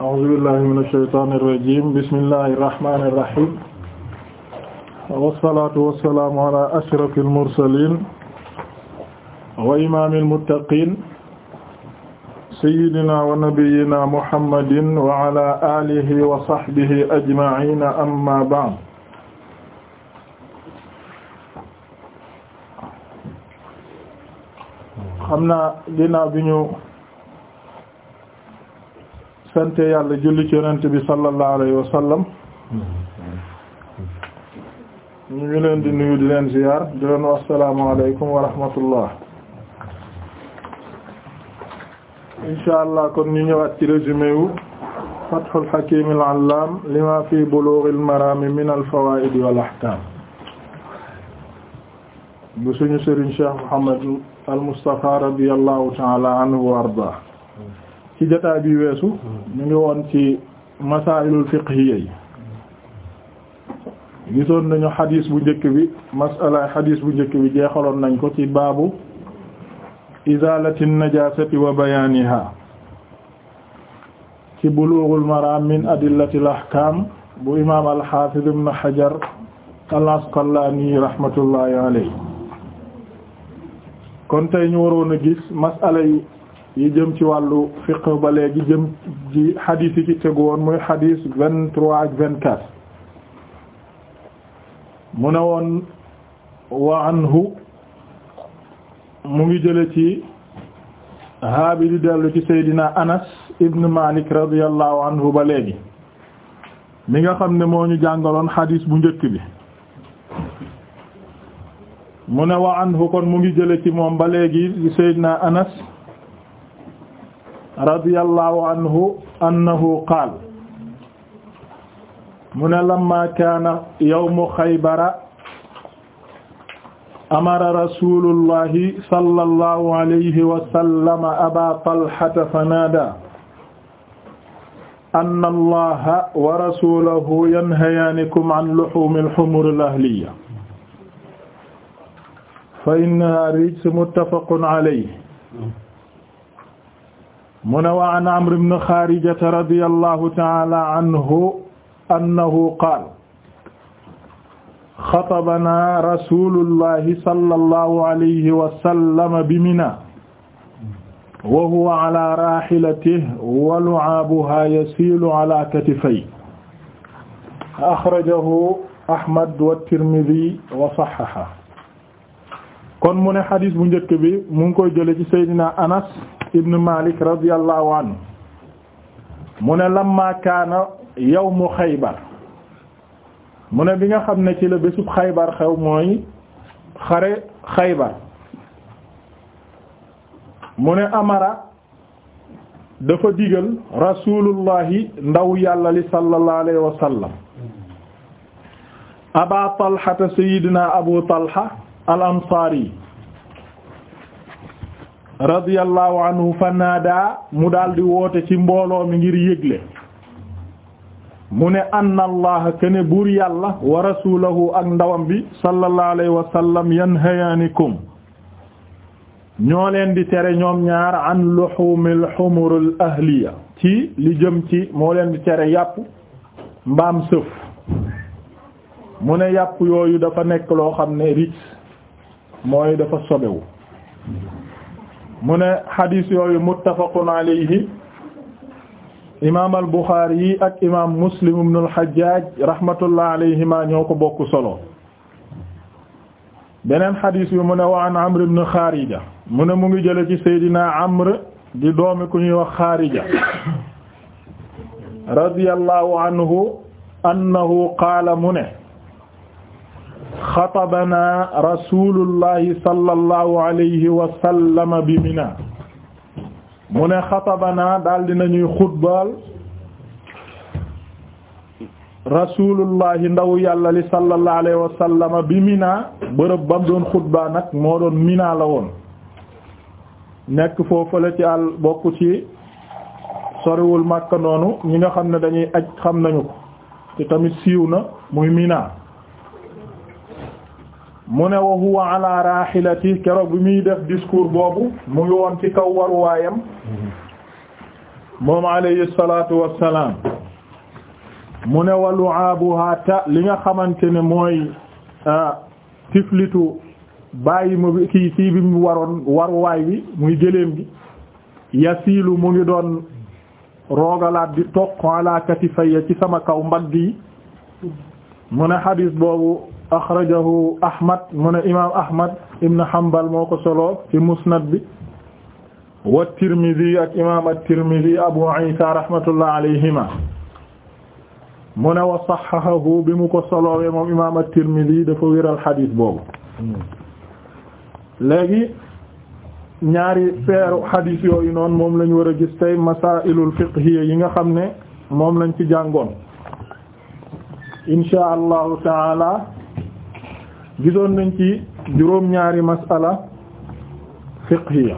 a'uuzu billaahi mina shaytaani rajiim bismillaahi rahmaani rahiim wassalaatu wassalaamu alaa ashrafil mursaliin wa imaamil muttaqiin sayyidinaa wa nabiyyinaa muhammadin wa alaa aalihi wa sahbihi ajma'iin ammaa ba'd xam naa ginnaaw bi ñu sant yàlla julli ci yonent bi sallallahu alayhi wa sallam ñu ngi leen di nuyu di leen ziyaar di leen wax assalaamu alaykum wa kon ñu ñëwaat ci résumé wu fathul hakim lima fi bulugh al min al fawaid bu suñu sëriñ cheikh Muhammad al Mustafa radiyallahu anhu wa ci jotaay bi weesu ñu ngi woon ci masailul fiqhiyya yi gisoon nañu xadiis bu njëkk bi masala xadiis bu njëkk bi jeexaloon nañ ko ci baabu izalati najasati wa bayaniha ci bulughul maram min adillati al bu imam al hafiz ibn hajar al asqalani rahmatullahi alayhi kon tey ñu waroon gis masala yi jëm ci wàllu fiqh ba léegi jëm ci xadiis yi ci tegu woon muy xadiis vingt trois ak vingt quatre mu ne woon wa anhu mu ngi jële ci haabi di dellu ci Seydina Anas ibn Malik radiyallahu anhu ba léegi mi nga xam ne moo ñu jàngaloon xadiis bu njëkk bi mu ne wa anhu kon mu ngi jële ci moom ba léegi Seydina Anas radiyallahu anhu annahu qaal mu ne lamma kaana yawmu xaybara amara rasulullahi sallallahu alayhi wa sallam aba talhata fanaadaa anna allaha wa rasulahu yanhayaanikum an luhumi al-humur al-ahliya fa innaha rijs muttafaqun alayhi mu ne wa an amr ibn xaarijata radiyallahu ta'ala anhu annahu qaala xatabana rasulullahi sallallahu alayhi wa sallam bi Mina wa huwa ala raahilatihi wa lu'aabuhaa yasiilu ala katifayhi axrajahu Ahmad wa Tirmidhi wa sahhahahu kon mu ne xadis bu njëkk bi mu ngi koy jële ci Seydina Anas ibn Malik radiyallahu anhu mu ne lamma kaana yawmu xaybar mu ne bi nga xam ne ci la bésub xaybar xew mooy xare xaybar mu ne amara dafa digal rasulullahi ndaw yàlla li sallallahu alayhi wa sallam aba talhata sayidina abu talha al ansaari radiyallahu anhu fanaadaa mu daldi woote ci mbooloo mi ngir yégle mu ne anna allaha kene buur yàlla wa rasulahu ak ndawam bi sallallahu alayhi wa sallam yanhayaanikum ñoo leen di tere ñoom ñaar an luhumil humuril ahliya ci li jëm ci moo leen di tere yàpp mbaam sëf mu ne yàpp yooyu dafa nekk loo xam ne riche mooy dafa sobewu mu ne xadiis yooyu muttafaqun alayhi imaam al buxaari ak imaam muslim ibn al xajjaaj rahmatullah ñoo ko bokk solo beneen xadiis bi mu ne wa an amr ibn xaarija mu ne mu ngi jële ci seydina amr di doomi ku ñuy wax xaarija radiyallahu anhu annahu mu ne xatabana rasulullahi sallallahu alayhi wa sallam bi Mina mu ne xatabana daldi nañuy xutbaal rasulullahi ndaw yàlla li sallallahu alayhi wa bi Mina bërëb bam doon xutbaa nag moo doon Mina la woon nekk foofu la ci àll bokk ci soriwul Makka noonu ñi nga xam ne dañuy aj xam nañu ko te tamit siiw na muy Mina mu ne wa huwa ala rahilati keroog bi muy def discours boobu mu ngi woon ci kaw waruwaayam moom alayhi salatu wassalam mu ne wa lu'abuha ta li nga xamante ne mooy tiflitu bàyyi mu kii kii bi mu waroon waruwaay bi muy gëléem gi yasiilu mu ngi doon roogalaat di toq ala katifayya ci sama kaw mbagg yi mu ne xadis boobu axrajahu Ahmad mu ne imaam Ahmad ibn Hanbal moo ko solo ci musnad bi wa Tirmidhi ak imaam at-Tirmidhi Abu Isa rahmatullah alayhima mu ne wa sahhahahu bi mu ko solowee moom imaam at-Tirmidhi dafa wéral xadiis boobu léegi ñaari peeru xadiis yooyu noonu moom lañu war a gis tey masaa'ilul yi nga xam ne moom lañ ci jàngoon insha allahu taala gisoon nañ ci juróom-ñaari masala fiqhiya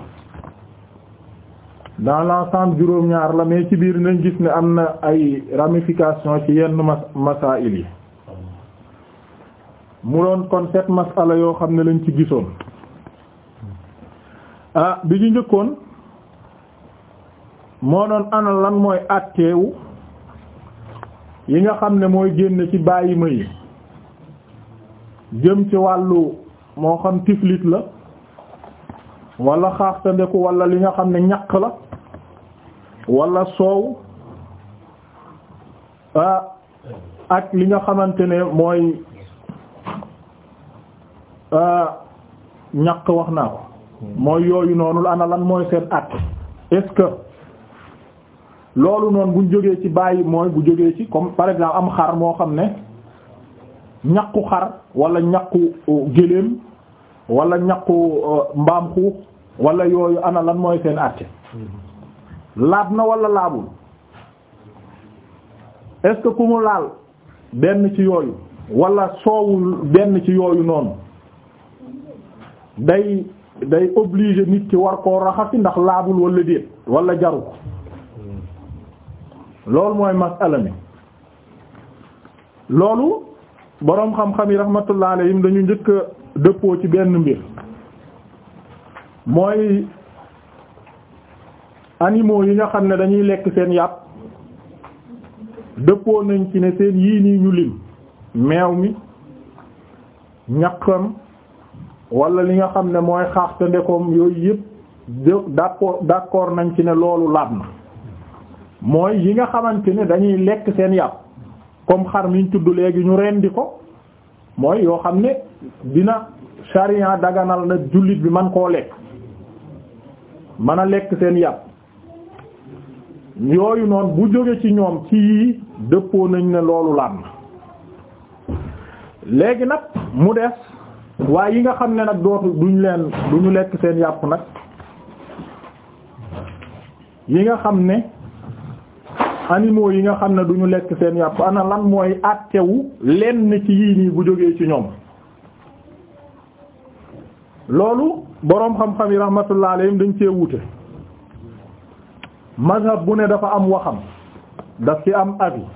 dans l'ensemble juróom-ñaar la mais ci biir nañ gis ne am na ay ramification ci yenn mas masail yi mu doon kon sept masala yoo xam ne lañ ci gisoon ah bi ñu njëkkoon moo doon ana lan mooy atteewu yi nga xam ne mooy génn ci bàyyi ma yi jëm ci wàllu moo xam tiflit la wala xaax walla li nga xam ne ñaq la wala soow ah ak li nga xamante ne mooy ñaq wax naa ko mooy yooyu noonu ana lan mooy seen at est que loolu noon buñ jógee ci bàyyi mooy bu jógee ci comme par exemple am xar moo xam ne ñaqu xar walla ñakku uh, géléem walla ñaqu uh, mbaam xuux wala yooyu ana lan mooy seen àtte mm-hmm. laab na wala laabul est-ce que ku mu laal benn ci yooyu wala soowul benn ci yooyu noonu day day obligé nit ki war koo raxasi ndax laabul wala déet wala jaru ko mm-hmm. loolu mooy masala mi loolu boroom xam-xam yi rahmatullah alayhim dañu njëkk a dëppoo ci benn mbir mooy animaux yi nga xam ne dañuy lekk seen yàpp dëppoo nañ ci ne seen yii nii ñu lim meew mi ñaqam wala li nga xam ne mooy xaax te ndekoom yooyu yëpp d'accord d'accord nañ ci ne loolu laab na mooy yi nga xamante ne dañuy lekk seen yàpp comme xar miñ tudd léegi ñu rendi ko mooy yoo xam ne dina sharia daganal na jullit bi man koo lekk mën a lekk seen yàpp yooyu noonu bu jóge ci ñoom ci yii dëppoo nañ ne loolu laam léegi nag mu des waaye yi nga xam ne nag dootu duñ leen duñu lekk seen yàpp nag yi nga xam ne animaux yi nga xam ne du ñu lekk seen yàpp ana lan mooy àttewu lenn ci yii nii bu jógee ci ñoom loolu boroom xam-xam yi rahmatullah alayhim dañ cee wute mazhab bu ne dafa am waxam daf ci am avis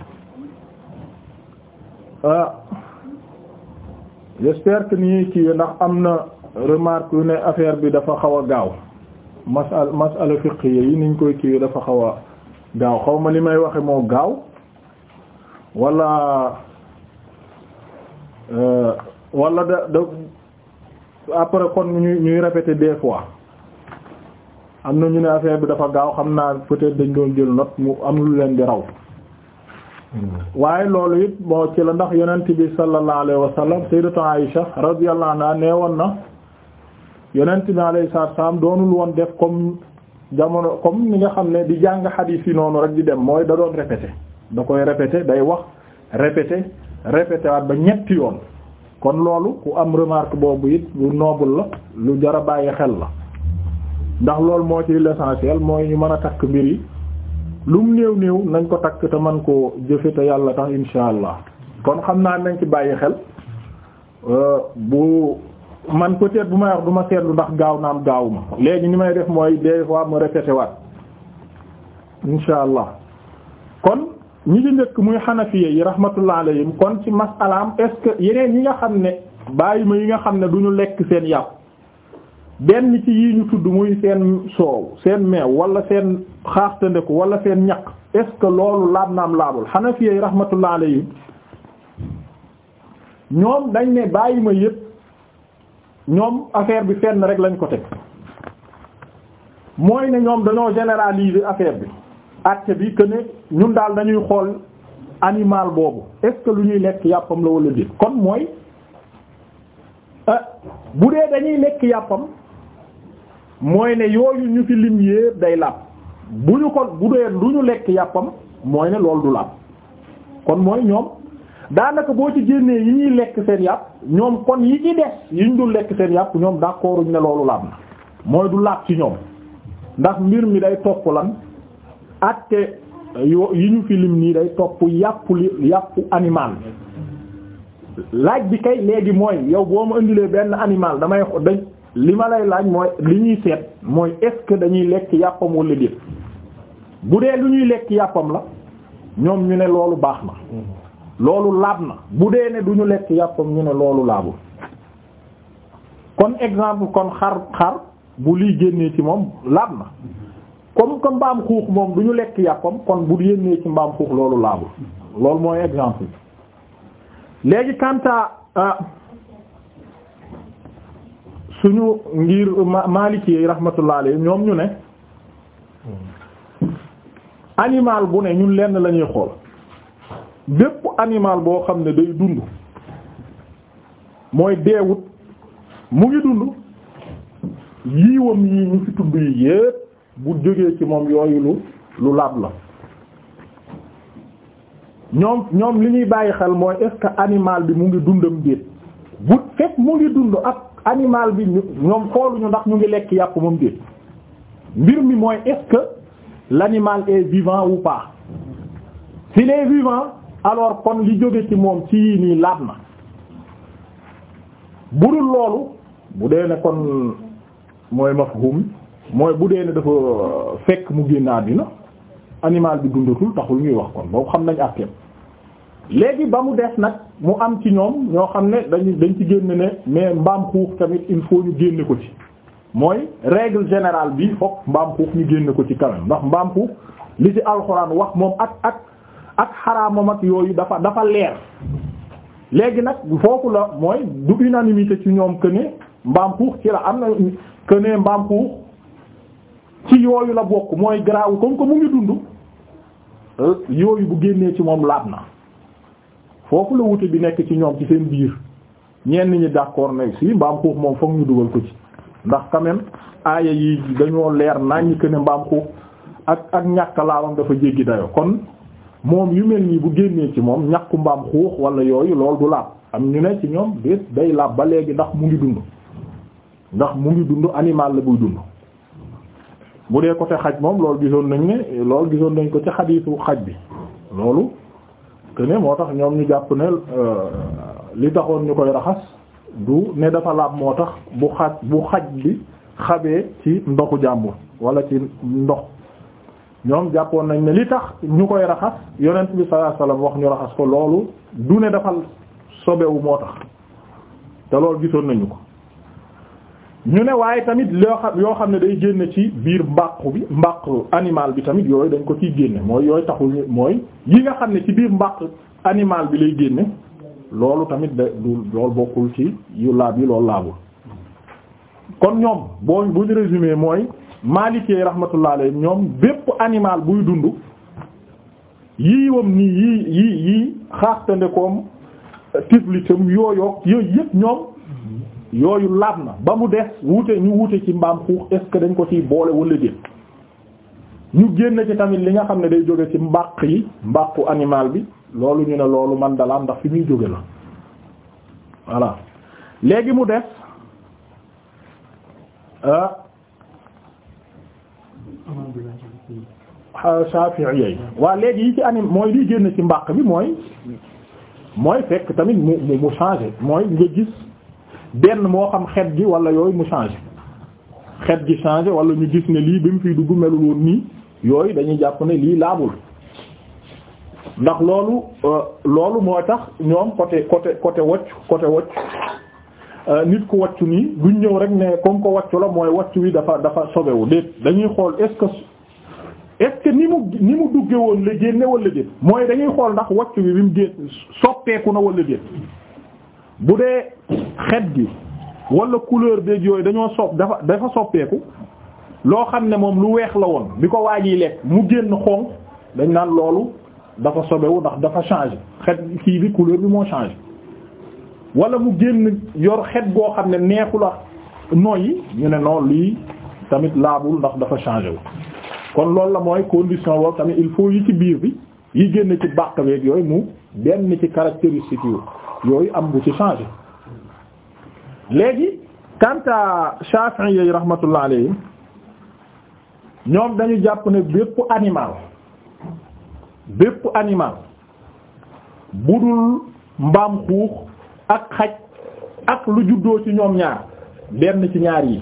ah j'espère que nii kii ndax am na remarque yu ne affaire bi dafa xaw a gaaw masal masala fiqhiyya yi niñ koy kii dafa xaw a gaaw xaw ma li may waxe moo gaaw wala euh, wala da da après kon ñuy ñuy répéter des fois am na ñu ne affaire bi dafa gaaw xam naa peut-être dañ doon jël note mu am lu leen di raw hmm. waaye loolu it moo ci la ndax yonent bi sallallahu alayhi naa sallam sayyidatu Aïsha radiyallahu anha nee woon na yonent bi alayhi salaam doonul woon def comme jamono comme ni nga xam ne di jàng xadiis yi noonu rek di dem mooy da doon répété da koy répété day wax répété répété waat ba ñetti yoon kon loolu ku am remarque boobu it lu noble la lu jar a bàyyi xel la ndax loolu moo ci l'essentiel mooy ñu mën a takk mbir yi lu mu néew néew nañ ko takk te man koo jëfe te yàlla tax insha allah kon xam naa nañ ci bàyyi xel euh, bu man peut bu may wax du ma seetlu ndax gaaw naam gaawuma léegi ni may def mooy des fois ma répété waat insha allah kon ñi di njëkk muy xanafiya yi rahmatullah alayhim kon ci masalaam est-ce que yeneen yi nga xam ne bàyyi ma yi nga xam ne du ñu lekk seen yàpp benn ci yi ñu tudd muy seen soow seen meew wala seen xaaxtandeku wala seen ñaq est-ce que loolu laab naam laabul xanafiya yi rahmatullah alayhim ñoom dañ ne bàyyi ma yépp ñoom affaire bi fenn rek lañ ko teg mooy ne ñoom dañoo généraliser affaire bi acte bi que ne ñun daal dañuy xool animal boobu est que lu ñuy lekk yàppam la wala déet kon mooy ah, bu dee dañuy lekk yàppam mooy ne yooyu ñu fi lim day laab bu ñu ko bu dee lu ñu lekk yàppam mooy ne loolu du laab kon mooy ñoom daanaka boo ci génnee yi ñuy lekk seen yàpp ñoom kon yi ci des yi ñu dul lekk seen yàpp ñoom d'accorduñ ne loolu laab na mooy du laab ci ñoom ndax mbir mi day topp lan yo yi ñu fi lim nii day topp yàpp li yàpp animal laaj bi kay léegi mooy yow boo ma indilee benn animal damay dañ li ma lay laaj mooy li ñuy seet mooy est dañuy lekk yàppam wala déet bu dee lu ñuy lekk yàppam la ñoom ñu ne loolu baax na loolu laab na bu dee ne du ñu lekk yàppam ñu ne loolu laabul kon exemple kon xar xar bu lii génnee ci moom laab na comme que mbaam xuux moom du ñu lekk yàppam kon bu génnee ci mbaam xuux loolu laabul loolu mooy exemple léegi kanta euh, suñu ngir maliki yi rahmatullah alayhi ñoom ñu ne animal bu ne ñun lenn la ñuy xool bépp animal boo xam ne day dund mooy deewut mu ngi dund yiiwam yii ñu fi tudd yi yépp bu jógee ci moom yooyu lu lu laab la ñoom ñoom li ñuy bàyyi xel mooy est animal bi mu ngi dundam déet bu fekk mu ngi dund ak animal bi ñoom xooluñu ndax ñu ngi lekk yàpp moom déet mbir mi mooy est-ce que l'animal est vivant ou pas s'il est vivant alors kon li jóge ci moom ci yii nii laab na bu dul loolu bu dee ne kon mooy mafhum mooy bu dee ne dafa fekk mu génn àddina animal bi dundatul taxul ñuy wax kon boobu xam nañ àtteem léegi ba mu des nag mu am ci ñoom ñoo xam ne dañu dañ ci génn ne mais mbaam xuux tamit il faut ñu génne ko ci mooy règle général bi fokk mbaam xuux ñu génne ko ci quand même ndax mbaam xuux li ci alxuraan wax moom ak ak ak xaraamam ak yooyu dafa dafa leer léegi nag foofu la mooy du unanimité ci ñoom que ne mbaam xuux ci la am na que ne mbaam xuux ci yooyu la bokk mooy garaawu comme que mu ngi dund euh, yooyu bu génnee ci moom laab na foofu la wute bi nekk ci ñoom ci seen biir ñenn ñi d'accord na si mbaam xuux moom foog ñu dugal ko ci ndax quand même aaya yi dañoo leer nañ que ne mbaam xuux ak ak ñàkk laabam dafa jéggi dayo kon moom yu mel nii bu génnee ci moom ñàkku mbaam xuux wala yooyu lool du laab am ñu ne ci ñoom biir day laab ba léegi ndax mu ngi dund ndax mu ngi dund animal la buy dund bu dee côté xaj moom loolu gisoon nañ ne lool gisoon nañ ko ci xadiisu xaj bi loolu que moo tax ñoom ñu jàpp ne euh, li taxoon ñu koy raxas du ne dafa laab moo tax bu xaj bu xaj bi xabee ci ndoxu jàmbur wala ci ndox ñoom jàppoon nañ ne li tax ñu koy raxas yonent bi sallallahu wax ñu raxas ko loolu du ne dafa sobewu moo tax te loolu gisoon nañu ko ñu ne waaye tamit loo xam yoo xam ne day génn ci biir mbàqu bi mbàq animal bi tamit yooyu dañ ko ciy génne mooy yooy taxul mooy yi nga xam ne ci biir mbàq animal bi lay génne loolu tamit da du loolu bokkul ci yu laab yi loolu laabul kon ñoom boo bu ñu résumé mooy maalikee rahmatullah alayhim ñoom bépp animal buy dund yii wam nii yii yii yii xaastandekoom tiflitam yooyoog yooyu yëpp ñoom yooyu laab na ba mu des wuute ñu wuute ci mbaam xuux est dañ ko ciy boole wala déet ñu génn ci tamit li nga xam ne day jóge ci mbàq yi mbaqu animal bi loolu ñu ne loolu man dalaam ndax fi muy jóge la voilà léegi mu des euh, Shafi'i yooyu waa léegi yi ci anim mooy liy génn ci mbàq bi mooy mooy fekk tamit mu mu changé mooy nga gis benn moo xam xet gi wala yooyu mu changé xet gi changé wala ñu gis ne lii bi mu fiy dugg melul woon nii yooyu dañuy jàpp ne lii laabul ndax loolu euh, loolu moo tax ñoom côté côté côté wocc côté wocc Euh, nit ku wàccu nii duñ ñëw rek ne comme ko wàccu la mooy wàccu wi dafa dafa sobewu déet dañuy xool est-ce est ni mu ni mu dugge woon la génne wala déet mooy dañuy xool ndax wàccu bi bi mu génn soppeeku na wala déet bu dee xet gi wala couleur beeg yooyu dañoo sopp dafa dafa soppeeku loo xam ne moom lu weex la woon bi ko waaj yi lekk mu génn xonq dañ naan loolu dafa sobewu ndax dafa changé xet kii bi couleur bi moo changé wala mu génn yor xet goo xam ne neexu la noyyi ñu ne noon lii tamit laabul ndax dafa changé wu. kon loolu la mooy condition boobu tamit il faut yi ci biir bi yi génn ci bàq beeg yooyu mu benn ci caractéristique yooyu am bu ci changé léegi quant à Shafi'i yi rahmatullah ñoom dañu jàpp ne bépp animal bépp animal budul mbaam xuux ak xaj ak lu juddoo ci ñoom ñaar benn ci ñaar yi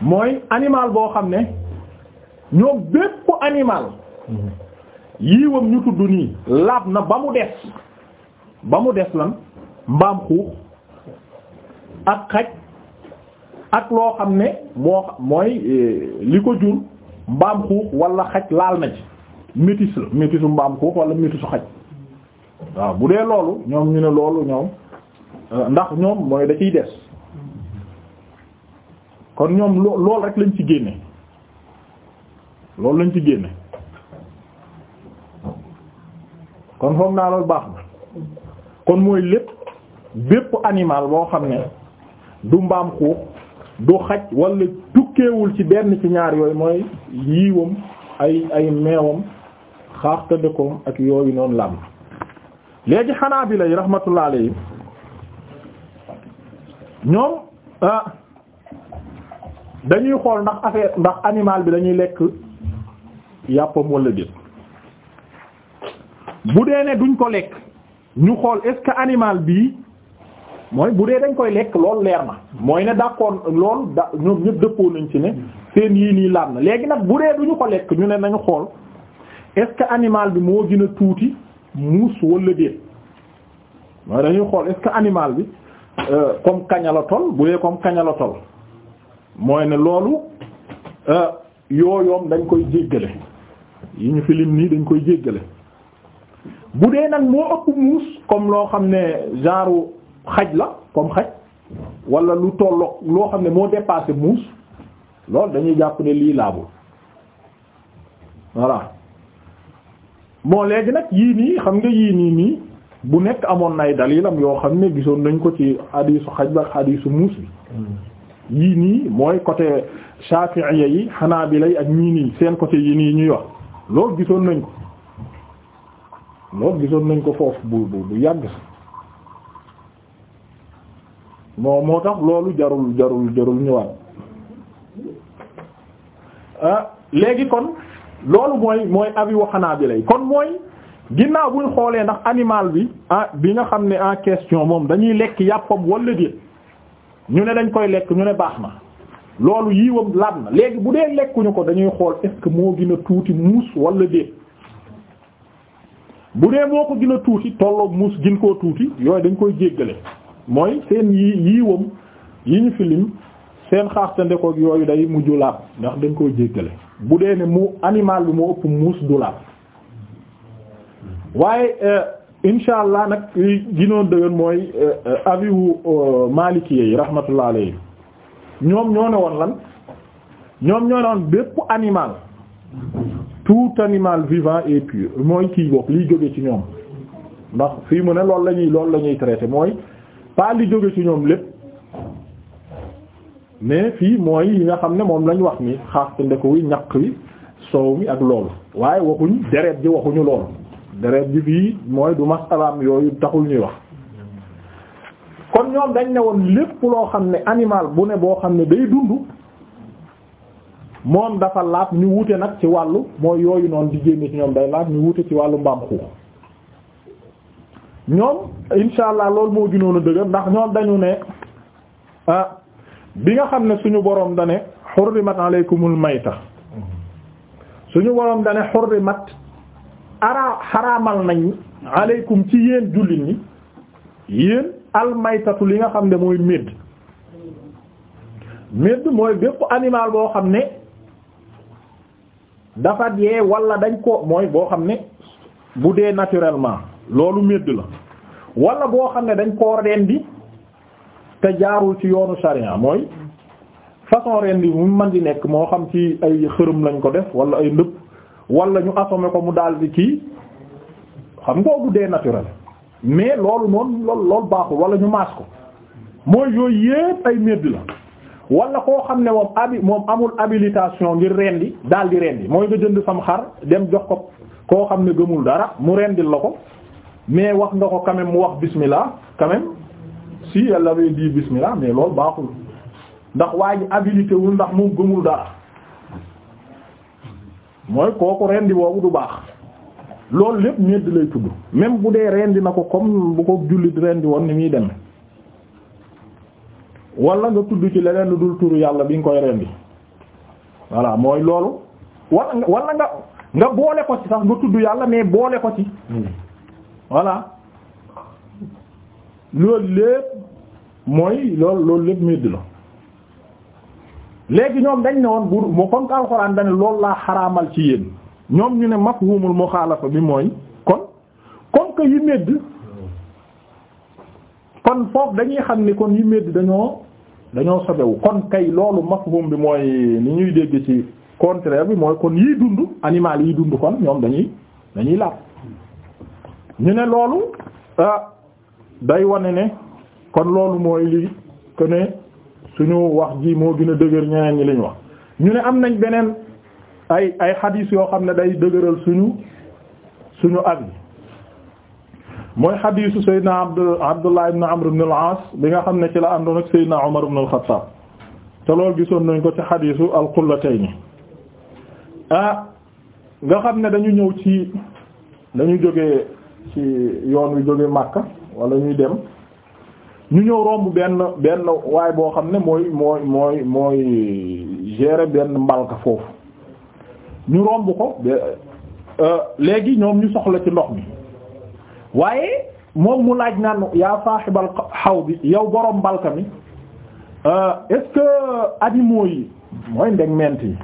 mooy animal boo xam ne ñoom bépp animal yiiwam ñu tudd nii laab na ba mu des ba mu des lan mbaam xuux ak xaj ak loo xam ne moo mooy eh, li ko jur mbaam xuux wala xaj laal na ci métis la mbaam xuux wala métisu xaj waaw bu dee loolu ñoom ñu ne loolu ñoom euh, ndax ñoom mooy da ciy des kon ñoom loolu rek lañ ci génne loolu lañ ci génne kon foog naa loolu baax na kon mooy lépp bépp animal boo xam ne du mbaam xuux du xaj wala tukkeewul ci benn ci ñaar yooyu mooy yiiwam ay ay meewam xaax tëddëkoom ak yooyu noonu làmb léegi xanaa Hanaabila yi rahmatullahi alayhim ñoom ah, dañuy xool ndax affaire ndax animal bi dañuy lekk yàppam wala déet bu dee ne duñ ko lekk ñu xool est-ce animal bii mooy bu dee dañ koy lekk loolu leer na mooy ne d'accord loolu da ñoom ñëpp dëppoo nañ ci ne seen yii nii laam na léegi nag bu dee duñu ko lekk ñu ne nañu xool est animal bi moo gën tuuti muus wala déet mooy dañuy xool est-ce que animal bi euh, comme kaña la tol bu dee comme kaña la tol mooy ne loolu euh, yooyoom dañ koy jéggale yi ñu filim nii dañ koy jéggale bu dee nag moo ëpp muus comme loo xam ne genre xaj la comme xaj walla lu tollo loo xam ne moo dépassé muus loolu dañuy jàpp ne lii laabul voilà bon léegi nag yii nii xam nga yii nii nii bu nekk amoon nay dalilam yoo xam ne gisoon nañ ko ci hadiisu xaj ba hadiisu muus bi hmm. yii nii mooy côté Shafi'iyya yi Hanabila yi ak ñii nii seen côté yii nii ñuy wax loolu gisoon nañ ko loolu gisoon nañ ko foofu bu bu yàgg sa moo moo tax loolu jarul jarul jarul ñëwaat ah léegi kon loolu mooy mooy avis wu Hanaabila yi kon mooy ginnaaw buñ xoolee ndax animal bi ah bi nga xam ne en question moom dañuy lekk yàppam wala déet ñu ne dañ koy lekk ñu ne baax na loolu yiiwam laab na léegi bu dee lekkuñu ko dañuy xool est moo gën a tuuti muus walla déet bu dee moo ko gën a tuuti tolloog muus gin koo tuuti yooyu dañ koy jéggale mooy seen yi yiiwam yi ñu filim seen xaaxtandekoog yooyu day mujj laab ndax dañ koy jéggale bu dee ne mu animal bi moo ëpp muus du laal waaye euh, insha allah nag li ginoon dëgër mooy euh, avis wu euh, maliki yi rahmatullah alayhi ñoom ñoo ne woon lan ñoom ñoo ne woon bépp animal tout animal vivant et pur mooy kii bokk liy jóge ci ñoom ndax fii mu ne loolu la ñuy loolu la ñuy traité mooy pas li jóge ci ñoom lépp mais fii mooy yi nga xam ne moom lañ wax ni xaas te ndeku wi ñaq wi soow mi ak loolu waaye waxuñ deret ji waxuñu loolu deret ji fii mooy du masalaam yooyu taxul ñuy wax kon ñoom dañ ne woon lépp loo xam ne animal bu ne boo xam ne day dund moom dafa laab ñu wute nag ci wàllu mooy yooyu noonu di génne ci ñoom day laab ñu wute ci wàllu mbaam xuux ñoom insha allah loolu moo gënoon a dëgër ndax ñoom dañu ne ah bi nga xam ne suñu borom dane xurrimat aleykumul mayta suñu borom dane mat ara xaraamal nañ aleykum ci yéen jullit ñi yéen almaytatu li nga xam ne mooy médd médd mooy bépp animal boo xam ne dafa dee walla dañ ko mooy boo xam ne bu dee naturellement loolu médd la wala boo xam ne dañ ko bi te jaarul ci yoonu sharia mooy façon rendi mu mën di nekk moo xam ci ay xërëm lañ ko def wala ay ndëpp wala ñu assommé ko mu daal di kii xam nga bu naturel mais loolu noonu loolu loolu baaxul wala ñu maas ko mooy yooyu yépp ay médd la wala koo xam ne moom abi moom amul habilitation ngir rendi daal di rendi mooy nga jënd sam xar dem jox ko koo xam ne gëmul dara mu rendil la ko mais wax nga ko quand mu wax bismillah quand si yàlla avait dit bismillah mais loolu baaxul ndax waa ji habilité wul ndax mu gëmul dara mooy kooku rendi woowu du baax loolu lépp ñedd lay tudd même bu dee rendi na ko comme bu ko jullit rendi woon ni muy deme wala nga tudd ci leneen lu dul turu yàlla bi nga koy rendi voilà mooy loolu wala nga wala nga nga boole ko ci sax nga tudd yàlla mais boole ko ci hmm. voilà loolu lépp mooy loolu loolu lépp medd la léegi ñoom dañ ne woon bu mu alxuraan dañ loolu laa xaraamal ci yéen ñoom ñu ne mafhumul muxaalafa bi mooy kon comme que yu medd kon foofu dañuy xam ni kon yu medd dañoo dañoo sobewu kon kay loolu mafhum bi mooy ni ñuy dégg ci contraire bi mooy kon yiy dund animal yi dund kon ñoom dañuy dañuy laab ñu ne loolu euh, day wane ne kon loolu mooy li que ne suñu wax ji moo gën a dëgër ñeneen ñi liñ wax ñu ne am nañ beneen ay ay xadiis yoo xam ne day dëgëral suñu suñu at bi mooy xadiisu Seydina Abd Abdullah ibn Amr ibn al-As bi nga xam ne ci la àndoon ak Seydina Umar ibn na khattab te loolu gisoon nañ ko ci xadiisu al-Qullatayn ah nga xam ne dañu ñëw ci dañu jóge ci yoon wi jóge màkka wala ñuy dem ñu ñëw romb benn benn waay boo xam ne mooy mooy mooy mooy gérer benn mbalka foofu ñu romb ko euh, léegi ñoom ñu soxla ci ndox mi waaye moom mu laaj naan yaa saaxibal xaw bi yow borom mbalka bi euh, est-ce que yi mooy ndeg ment yi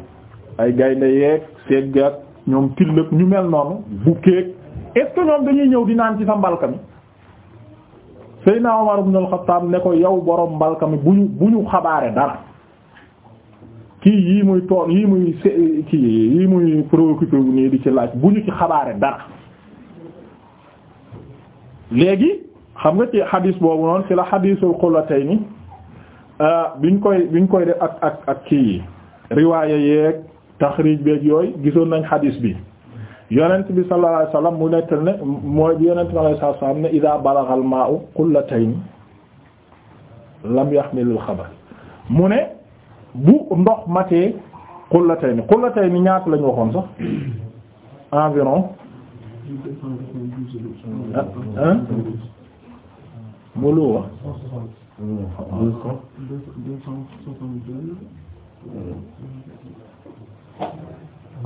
ay gaynde yeeg seeg ak ñoom tillëg ñu mel noonu bukkeeg est-ce ñoom dañuy ñëw di naan ci sa mbalka mi Seydina Omar ibn al-Khattab ne ko yow boroom mbalka mi bu ñu bu ñu xabaare dara kii yii muy toon yii muy kii yii muy préoccupé wu nii di ci laaj bu ñu ci xabaare dara léegi xam nga ci xadiis boobu noonu ci la xadiisul ni euh, biñ koy biñ koy def ak ak ak kii yi riwaaya yeeg taxriij beeg yooyu gisoon nañ xadiis bi yonent bi sallallahu alayhi wasallam mu nettal ne mooy bi yonent bi sallallahu alayhi wasallam ne idaa balagal maa'u qullatayn lam yaxmilil xabar mu ne bu ndox matee qullatayn qullatayn ñaata lañu waxoon sax environ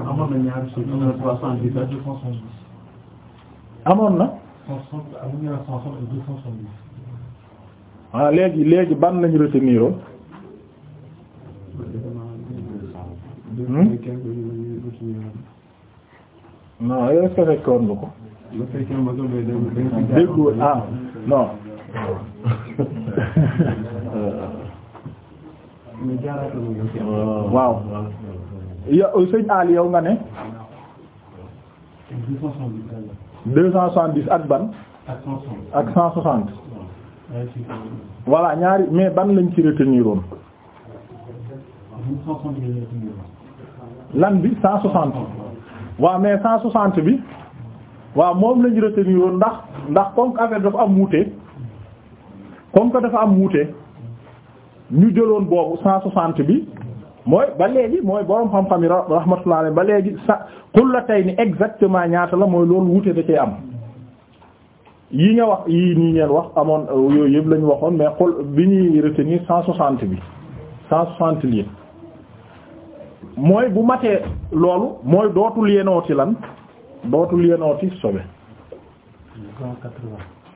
amoon na ñaari suuf amoon ah, ah, léegi léegi ban lañu retenir woon. Hmm? Hmm? non est-ce que fekkoon nga ko. déggu ah ya euh, sëñ Ali yow nga ne. deux cent soixante dix ak ban. ak cent soixante. voilà ñaari mais ban lañ ci retenir woon. lan bi cent soixante. waaw mais cent soixante bi. waa moom lañ retenir woon ndax ndax comme que affaire dafa am wuute. comme que dafa am wuute. ñu jëloon boobu cent soixante bi. mooy ba léegi mooy borom xam-xam yi rahmatullah alayhi ba léegi sa qullatayni exactement ñaata la mooy loolu wute da cee am yi nga wax yii nii ngeen wax amoon yooyu yëpp lañu waxoon mais xol bi ñuy retenir cent soixante bi cent soixante lien mooy bu matee loolu mooy dootul yenooti lan dootul yenooti sobe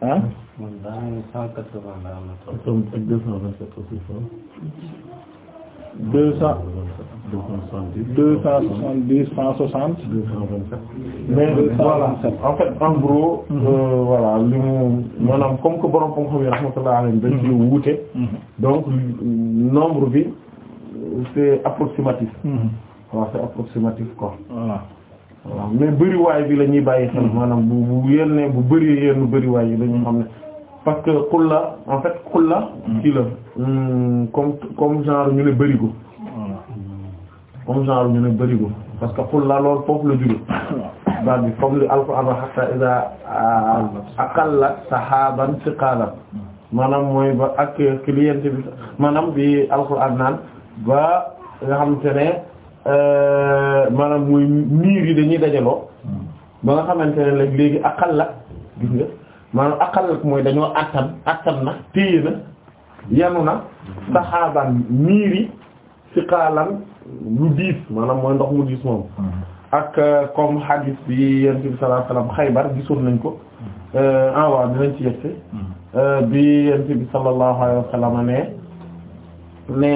ah deux cent deux cent soixante dix cent soixante mais voilà en fait en gros mhm. euh, voilà li mu maanaam comme que borom ko xam yi rahmatullah alayhi dañ ci mhm. wuute mhm. donc nombre bi c'est approximatif waaw c'est approximatif quoi voilà mais bëriwaay bi la ñuy bàyyi xel maanaam bu bu yenn bu bëri yenn bëriwaay yi dañu xam ne parce que xulla en fait xulla la hmm, comme comme genre ñu ne bërigo comme genre ñu ne bërigo parce que xulla loolu foofu la jóge daal bi comme li alquran wa hatta iza ah, aqallat sahaban thiqalan maanaam mooy ba ak client bi maanaam bi alquran naan ba nga xamante ne euh, maanaam mooy niir yi dañuy dajaloo hmm. ba nga xamante ne léegi aqallat gis nga maanaam aqal mooy dañoo attan attan na téye na yanu na saxaaban miiri si xaalan lu diis maanaam mooy ndox mu diis moom mm-hmm. ak euh, comme hadith bi yonent bi sallallahu alayhi wasallam Xaybar gisoon nañ ko euh, ah waaw dinañ ci yegg mm-hmm. euh, bi yonent bi sallallahu alayhi wasallam ne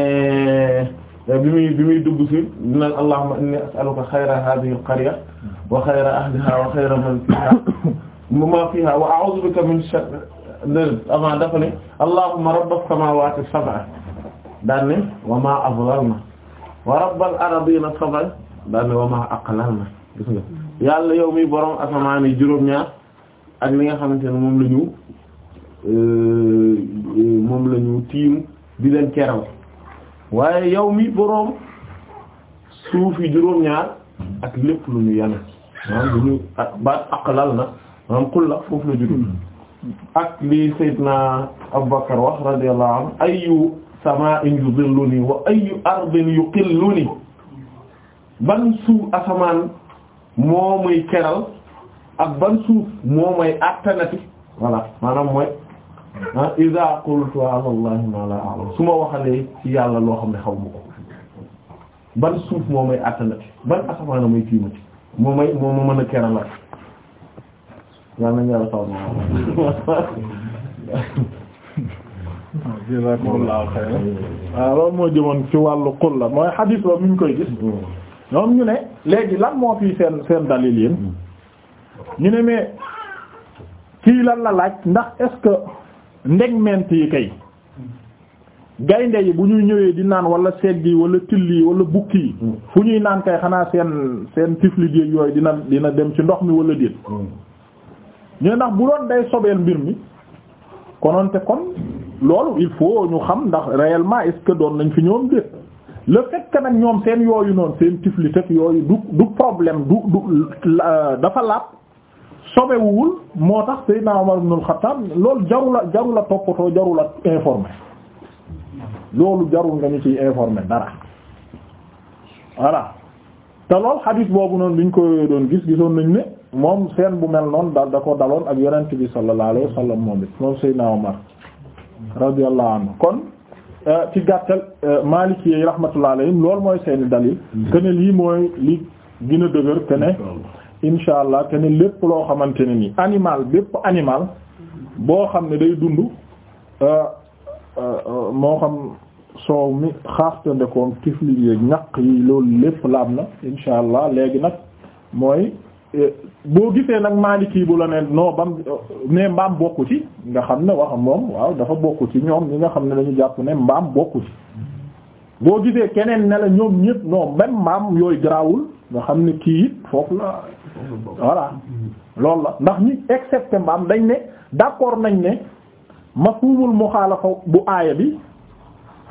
ne bi muy bi muy dugg ci naan allahumma inni as'aluka xayra hadhihi al-qarya wa xayra ahliha wa xayra man fiha ma fiha wa a'udhu bika min sharri avant dafa ne allahumma rabbas samawati sab'a daan wa ma adlalna wa rabbal aradina sab'a daan wa ma aqlalna gis nga yàlla yow mi borom asamaan yi juróom-ñaar ak li nga xamante ne moom la ñu euh, euh, moom la ñu di leen keral waaye yow mi borom suuf yi juróom-ñaar ak lépp lu ñu yàlla maanaam lu ñu baat aqlal na maanaam kulla foofu la judd ak li Seydina Abubakar wax radiyallahu anhu ayyu samaa'in yuzilluni wa ayyu ardin yuqilluni ban suuf asamaan moo muy keral ak ban suuf moo may attanati voilà maanaam mooy ah iza qultu ala allahi ma la a'lam su ma waxalee ci yàlla loo xam ne xaw ma ko ban suuf moo may attanati ban asamaan mooy tiimati moo may moo ma mën a keral yàlla na yàlla waaw loolu moo jëmoon ci wàllu xulla mooy xadiis ba mi ñu koy gis ñoom ñu ne léegi lan moo fii seen seen dalil yéen ñu ne mais kii lan la laaj ndax est-ce que ndegment yi kay gaynde yi bu ñuy ñëwee di naan wala segg yi wala till yi wala bukki yi fu ñuy naan kay xanaa seen seen tiflit yéeg yooyu dina dina dem ci ndox mi wala déet ñu ndax bu doon day sobeel mbir mi konoon te kon loolu il faut ñu xam ndax réellement est doon nañ fi ñoom déet le fait nag ñoom seen yooyu noonu seen tifli teg yooyu du du problème du du euh, dafa laab sobewuwul moo tax Seydina Omar ibn al-Khattab loolu jarula jarula toppatoo jarula informé loolu jarul nga ñu ciy informé dara voilà te loolu hadith boobu noonu bi ñu ko doon gis gisoon nañ ne moom seen bu mel noonu daal da ko daloon ak yonent bi sallallahu alayhi wa sallam moom it moom Seydina Omar radiyallahu kon euh, ci gàttal euh, Maliki yi rahmatullahi alayhim mooy seeni dalil hmm. kën lii mooy li gën a dëgër que insha allah que lépp loo xamante ne ni animal bépp animal boo xam ne day dund euh, moo xam soow mi xaaftandekoom tifli yeeg ñaq yi loolu lépp laab na insha allah léegi nag mooy boo gisee nag kii bu la ne non bam ne mbaam bokku ci nga xam ne wax moom waaw dafa bokku ci ñoom ñi nga xam ne dañu jàpp ne mbaam bokku ci boo gisee keneen ne la ñoom ñëpp non même mbaam yooyu garaawul nga xam ne kii it foofu la voilà loolu la ndax ñi excepté mbaam dañ ne d'accord nañ ne mafhumul muxaalafa bu aaya bi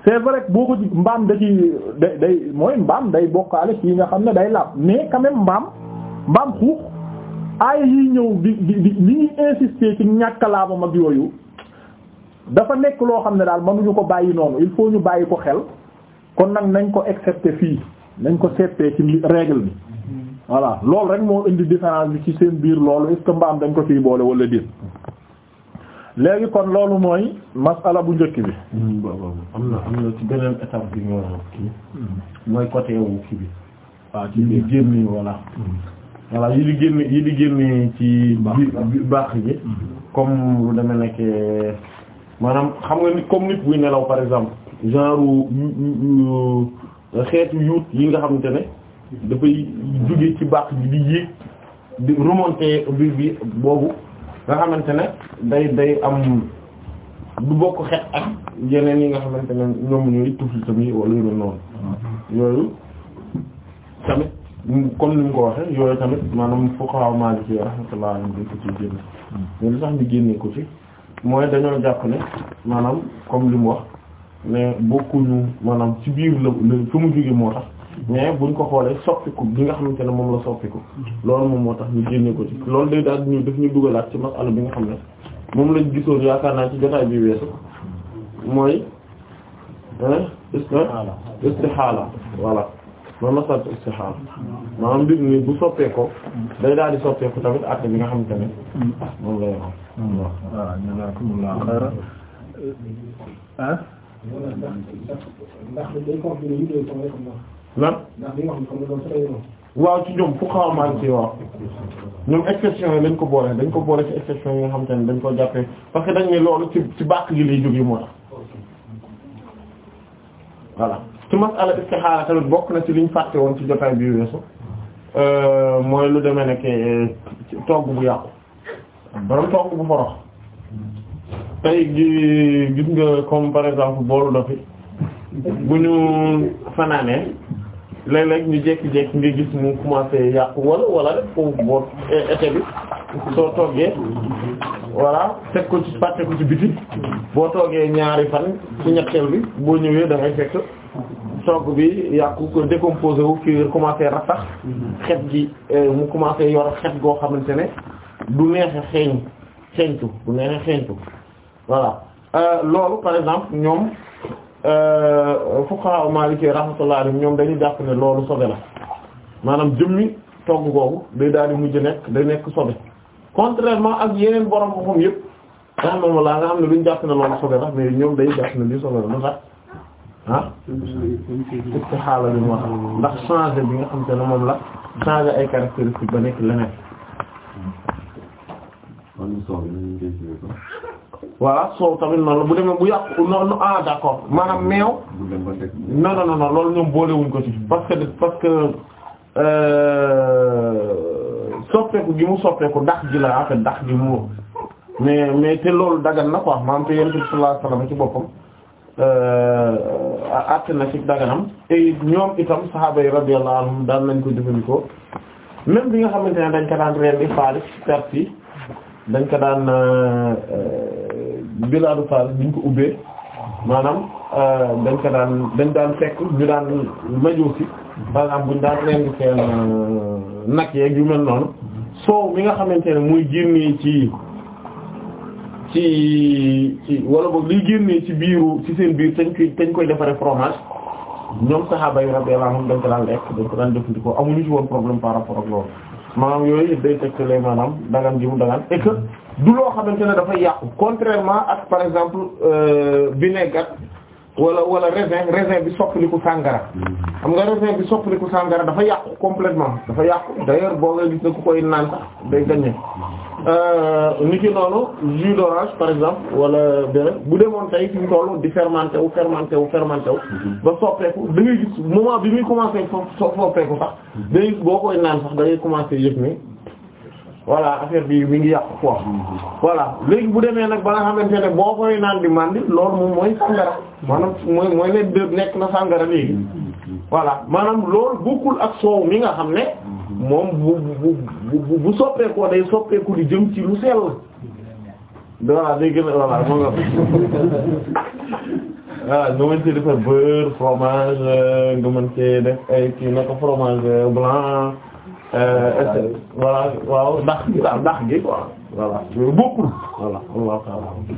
c'est vrai boo ko ci mbaam da ci day day mooy mbaam day bokkaale ci yi nga xam ne day laab mais quand mbaam mbaam xuux aaya yiy ñëw di di di li ñuy insister ci ñàkk laabam ak yooyu dafa nekk loo xam ne daal mënuñu ko bàyyi noonu il faut ñu bàyyi ko xel kon nag nañ ko accepté fii nañ ko seetee ci règle bi voilà loolu rek moo indi différence bi ci seen biir loolu est mbaam dañ ko fii boole wala déet léegi kon loolu mooy masala bu njëkk bi. Hmm, am na am na ci kii. Hmm. mooy côté wu kii bi. waaw ah, ci biir génn voilà. Hmm. voilà yi di génn yi di génn ci baax yi mhm. comme lu deme nekk maanaam xam nga nit comme nit buy nelaw par exemple genre xeetu yuut yi nga xamante ne dafay jóge ci baax bi di yéeg di remonter bi bi boobu nga xamante ne day day am du bokk xeet ak yeneen yi nga xamante ne ñoom ñooy tufli tamit wala yu mel mhm. yooyu tamit mu comme ni mu ko waxee yooyu tamit maanaam fuqaha Maliki rahmatullah dañ ko ci génne mais li tax ñu génne ko ci mooy dañoo jàpp ne maanaam comme li mu wax mais bokkuñu maanaam ci biir la fu mu jóge moo tax mais buñ ko xoolee soppiku bi nga xamante ne moom la soppiku loolu moom moo tax ñu génne ko ci loolu day daal ñu daf ñu dugalaat ci masala bi nga xam ne moom lañ gisoon yaakaar naa ci jotaay bi weesu mooy istihaala voilà mooy masal istixaara maanaam mbir mi bu soppeekoo day daal di soppeeku tamit at bi nga xamante ne moom lay wax waaw jazaakumullaahu xayran ah lan waaw ci ñoom fu xaw maan ci waaw ñoom exception dañ ko boole dañ ko boole ci exception yi nga xamante dañ ko jàppee parce que dañ ne loolu ci ci bàq gi lay jóge moo tax ci masala istixaara tamit bokk na ci liñ fàtte woon ci jotaay bi weesu euh, mooy lu demee nekk euh, togg bu yàqu borom togg bu forox tey gi gis nga comme par exemple boolu dofi bu ñu fanaanee léeg-léeg ñu jékki-jékki nga gis mu commencé yàqu wala wala rek foofu boo été bi soo toggee voilà teg ko ci fàtte ko ci biti boo toogee ñaari fan ci ñetteel bi boo ñëwee dafay fekk togg bi yàqu ko décomposé wu cuir commencé rattax mm-hmm. xet gi euh, mu commencé yor xet goo xamante ne du neexe xeeñ xeeñtu du neexe xeeñtu waaw euh, loolu par exemple ñoom euh, fuqaha maliki rahmatullah alayhim ñoom dañu jàpp ne loolu sobe la maanaam jëmmi togg googu day daal di mujj nekk day nekk sobe contrairement ak yeneen borom ko xam yëpp laa nga xam ne duñ jàpp ne loolu sobe la mais ñoom day jàpp ne li sobe la na sax ah istihaala bi moo tax ndax changé bi nga xam te ne moom la changé ay caractéristiques ba nekk leneen voilà soow tamit noonu la bu demee bu yàqu noonu ah d'accord maanaam meew non non non loolu ñoom boolewuñ ko ci parce que parce que euh, soppeeku gi mu soppeeku dax ji la en fait dax ji mu mais mais te loolu dagan na quoi maanaam te yonent bi sallallahu alayhi wasallam ci boppam Euh, àtt na ci daganam te ñoom itam sahaaba yi radiyallahu anhum daan nañ ko jëfandikoo même bi nga xamante ne dañ ko daan rendi faalis perte dañ ko daan euh, euh, bilaadu faalis buñ ko ubbee maanaam dañ ko daan dañ daan fekk ñu daan majuusi par exemple buñ daan rendi seen nag yeeg yu mel noonu soow mi nga xamante ne muy génnee ci ci ci wala boog liy génnee ci biiru ci seen biir tañ koy tañ koy defaree fromage ñoom saxaaba yi radiyallahu anhum dañ ko daan lekk dañ ko daan jëfandikoo amuñu ci woon problème par rapport ak loolu maanaam yooyu day tegtale maanaam dagan ji mu dagan et que du loo xamante ne dafay yàqu contrairement ak par exemple euh, vinaigre wala wala raisin raisin bi soppaliku sàngara xam nga raisin bi soppaliku sàngara dafa yàqu complètement dafa yàqu d'ailleurs boo nga gis ne ku koy naan sax day gagné euh, ni ki noonu jus d'orange par exemple wala beneen bu demoon tey fi mu toll di fermenté wu fermenté wu fermenté ba soppeeku da ngay gis moment bi muy commencé soppeeku sax da ngay boo koy naan sax da ngay commencé yëg voilà affaire bi mi ngi yàqu léegi bu demee nag ba nga xamante ne boo koy naan di mandi loolu moom mooy sàngara maanaam mooy mooy ne de nekk na sàngara léegi voilà maanaam lool bokkul ak soow mi nga xam ne moom bu bu bu bu soppeekoo day soppeeku di jëm ci lu sell voilà day gën a voilà moo nga voilà nga mën cee defar beurre fromage euh, nga mën blanc waaw euh, ndax gi daal ndax gi quoi voilà yooyu bokkul voilà Allah ta'ala gi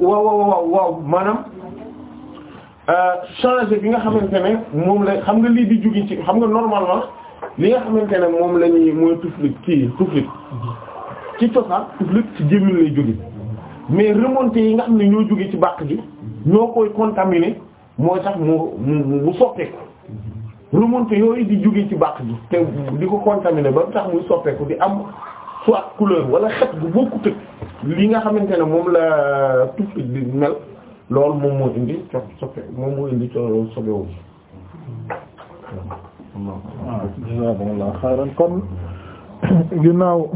waaw waaw waaw maanaam euh, changé bi nga xamante ne moom la xam nga lii di jóge ci xam nga normalement li nga xamante ne moom la mooy tuflit kii tuflit ci cosaan tuflit ci jëmin lay jóge mais remontées yi nga xam ne ñoo jóge ci bàq gi ñoo koy contaminé mooy tax mu mu soppeeku remontées yooyu di jóge ci bàq gi te di ko contaminé ba tax muy soppeeku di am soit couleur walla xet bu bokkut li nga xamante ne moom la tuuf di mel loolu moom moo indi co moom moo indi co sobewu waaw ah, kon ginnaaw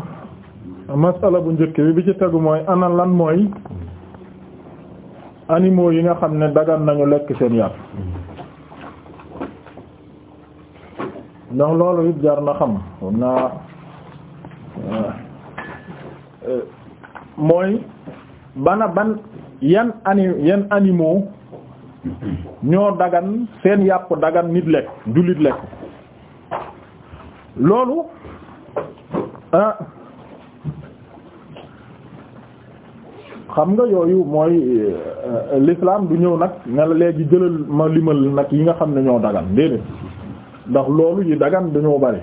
masala bu njëkk bi bi ci tegu mooy ana lan mooy animaux yi nga xam ne dagan nañu lekk seen yàpp ndax loolu euh, euh, bana ban yan ñoo dagan seen yàpp dagan nit lekk jullit lekk loolu ah xam nga yooyu mooy euh, euh, l'islam du ñëw nag ne la léegi jëlal ma limal nag yi nga xam ne ñoo dagan déedéet ndax loolu yi dagan dañoo bari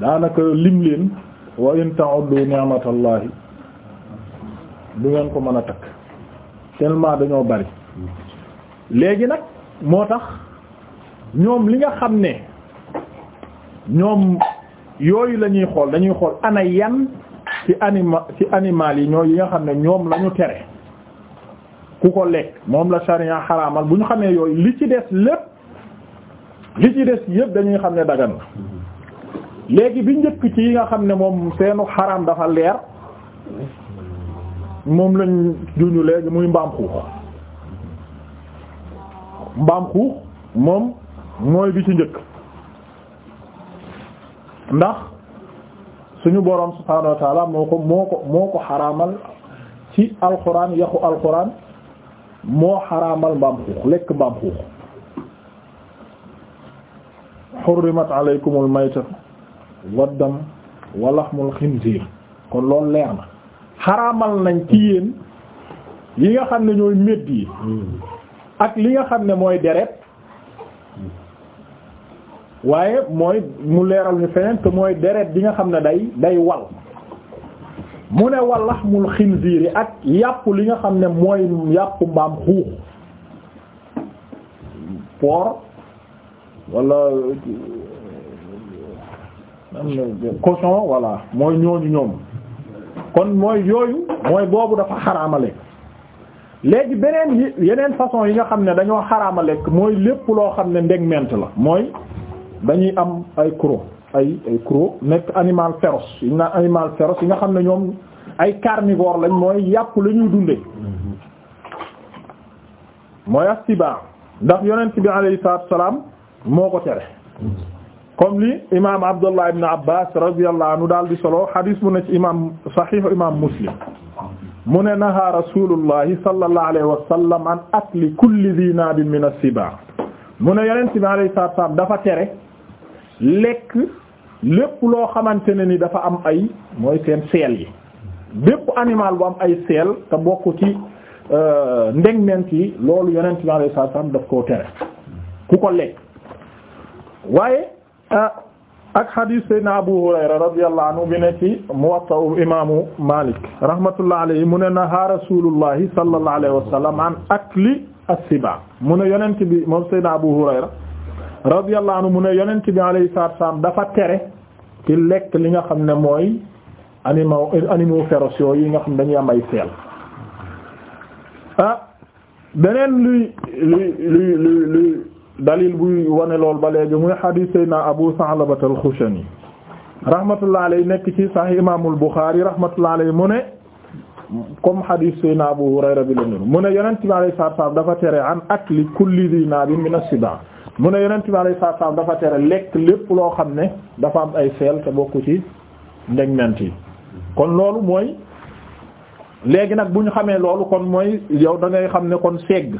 daanaka lim leen wa in ta'uddu ni'matallahi du ngeen ko mën a takk tellement dañoo bari léegi nag moo tax ñoom li nga xam ne ñoom yooyu lañuy xool dañuy xool ana yan ci anima ci animal yi ñoo yi nga xam ne ñoom la ñu tere ku ko lekk moom la sharia xaraamal bu ñu xamee yooyu li ci des lépp li ci des yépp dañuy xam ne dagan la léegi bi njëkk ci yi nga xam ne moom seenu xaram dafa leer moom lañ juñu léegi muy mbaam xuux mbaam xuux moom mooy bi ci njëkk ndax suñu borom subhaanahu wa moo ko moo ko moo ko xaraamal ci alxuraan yaxu alquran moo xaraamal mbaam xuux lekk mbaam xuux xurrimat alaykumul maytatu waddam wa xinziir kon loolu leer na xaraamal nañ ci yéen yi nga xam ne ñooy médd yi ak li nga xam ne mooy deret waaye mooy mu leeral ñu feneen te mooy deret bi nga xam ne day day wal mu ne walaxmul xinziiri ak yàpp li nga xam ne mooy yàpp mbaam xuux porc wala cochon voilà mooy ñooñu ñoom kon mooy yooyu mooy boobu dafa xaraama lekk léegi beneen yi yeneen façon yi nga xam ne dañoo xaraama lekk mooy lépp loo xam ne ndegment la mooy dañuy am ay croc ay ay croc nekk animal féroce yi nga xam ne ñoom ay carnivore lañ mooy yàpp la ñuy dunde mooy astiba ndax yonent bi moo ko tere comme li imaam Abdullah ibn Abbas radiyallahu anhu daal di solo hadis bu ne ci imaam sahih imaam Muslim mu ne naha rasulullahi sallallahu alayhi wa an akli kulli dhi naabin min as-sibaa mu ne yonent bi alayhi salaatu salaam dafa tere lekk lépp loo xamante ne ni dafa am ay mooy seen seel yi bépp animal bu am ay seel te bokk ci euh, ndegment yi loolu yonent bi alayhi salaam daf koo tere ku ko lekk waaye euh, ak xadiis Seydina Abu Hurayra radiyallahu anhu bi ne ci Muwatta imaamu Maalik rahmatullah alayhi mu ne naha rasulullahi sallallahu alayhi wa sallam an sibaa mu ne yonent bi moom Seydina Abu Hurayra radiyallahu anhu mu ne yonent bi alayhi salaatu salaam dafa tere ci lekk li nga xam ne mooy animaux animaux féroces yi nga xam dañuy am ay seel ah, beneen luy luy luy luy luy buy wane lool ba mu muy hadith sayna Abu Sa'laba al-Khushani rahmatullah alayhi nekk ci sahih imaamul Bukhari rahmatullah alayhi mu ne comme hadith sayna Abu Hurayra bi la mu ne yonent bi alayhi sa salaam dafa tere an akli kulli dhi naabin min as-sibaa mu ne yonent bi alayhi salaatu salaam dafa tere lekk lépp loo xam ne dafa am ay seel te bokku ci ndegment yi kon loolu mooy léegi nag bu ñu xamee loolu kon mooy yow da xam ne kon segg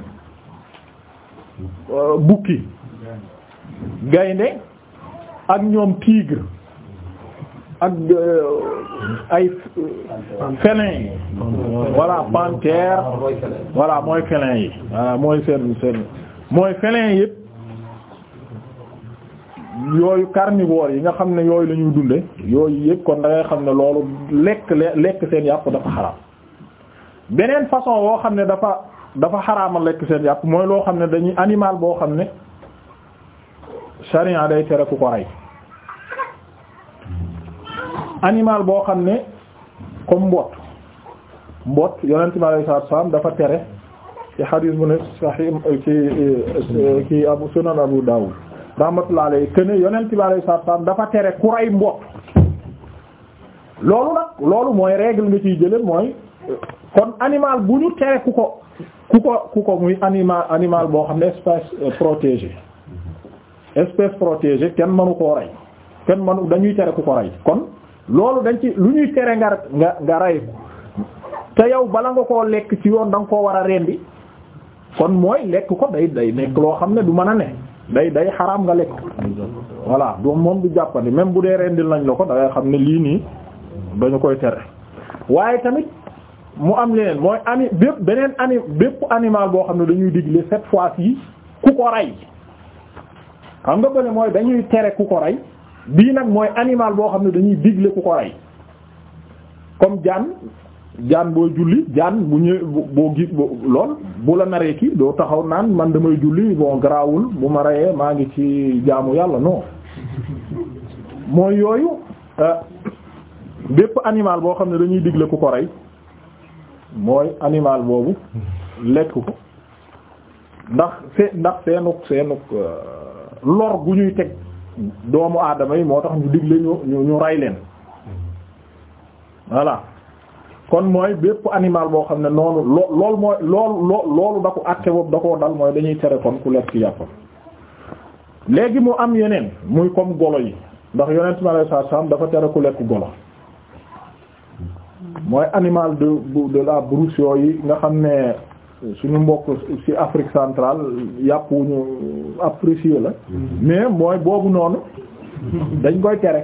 euh, bukki gaynde ak ñoom tigre ak euh, ay félin yi voilà panthère mooy félin yi voilà mooy seen seen mooy félin yépp yooyu carnivore yi nga xam ne yooyu lañuy dunde yooyu yëpp kon da xam ne loolu lekk lekk seen yàpp dafa xaraam beneen façon woo xam ne dafa dafa xaraama lekk seen yàpp mooy loo xam ne dañuy animal boo xam ne sharia day tere ku ko rey animal boo xam ne comme mboot mboot yonent bi alayhi dafa tere ci xadiis bu ne sahih ci ci abu sunan abu dawud rahmatullahi alayhi que ne yonent bi dafa tere ku rey mbott loolu nag loolu mooy règle nga ciy jële mooy kon animal bu ñu tere ku ko ku ko ku ko muy animal boo xam ne espèce euh, protégée espèce protégée kenn mënu koo rey kenn mënu dañuy tere ku ko rey kon loolu dañ ci lu ñuy tere nga nga nga rey te yow bala nga koo lekk ci yoon danga koo war a rendi kon mooy lekk ko day day nekk loo xam ne du mën a ne day day xaraam nga lekk voilà du moom du jàppandi même bu dee rendil nañ la ko da ngay xam ne lii nii dañu koy tere waaye tamit mu am leneen mooy ani bépp beneen ani bépp animal boo xam ne dañuy digle cette fois ci ku ko rey xam nga bële mooy dañuy tere ku ko rey bii nag mooy animal boo xam ne dañuy digle ku ko rey comme jaan jaan booy julli jaan bu ñëw boo gi lool bu la naree kii doo taxaw naan man damay julli bon garaawul bu ma reyee maa ngi ci jaamu yàlla non mooy yooyu euh, bépp animal boo xam ne dañuy digle ku ko rey mooy animal boobu lekk ko ndax see ndax seenuk seenuk euh, lor gu ñuy teg doomu aadama yi moo tax ñu digle ñu ñu rey leen voilà kon mooy bépp animal boo xam ne noonu loo loolu mooy loolu loo loolu da ko àtte boobu da koo dal mooy dañuy tere kon ku lekk yàppam léegi mu am yeneen muy comme golo yi ndax yonent mi alayhi salaatu dafa tere ku lekk golo mooy animal de de la brousse yi nga xam ne suñu mbokk ci Afrique centrale yàpp wu ñu apprécier la mm-hmm. mais mooy boobu noonu dañ koy tere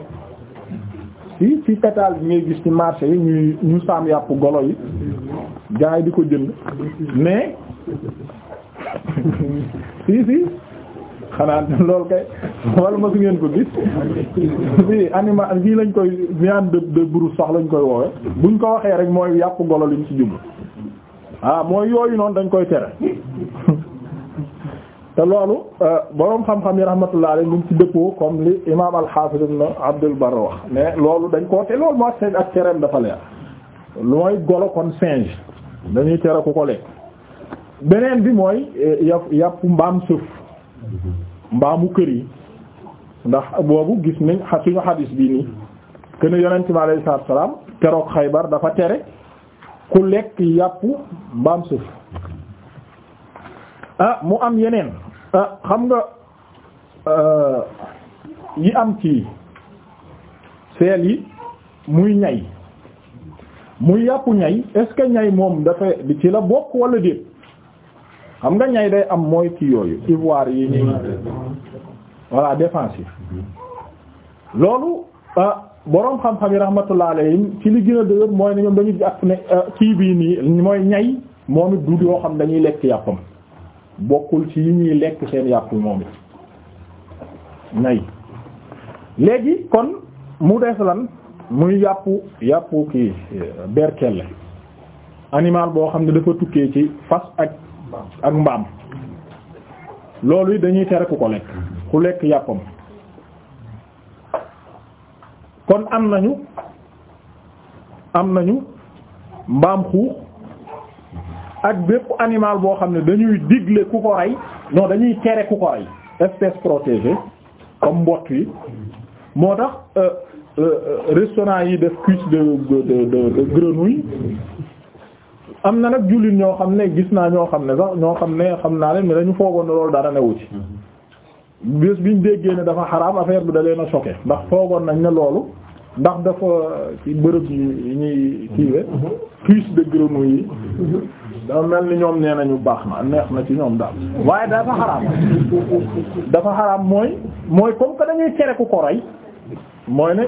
fii ci pétale bi ngay gis ci marse yi ñuy ñu saam yàpp golo yi gars yi di ko jënd mais si si xanaa loolu kay wala ma su ngeen ko gis fii animal fii lañ koy viande de de brousse sax lañ koy woowe buñ ko waxee rek mooy yàpp golo liñ ci jublu ah mooy yooyu noonu dañ koy tere te loolu euh, boroom xam-xam yi rahmatullahi alayhi mu ngi ci dëppoo comme li imaam al-Hafiz ibn Abdul Barr wax mais loolu dañ koo te loolu moo seen ak tereem dafa leer mooy golo kon singe dañuy tere ku ko lekk beneen bi mooy euh, yàpp yàpp mbaam suuf mbaamu kër yi ndax boobu gis nañ suñu xadis bii nii kën yonent bi alayhi salaam keroog Xaybar dafa tere ku lekk yàpp mbaam suuf ah mu am yeneen ah xam nga euh, yi am ci seel yi muy ñay muy yàpp ñay est-ce que ñay moom dafa ci la bokk wala déet xam nga ñay day am mooy kii yooyu ivoire yi ñuy voilà défense yi loolu ah, boroom xam-xam yi rahmatullah alayhim ci li gën dëgër mooy ne ñoom dañu jàpp ne ah, kii bii nii mooy ñay moom it du woo xam dañuy lekk yàppam bokkul ci yi ñuy lekk seen yàpp moom it nay léegi kon mu des lan muy yàpp yàppu kii berkelle animal boo xam ne dafa tukkee ci fas ak mbaam loolu dañuy tere ku ko lekk ku lekk yàppam kon am nañu am nañu mbaam xuux ak bépp animal boo xam ne dañuy digle ku ko rey non dañuy tere ku ko rey espèce protégée comme mbott yi moo tax euh, euh, restaurant yi def cuisse de de de de grenouille am na nag jullit ñoo xam ne gis naa ñoo xam ne sax ñoo xam ne xam naa leen dañu foogoon na loolu dara newu ci bés biñ déggee ne dafa xaraam affaire bi da leen a choqué ndax foogoon nañ ne loolu ndax dafa bërëb yi ñuy kiiwe mhm. cuisse de grenouille yi mhm. dama mel ni ñoom nee nañu baax na neex na ci ñoom daal waaye dafa xaraam dafa xaraam mooy mooy comme que dañuy cere ku ko rey mooy ne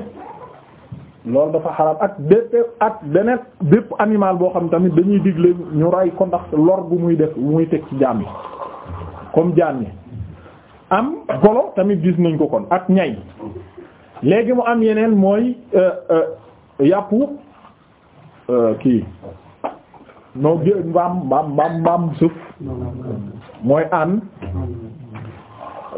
loolu dafa xaraam ak bépp ak beneen bépp animal boo xam ne tamit dañuy digle ñu rey ko ndax lor bu muy def muy teg ci jaam yi comme jaam yi am golo tamit gis nañ ko kon ak ñay léegi mu am yeneen mooy euh, euh, yàppu euh, kii noo gé mbaam mbaam mbaam mbaam suuf mooy ànd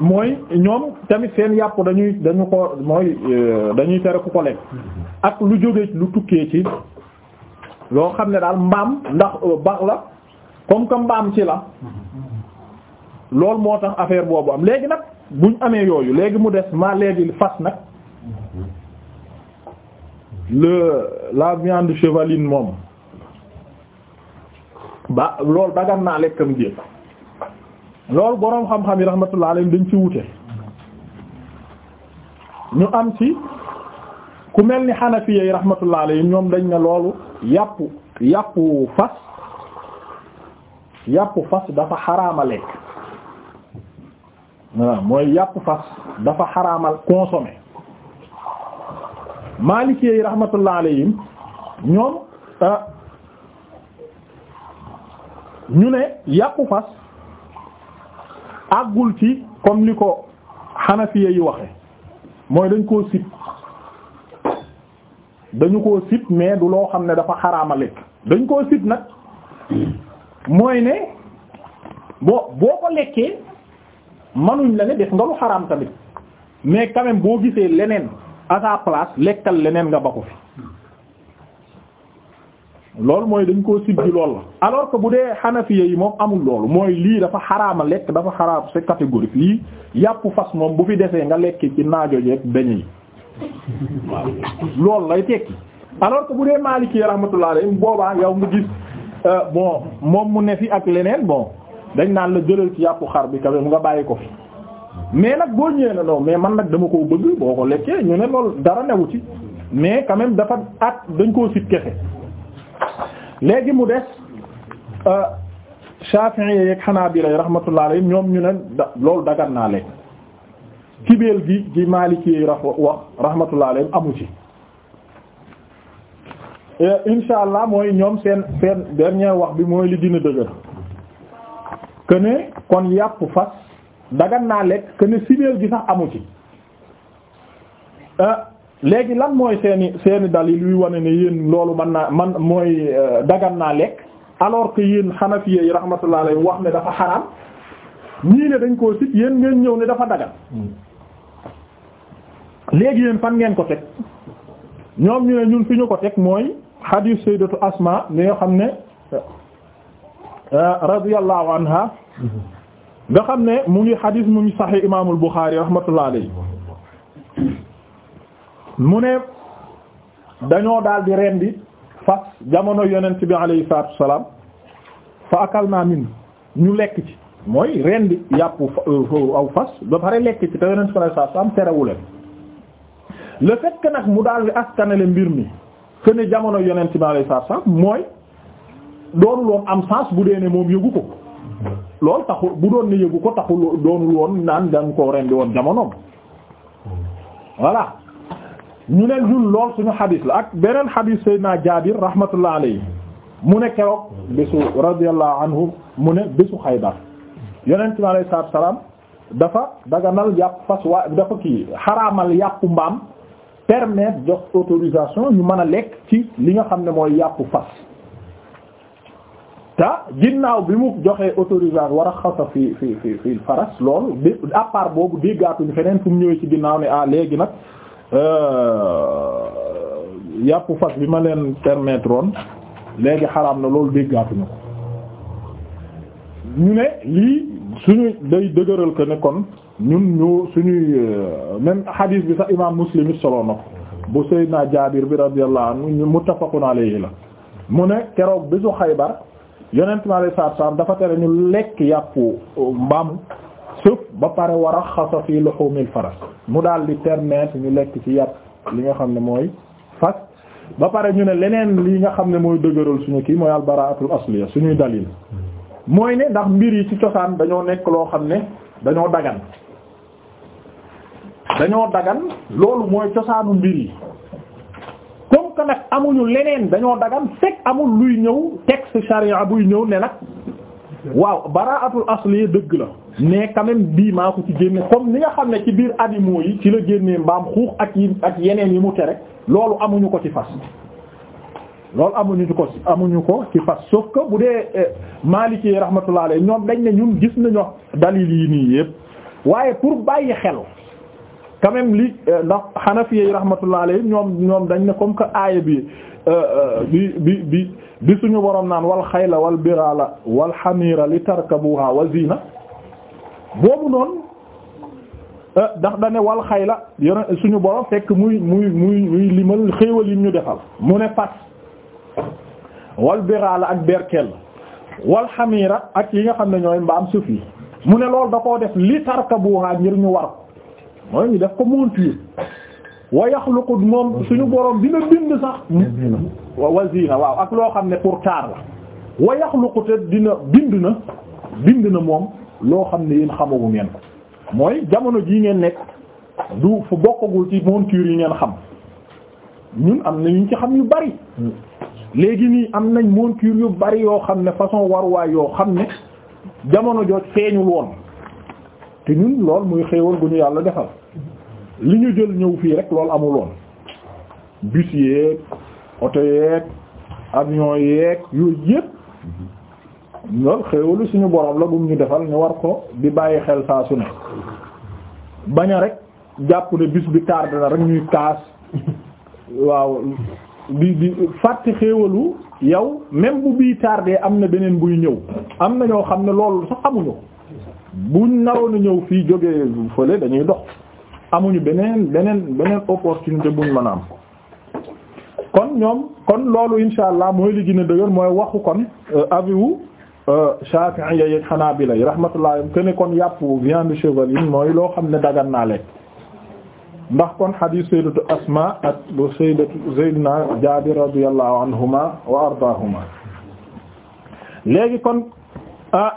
mooy ñoom tamit seen yàpp dañuy dañu ko mooy euh, dañuy tere ku ko ak lu jóge lu tukkee ci loo xam ne daal mbaam ndax euh, bax la comme que mbaam ci la loolu moo tax affaire boobu am léegi nag buñ amee yooyu léegi mu des ma léegi fas nag la viande chevaline moom ba loolu dagan naa lekkam jéeg loolu boroom xam-xam yi rahmatullah alayhi dañ ci wute ñu am ci ku mel ni xanafiya yi rahmatullah alayhi ñoom dañ ne loolu yàpp yàppu fas yàppu fas dafa xaraama lekk waaw mooy yàppu fas dafa xaraamal consommer maalikee yi rahmatullah alayhim ñoom euh, ñu ne yàqu fas àggul ci comme ni ko xanafiya yi waxe mooy dañ koo sib dañu koo sib mais du loo xam ne dafa xaraama lekk dañ koo sib nag mooy ne boo boo ko lekkee manuñ la ne def nga lu xaraam tamit mais quand boo gisee leneen à sa lekkal leneen nga ba ko fi loolu mooy dañ koo sibbi lool la alors que bu dee xanafiya yi moom amul loolu mooy lii dafa xaraama lekk dafa xaraam c'est catégorique lii yàpp fas moom bu fi desee nga lekk ci naajo jeeg beñ yi waaw loolu lay tekki alors que bu dee Maliki rahmatullah alayhi boobaa yow nga gis euh, bon moom mu ne fi ak leneen bon dañ naan la jëlal ci yàpp xar bi kawe mu nga bàyyi ko fi mais nag boo ñëwee ne non mais man nag dama koo bëgg boo ko lekkee ñu ne loolu dara newu ci mais quand dafa at dañ koo sit léegi mu des euh, Shafi'i yeeg Hanabila yi rahmatullahi alayhim ñoom ñu ne da loolu dagan naa leen kibeel gi gi Maliki yi ra wax rahmatullahi alayhim amu ci. insha allah mooy ñoom seen seen dernier wax bi mooy li dina dëgër que ne kon yàpp fas dagan naa lekk que ne sibeel gi sax amu ci euh, léegi lan mooy seeni seeni dalil yuy wane ne yéen loolu man naa man mooy euh, dagan naa lekk alors que yéen xanafiya yi rahmatullah alayhi wax ne dafa xaraam ñii ne dañ koo sit yéen ngeen ñëw ne dafa dagan léegi yéen fan ngeen ko teg ñoom ñu ne ñun fi ñu ko teg mooy hadith sayyidatu asma mi nga xam ne euh, euh, radiyallahu anha nga xam ne mu ngi xadiis mu ngi sahih imaamul buxaari rahmatullah alayhi mu ne dañoo daldi di rendi fas jamono yonent bi alayhi salaatu wa salaam fa akal naa min ñu lekk ci mooy rendi yàpp euh, aw fas ba pare lekk ci te yonent bi alayhi salaatu wa salaam terewul nag mu daal di askanale mbir mi que ne jamono yonent bi alayhi salaatu wa mooy doonul am sens bu dee ne moom yëgu ko loolu taxul bu doon ne yëgu ko taxul doonul naan da nga koo rendi woon jamonoom voilà. ñu ne ñun lool suñu xadis la ak beneen xadis Seydina Jaabir rahmatullah alayhi mu ne keroog bésu radiyallahu anhu mu ne bésu Xaybar yonent bi alayhi salaatu salaam dafa daganal yàpp fas waa dafa kii xaraamal yàpp mbaam permettre jox autorisation ñu mën a lekk ci li nga xam ne mooy yàpp fas te ginnaaw bi mu joxee autorisation war a xasa fi fi fi fi faras loolu à part boobu déggaatuñu feneen fu ñëwee ci ginnaaw ne ah léegi nag Euh, yàpp fas bi ma leen permettre woon léegi xaraam na loolu déggaatuñu ko ñu ne lii suñu day dëgëral que ne kon ñun ñu suñuy euh, même hadith bi sax imaam muslim it solo na ko bu Seydina Jaabir bi radiyallahu anhu muttafaqun alayhi la mu ne keroog bésu Xaybar yonent mi alayhi salaatu salaam dafa tere ñu lekk yàppu euh, mbaamu sëf ba pare war a xasa fii luhumil faras mu daal di permettre ñu lekk ci yat li nga xam ne mooy fas ba pare ñu ne leneen li nga xam ne mooy dëgëral suñu kii mooy albaraatul asliya suñuy dalil mooy ne ndax mbir yi ci cosaan dañoo nekk loo xam ne dañoo dagan dañoo dagan loolu mooy cosaanu mbir yi comme que nag amuñu leneen dañoo dagan fekk amul luy ñëw texte charia buy ñëw ne nag waaw baraatul asli dëgg la mais quand bii maa ko ci génne comme ni nga xam ne ci biir animaux yi ci la génnee mbaam xuux ak yi ak yeneen yi mu tere loolu amuñu ko ci fas loolu amuñu ko ci amuñu ko ci fas sauf bu dee eh, Maliki rahmatullah alayhi ñoom dañ ne ñun gis nañu dalil yi nii yépp waaye pour bàyyi xel quand même li eh, ndax Hanafi rahmatullah alayhi ñoom ñoom dañ ne comme que aaya bi eh, bi bi bi bi suñu borom naan wal xayla wal biraala wal xamiira li tarkabuha wa ziina boobu noonu eh, ndax da ne wal xayla suñu borom fekk muy muy muy muy limal xéewal yi ñu defal mu ne fas wal ak berkel wal xamiira ak yi nga xam ne ñooy mbaam suuf yi mu ne loolu da koo def li tarkabuha ngir ñu war mooy ñu def ko monture wa yaxluqu moom suñu borom dina bind sax wa zina waaw ak loo xam ne pour taar la wa yaxluqu dina bind na bind na moom loo xam ne yéen xamagu ngeen mooy jamono jii ngeen nekk du fu bokkagul ci monture yi ngeen xam ñun am na ñu ci xam yu bari hmm. léegi nii am nañ monture yu bari yoo xam ne façon waruwaay yoo xam ne jamono jooj feeñul woon te ñun lool muy xéewal gu ñu yàlla defal li ñu jël ñëw fii rek loolu amuloon bus yeeg oto yeeg avion yeeg yooyu yëpp loolu xéewalu suñu borom la bu ñu defal ñu war ko di bàyyi xel saa su ne bañ a rek jàpp ne bis bi tardé na rek ñuy kaas waaw di di fàtte xéewalu yow même bu bii tardé am na beneen buy ñëw am na ñoo xam ne loolu sax amuñu buñ naroon a ñëw fii jógee fële dañuy dox amuñu beneen beneen beneen opportunité buñ mën a am kon ñoom kon loolu insha allah mooy li gën dëgër mooy waxu kon euh, aviwu euh, Shafi'i yi Hanabila yi rahmatullah ke ne kon yàpp viande yi mooy loo xam ne dagan naa lekk ndax kon hadith sayyidatu Asma ak bu sayyidatu Sayyidina Jaabir radiyallahu anhuma wa ardaahuma léegi kon ah,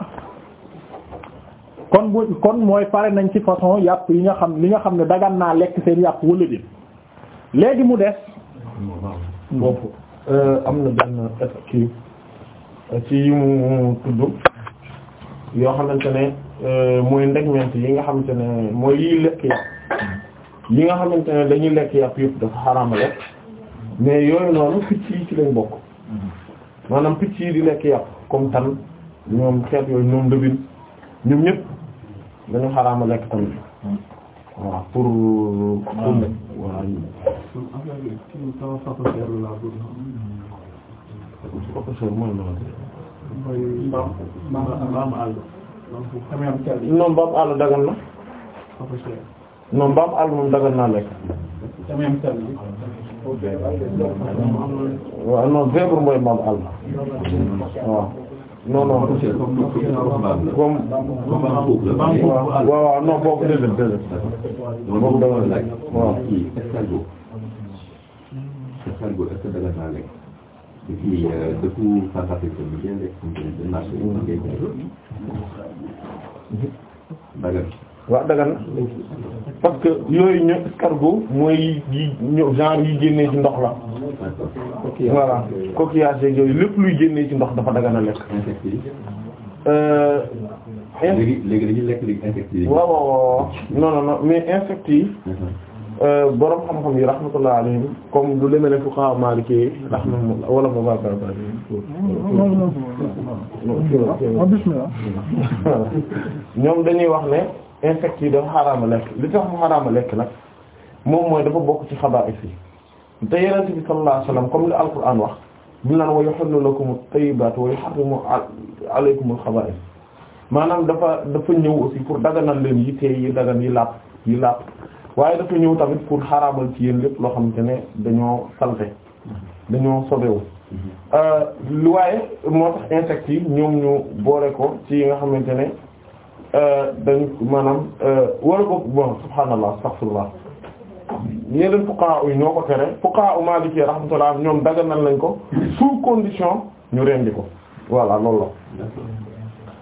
kon bu kon mooy pare nañ ci façon yàpp yi nga xam li nga xam ne dagan naa lekk seen yàpp wala déet léegi mu des. boobu euh, am na benn kii ci yi mu tudd yoo xamante ne euh, mooy ndegmeent yi nga xamante ne mooy yiy lekk yàpp yi nga xamante ne dañuy lekk yàpp yëpp dafa xaraama lekk mais yooyu noonu picc yi ci lañ bokk maanaam picc yi di lekk yàpp comme tan ñoom xeet yooyu ñoom dëbin ñoom ñëpp dañu xaraama lekk tamit hmm. waaw pour. waaw waaw. non mbaam àll dagan na. non mbaam àll moom dagan naa lekk. waaw non zèbre mooy mbaam àll waaw. non non comme waaw waaw non boobu déedéet déedéet moom dama laaj waaw escargot est-ce que danga naa lekk et puis dëkku Centre Afrique bi ngeen lekk waa dagan parce que yooyu ñu escargot mooy yi ñu genre yi génnee ci ndox la voilà coquillage yooyu lépp luy ci ndox dafa dagan a lekk léegi léegi lekk waaw waaw non non mais insectes yi borom xam-xam yi rahmatullah alayhim comme lu demee ne fuqaha maliki rahmatullah wala mo baba ñoom dañuy wax ne insectes yi dafa xaraama lekk li tax mu xaraama lekk nag moom mooy dafa bokk ci xabaa'is yi te yonent bi sallallahu alayhi wasallam comme li alquran wax bi naan wa yuhillu lakum at-tayyibat wa yuharrimu alaykum al-khaba'ith maanaam dafa dafa ñëw aussi pour daganal leen yi tey yi dagan yi lapp yi lapp waaye dafa ñëw tamit pour xaraamal ci yéen lépp loo xamante ne dañoo salte dañoo sobewu mm-hmm. euh, lu waaye moo tax insectes yi ñoom ñu boole ko ci yi nga xamante ne Euh, dañ maanaam euh, wala ko bon subhaanallah astaghfirullah yeneen fuqahaa yi ñoo ko tere fuqahaa Maliki rahmatullah ñoom daganal lañ ko sous condition ñu rendi ko voilà loolu la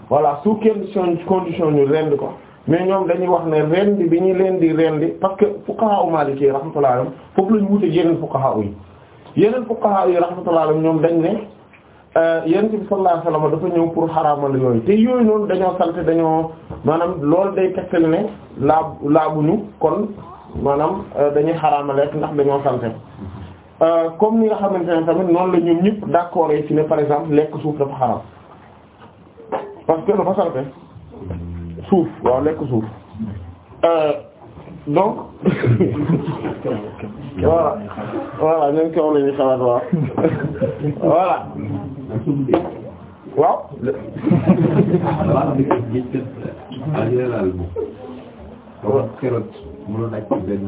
voilà sous condition ñu rendi ko mais ñoom dañuy wax ne rendi bi ñu leen di rendi parce que fuqahaa Maliki rahmatullah foofu la ñu wute yeneen fuqahaa yi yeneen fuqahaa yi rahmatullah ñoom dañ ne Euh, yonent bi sallallahu alayhi wasallam dafa ñëw pour xaraamal yooyu te yooyu noonu dañoo salte dañoo maanaam lool day tegtal ne laab laabuñu kon maanaam euh, dañuy xaraamal rek ndax dañoo salte euh, comme ni nga xamante ne tamit noonu la ñun ñëpp d'accord ci ne par exemple lekk suuf dafa xaraam parce que dafa salte suuf waaw lekk suuf donc voilà voilà ñun kaw la ñuy xalaat waaw voilà waaw. waaw keroog mënoon naaj ci benn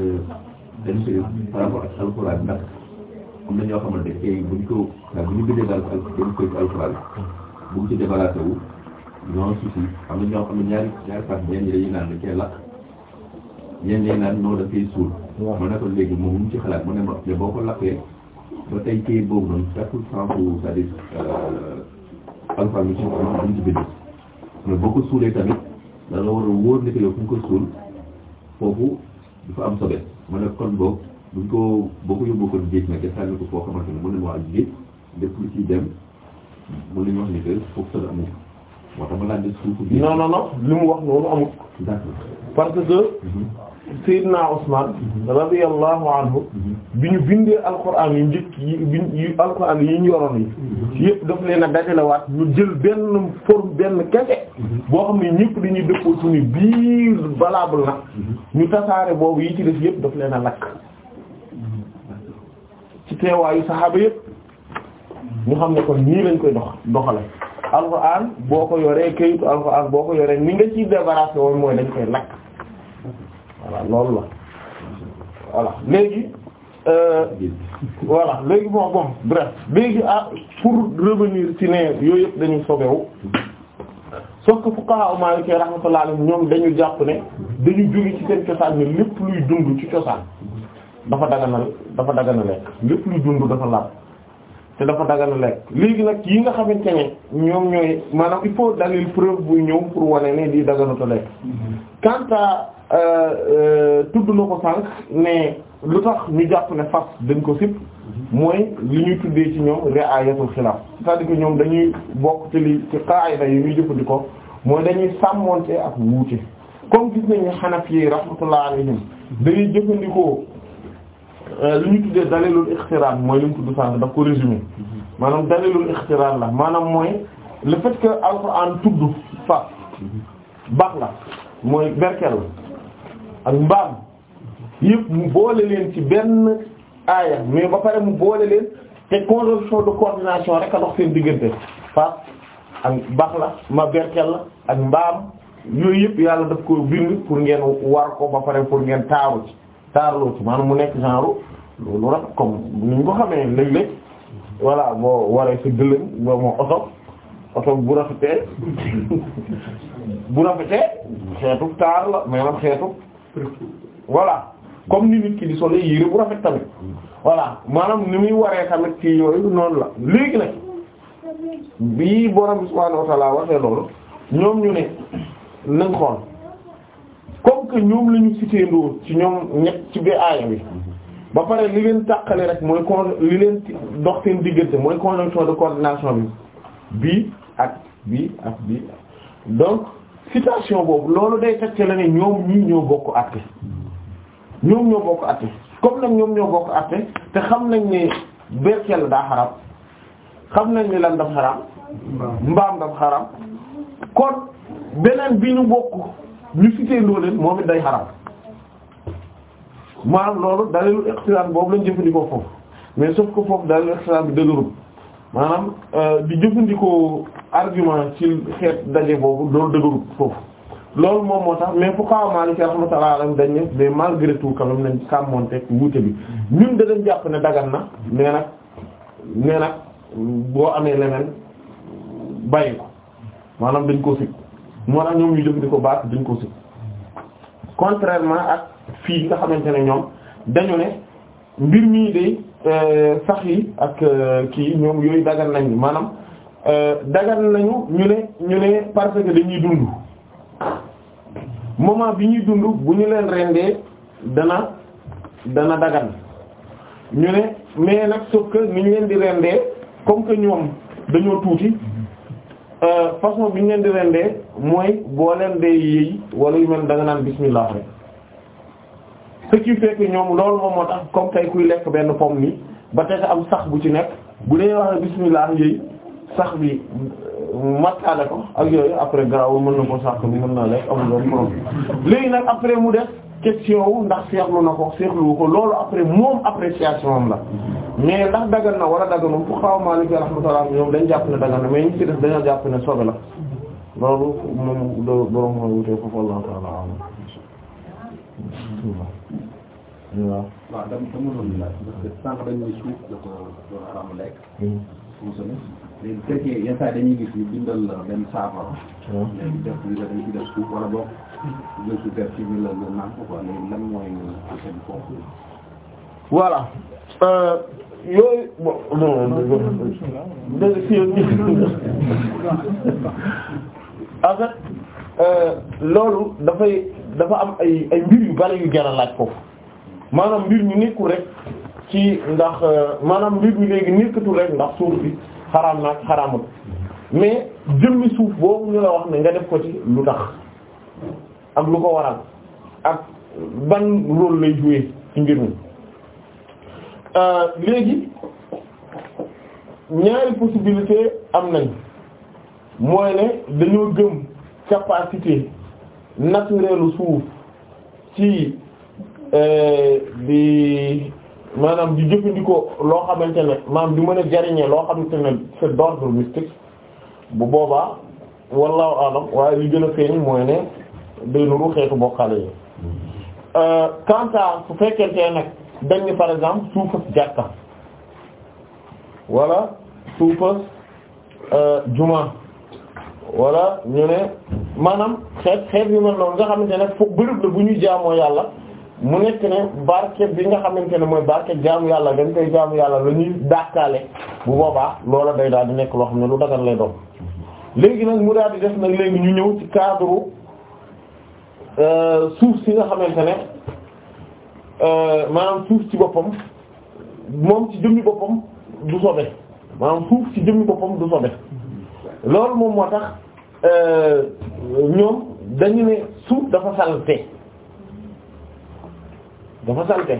benn période par rapport ak alxuraan ndax am na ñoo xamante ne bu ñu ko bu ñu gënee daal benn période alxuraan bu ñu ci débarrassé wu non suuf si am na ñoo xam ne ñaari ñaari fànn ñenn ñi dañuy naan dañ koy lakk. yéen ñi naan noo da koy suul. waaw ma ko léegi moom mu ci xalaat mu ne ma te boo ko lakkee ba tey kii boobu noonu chaque fois c'est-à-dire euh, alpha bi am boo ko suulee tamit da war a wóor ne que yow ko suul foofu dafa am sobe ma ne kon boobu buñ ko boo ko yóbboo kon géej nag sànni ko foo xamante ne ne ma ak géej lépp lu ciy dem mu li ñu wax ni que foofu sobe amul moo tax ma laaj suuf. non non non li mu wax noonu amul. d'accord parce Seydina Usmaan radiyallahu anhu bi ñu bindee alquran yu njëkk yi bi yu alquran yi ñu yi yëpp daf leen a dajalewaat ñu jël benn forme benn kese boo xam ne ñëpp dañuy dëppoo suñu biir valable nag ñu tasaare boobu yi ci def yëpp daf leen a lakk ci teewaayu saxaaba yépp ñu xam ne ko nii lañ koy dox doxale alquran boo ko yoree kayitu alquran boo ko yoree ni nga ciy débarrassé woon mooy dañ koy lakk voilà loolu la voilà léegi euh, voilà léegi bon bon bref léegi ah pour revenir ci ne yooyu yëpp dañu sobewu sauf que fuqaha Maliki rahmatullah alayhim ñoom dañu jàpp ne dañu jóge ci seen cosaan ne lépp luy dund ci cosaan dafa dagana dafa dagana lekk lépp luy dund dafa laab te dafa dagana lekk léegi nag yi nga xamante ne ñoom ñooy maanaam il faut dalil preuve buy ñëw pour wane ne lii daganata lekk quant Euh, euh, tudd na ko sànq ne lu tax ñu jàpp ne fas dañ ko sip mooy li ñuy tuddee ci ñoom ri'ayatul xilaaf c'est-à-dire que ñoom dañuy bokk ci li ci qaa'ida yi ñuy jëfandikoo mooy dañuy sàmmonte ak wuute comme gis nañu xanaf yi rahmatullah alayhim dañuy jëfandikoo euh, li ñuy tuddee dalilul ixtiraan mooy li mu tudd sànq daf ko résumé maanaam dalilul ixtiraan la maanaam mooy le fait que alxuraan tudd fas baax la mooy berkel ak mbaam yëpp mu boole leen ci benn aaya mais ba pare mu boole leen te conjonction de coordination rek a dox seen diggante faas ak bax la ma berkel la ak mbaam yooyu yëpp yàlla daf ko bind pour ngeen war ko ba pare pour ngeen taaru ci taarloo ci maanaam mu nekk genre loolu rek comme ni ñu ko xamee léeg-léeg voilà boo waree si gëlëm boo moo oto oto bu rafetee bu rafetee xeetu taar la maanaam xeetu voilà comme ni nit ki di solo yére bu rafet tamit voilà maanaam ni muy waree tamit ci yooyu noonu la léegi nag bii borom subhaanahu wa ta'aala waxee loolu ñoom ñu ne nañ xool comme que ñoom la ñu cité ndóor ci ñoom ñett ci ba aaya bi ba pare li leen tàqale rek mooy con li leen dox seen diggante mooy conjonction de coordination bi bii ak bii ak bii donc citation boobu loolu day teg la ne ñoom ñii ñoo bokk àtte ñoom ñoo bokk àtte comme nag ñoom ñoo bokk àtte te xam nañ ne berkelle daa xaram xam nañ ne lan daf xaram mbaam daf xaram kon beneen bi ñu bokk ñu cité ndooleen moom it day xaram maanaam loolu dalilu ixtilaaf boobu lañ jëfandikoo foofu mais sauf que foofu dalilu ixtilaaf bi dëgërul maanaam euh, di jëfandikoo argument ci xeet daje boobu loolu dëgërut foofu loolu moom moo tax mais fuqaha Maliki rahmatullahi alayhim dañ ne mais malgré tout quand même nañ sàmmonteeg wuute bi ñun da dañ jàpp ne dagan na nee nag nee nag boo amee leneen bàyyi ko maanaam dañ ko sib moo tax ñoom ñu jëfandikoo baat dañ ko sib contrairement ak fii nga xamante ne ñoom dañu ne mbir mii de Euh, sax yi ak euh, kii ñoom yooyu dagan nañ maanaam euh, dagan nañu ñu ne ñu ne parce que dañuy dund moment bi ñuy dund bu ñu leen rendee dana dana dagan ñu ne mais nag sauf que ni ñu leen di rendee comme que ñoom dañoo tuuti façon bi ñu leen di rendee mooy boo leen dee yëy wala yu mel da naan bismillah rek ce qui fait que ñoom loolu moom moo tax comme tey kuy lekk benn pom yi ba tey am sax bu ci nekk bu dee wax bismillah yooyu sax bi mattaale ko ak yooyu après garaawul mën na ko sax bi mën naa lekk amul léegi nag après mu def question wu ndax seexlu na ko seexlu ko loolu après moom appréciation am la mais ndax dagan na war a daganum fu xaw Maalik rahmatullah ñoom dañ jàpp ne dagan mais ñi ci def dañoo jàpp ne sobe la loolu moom borom mooy wutee foofu Allah ta'ala waaw waaw dama dama doon laaj parce que sànq dañ ne suuf da ko doon xaram lekk. mosoon hmm. léegi bu fekkee yenn saa dañuy gis ñu bindal la benn saafara. Hmm. léegi def li nga dañ ci def suuf wala boog lu def suuf def ci biir la nga naan ko quoi léegi lan mooy affaire bi foofu. voilà. Euh, yooyu bon non non en fait euh, loolu dafay dafa am ay ay mbir yu bari yu jar a laaj foofu. maanaam mbir mi nekkul rek ci ndax euh, maanaam mbir mi léegi nekkatul rek ndax suuf bi xaraam naag xaraamut mais jëmmi suuf boobu ñu la wax ne nga def ko ci lu tax ak lu ko waral ak ban rôle lay jouer ci mbir mi euh, léegi ñaari possibilité am nañ mooy ne dañoo gëm capacité naturelle suuf ci Eh, di maanaam di jëfandikoo loo xamante ne maanaam di mën a loo xamante ne c'est d'ordre mystique bu boobaa wallahu alam waaye li gën a feeñ mooy ne day nuru xeetu bokkale yi eh, quant à su fekkentee nag dañ ni par exemple suufas jàkka wala suufas eh, juma wala ñu ne maanaam xeet xeet yu mel noonu nga xamante ne fo bërëb la bu ñuy jaamoo yàlla mu nekk ne barke bi nga xamante ne mooy barke jaamu yàlla dañ koy jaamu yàlla la ñuy dàkkaale bu boobaa loola day daal di nekk loo xam ne lu dagal lay doon léegi nag mu daal di def nag léegi ñu ñëw ci cadre euh, suuf si nga xamante ne euh, maanaam suuf ci boppam moom ci jëmmi boppam du sobe maanaam suuf ci jëmmi boppam du sobe loolu moom moo tax euh, ñoom dañu ne suuf dafa salte dafa salte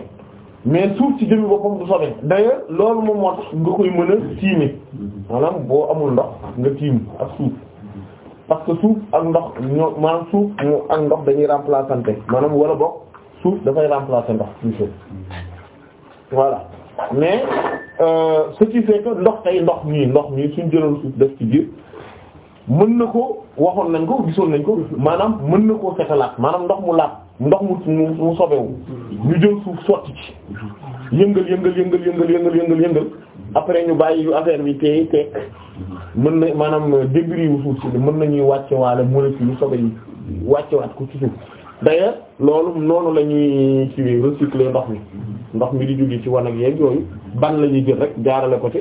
mais suuf ci jëmi boppam du sobe d'ailleurs loolu moom moo tax nga koy mën a tiime maanaam boo amul ndox nga tiim ak suuf parce que suuf ak ndox ñoo maanaam suuf ak ndox dañuy remplaçante maanaam wala bokk suuf dafay remplacer ndox toujours voilà mais euh, ce qui fait ndox tey ndox mii ndox mii suñ jëloon suuf def ci biir mën na ko waxoon nañ ko gisoon nañ ko maanaam mën na koo setalaat maanaam ndox mu laat ndox mu mu sobewu ñu jël suuf sotti ci yëngal yëngal yëngal yëngal yëngal yëngal après ñu bàyyi yu affaire bi teey teek mën na maanaam degré yu suuf si mën wàcce waale molécule yu sobe wàcce waat ko ci suuf d'ailleurs loolu la ñuy ci ndox mi ndox mi di jóge ci wanag yeeg yooyu ban la ñuy jël rek jaarale ko ci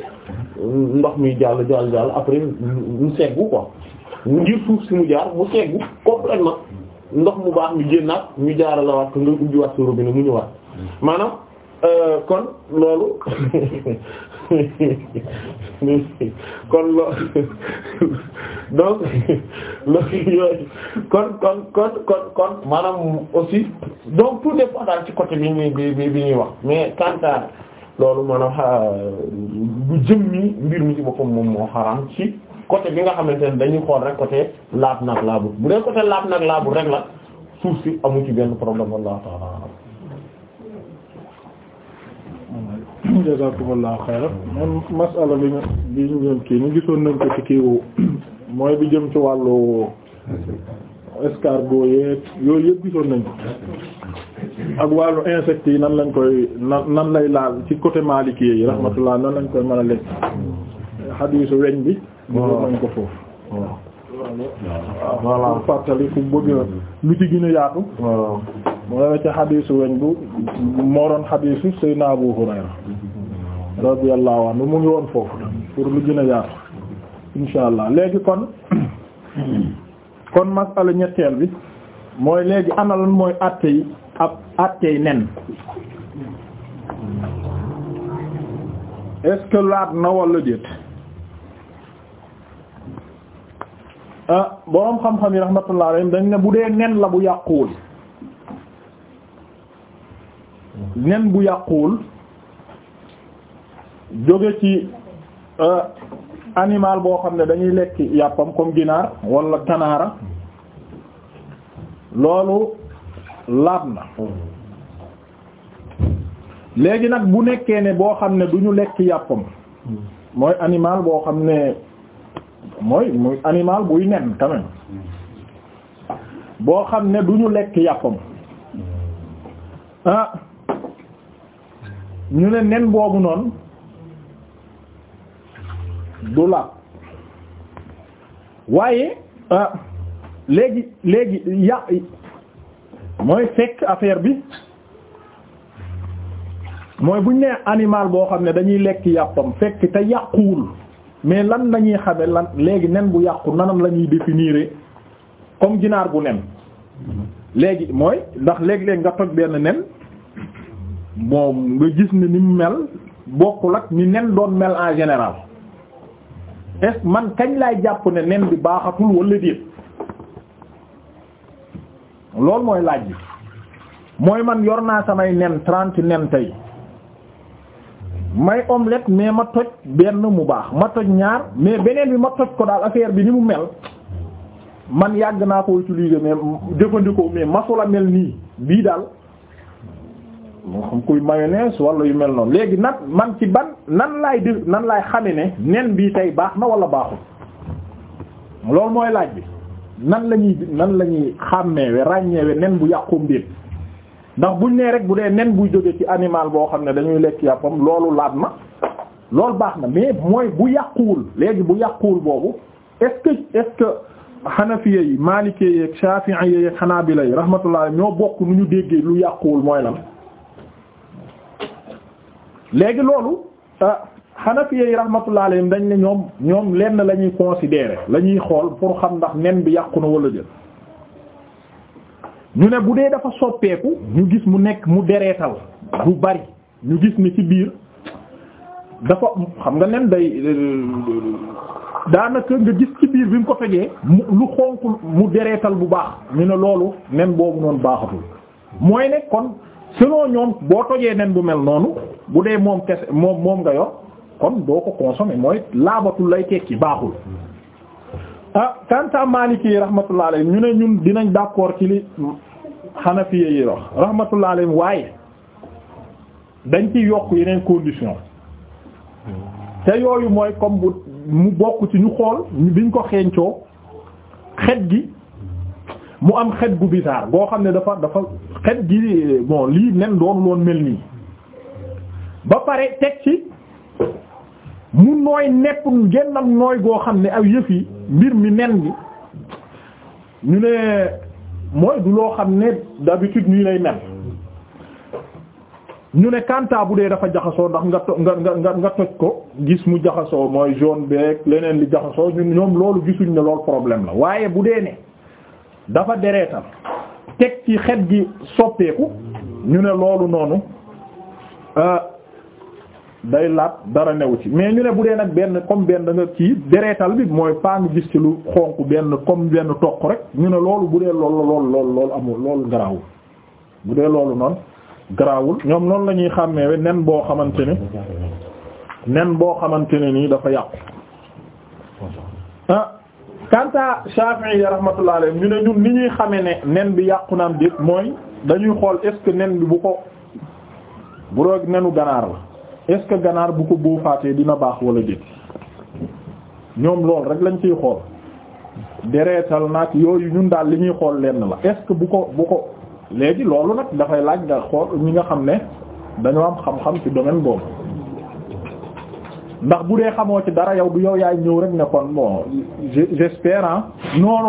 ndox mi jàll jàll jàll après mu seggu ko ngir suuf si mu jaar mu seggu complètement ndox mu baax mi génnaat ñu jaarale waat ko nga ubbiwaat sa robinet mu ñëwaat maanaam euh, kon loolu kon loo donc yooyu kon kon kon kon kon maanaam aussi donc tout dépend daal ci côté bi ñuy bi ñuy wax mais kantaar loolu maanaam bu euh, jëm mi mbir mi ci boppam moom moo xaraam ci côté bi nga xamante ne dañuy xool rek côté laab nag laabut bu dee côté laab nag laabut rek la suuf si amu ci benn problème wallahu ta'ala jazakumullahu xayran man masala bi kii ñu gisoon nañ ci kiiwu mooy bi jëm ci wàllu escargot yeeg yooyu yëpp gisoon nañ ko ak insectes yi nan lañ koy nan nan lay laal ci côté Maliki yi rahmatullah nan lañ koy mën a lekk xadiisu weñ bi loolu nañ ko foofu waaw voilà mm-hmm. lu ci gën a yaatu mu nga ci xadiisu weñ bu moo doon xadiisu Seydina Abu Hurayra mm-hmm. radiyallahu anhu mu ngi woon foofu pour lu gën a yaatu mm-hmm. insha allah léegi kon kon masala ñetteel bi mooy léegi ana lan mooy àtte yi nen est na walla déet Ah, boroom xam-xam yi rahmatullah alayhim dañ ne bu dee nen la bu yàquwul nen bu yàquwul jóge ci euh, animal boo xam ne dañuy lekk yàppam comme ginaar wala kanaara loolu laab na léegi nag bu nekkee ne boo xam ne du ñu lekk yàppam mooy animal boo xam ne mooy muy animal buy nen quand boo xam ne du ñu lekk yàppam ah ñu ne nen boobu noonu du la waaye ah léegi léegi yà mooy fekk affaire bi mooy buñ ne animal boo xam ne dañuy lekk yàppam fekk te yàquwul mais lan lañuy xame lan léegi nen bu yàqu nanam la ñuy définir comme ginaar bu nen léegi mooy ndax léeg-léeg nga toj benn nen moom nga gis ne ni mu mel bokkul ak ni nen doon mel en général est man kañ laay jàpp ne nen bi baaxatul wala déet loolu mooy laaj bi mooy man yor naa samay nen trente nen tey may omelette mais ma toj benn mu baax ma toj ñaar mais beneen bi ma toj ko daal affaire bi ni mu mel man yàgg naa ko utiliser mais jëfandikoo mais masula mel nii bii daal moo xam kuy mayonnaise wala yu mel noonu léegi nag man ci ban nan lay def nan laay xame ne nen bii tey baax na wala baaxul loolu mooy laaj bi nan la nan la ñuy xàmmeewe ràññeewe nen bu yàqu mbir ndax buñ nee rek bu dee nen buy jóge ci animal boo xam ne dañuy lekk yàppam loolu laab na loolu baax na mais mooy bu yàquwul léegi bu yàquwul boobu est-ce que est-ce que xanafiya yi maalikee yeeg shafi'iyya yeeg xanaabila yi rahmatullah ñoo bokk nu ñu déggee lu yàquwul mooy lan léegi loolu xanafiya ah, yi rahmatullah alayhim dañ ne ñoom ñoom lenn la ñuy considérer la ñuy xool pour xam ndax nen bi yàqu na wala jël ñu ne bu dee dafa soppeeku ñu gis mu nekk mu dereetal bu bari ñu gis ni ci biir dafa xam nga nen day daanaka nga gis ci biir bi mu ko fegee mu lu xonq mu dereetal bu baax ñu ne loolu nen boobu noonu baaxatul mooy ne kon selon ñoom boo tojee nen bu mel noonu bu dee moom kese moom moom nga yor kon doo ko consommer mooy laabatul lay tekki baaxul ah kanta Maliki yi rahmatullah alayhim ñu ne ñun dinañ d'accord ci li Hanafiya yi wax rahmatullah alayhim waaye dañ ci yokk yeneen condition te yooyu mooy comme bu mu bokk ci ñu xool biñ ko xeeñcoo xet gi mu am xet gu bizarre boo xam ne dafa dafa xet gi bon lii nen doonu loon mel nii ba pare teg ci mu nooy nepp gennam nooy goo xam ne aw yëf yi mbir mi nen gi ñu ne mooy du loo xam ne d'habitude nii lay mel ñu ne kanta bu dee dafa jaxasoo ndax nga to nga nga nga toj ko gis mu jaxasoo mooy jaune beeg leneen li jaxasoo ñun ñoom loolu gisuñ ne loolu problème la waaye bu dee ne dafa dereetal teg ci xet gi soppeeku ñu ne loolu noonu euh, day laat dara newu ci mais ñu ne bu dee nag benn comme benn da nga ci dereetal bi mooy paa ngi gis ci lu xonq benn comme benn toq rek ñu ne loolu bu dee loolu lool lool loolu amul loolu garaawul bu dee loolu noonu garaawul ñoom noonu la ñuy xàmmeewe nen boo xamante ne nen boo xamante ne nii dafa yàqu ah kanta Shafi'i ya rahmatullah ñu ne ñun ni ñuy xamee ne nen bi yàqu naam déet mooy dañuy xool est nen bi bu ko bu roog nenu ganaar la est que ganaar bu ko boofaatee dina baax wala déet ñoom loolu rek lañ ciy xool dereetal nag yooyu ñun daal li ñuy xool lenn la est bu ko bu ko léegi loolu nag dafay laaj nga xool ñi nga xam ne dañoo am xam-xam ci domaine boobu ndax bu dee xamoo ci dara yow du yow yaay ñëw rek ne kon bon j'espère ah non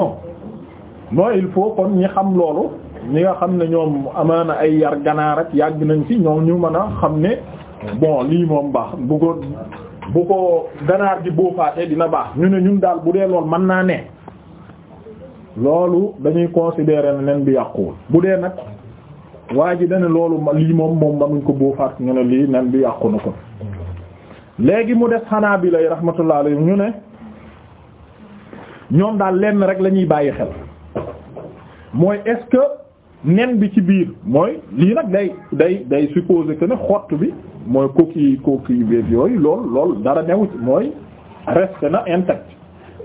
non il faut kon ñi xam loolu ñi nga xam ne ñoom amaana ay yar ganaar ak yàgg nañ ci ñoom ñu mën a xam ne. bon lii moom baax bu ko bu ko ganaar gi boofaatee dina baax ñu ne ñun daal bu dee lool mën naa ne loolu dañuy considérer ne nen bi yàquwul bu dee nag waa ji ne loolu lii moom moom mënuñ ko boofaat ñu ne lii nen bi yàqu na ko léegi mu def xanaa bi lay rahmatullah alayhi ñu ne ñoom daal lenn rek la ñuy bàyyi xel mooy est nen bi ci biir mooy lii nag day day day supposer que ne xott bi mooy coquille coquille vif yooyu lool lool dara new mooy reste na intact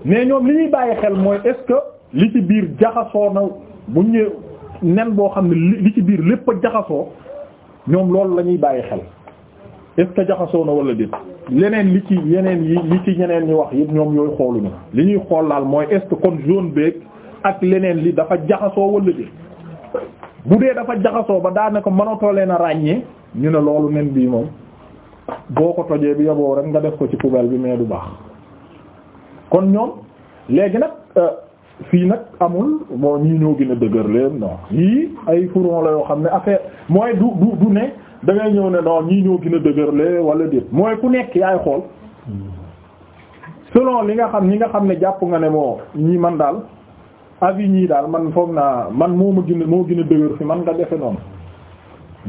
mais ñoom li ñuy bàyyi xel mooy est-ce que li ci biir jaxasoo na bu ñu nen boo xam ne li ci biir lépp a jaxasoo ñoom loolu la ñuy bàyyi xel est-ce jaxasoo na wala déet leneen li ci yeneen yi li ci ñeneen ñi wax yëpp ñoom yooyu xooluñu li ñuy xool laal mooy est-ce que kon jaune beeg ak leneen li dafa jaxasoo wala déet bu dee dafa jaxasoo ba daanaka mënatoo leen a ràññee ñu ne loolu nen bii moom boo ko tojee bi yoboo rek nga def ko ci poubelle bi mais du baax kon ñoom léegi nag euh, fii nag amul moo ñii ñoo gën a dëgër leen non yii ay furon la yoo xam ne affaire mooy du du du ne da ngay ñëw ne non ñii ñoo gën a dëgër lee wala déet mooy ku nekk yaay xool hmm. selon li nga xam ñi nga xam ne jàpp nga ne moo ñii man daal avis ñii daal man foog naa man moo ma gën moo gën a fi man nga defe noonu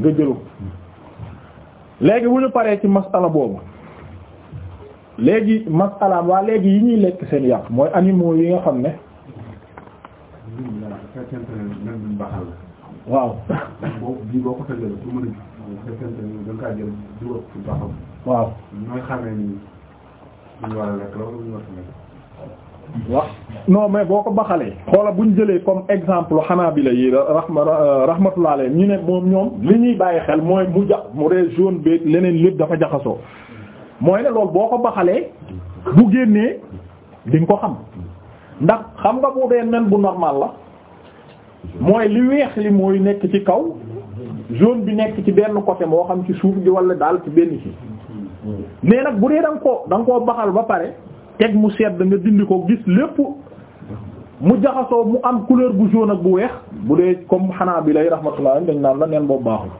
nga jëlu léegi bu ñu paree ci masala boobu léegi masalaam waa léegi yi ñuy lekk seen yàq mooy animaux yi nga xam ne waaw waaw wax non mais boo ko baxalee xoola buñ jëlee comme exemple xanaabila yi rahma rahmatullah alayhi ñu ne moom ñoom li ñuy bàyyi xel mooy mu jax mu ree jaune beeg leneen lépp dafa jaxasoo mooy ne loolu boo ko baxalee bu génnee di nga ko xam ndax xam nga bu dee nen bu normal la mooy li weex li mooy nekk ci kaw jaune bi nekk ci benn côté moo xam ci suuf gi wala daal ci benn ci hmm. mais nag bu dee da nga koo da koo baxal ba pare teg mu sedd nga dindi ko gis lépp mu jaxasoo mu am couleur gu jaune ak bu weex bu dee comme xanaa bi lay rahmatullah dañ naan la neen boobu baaxul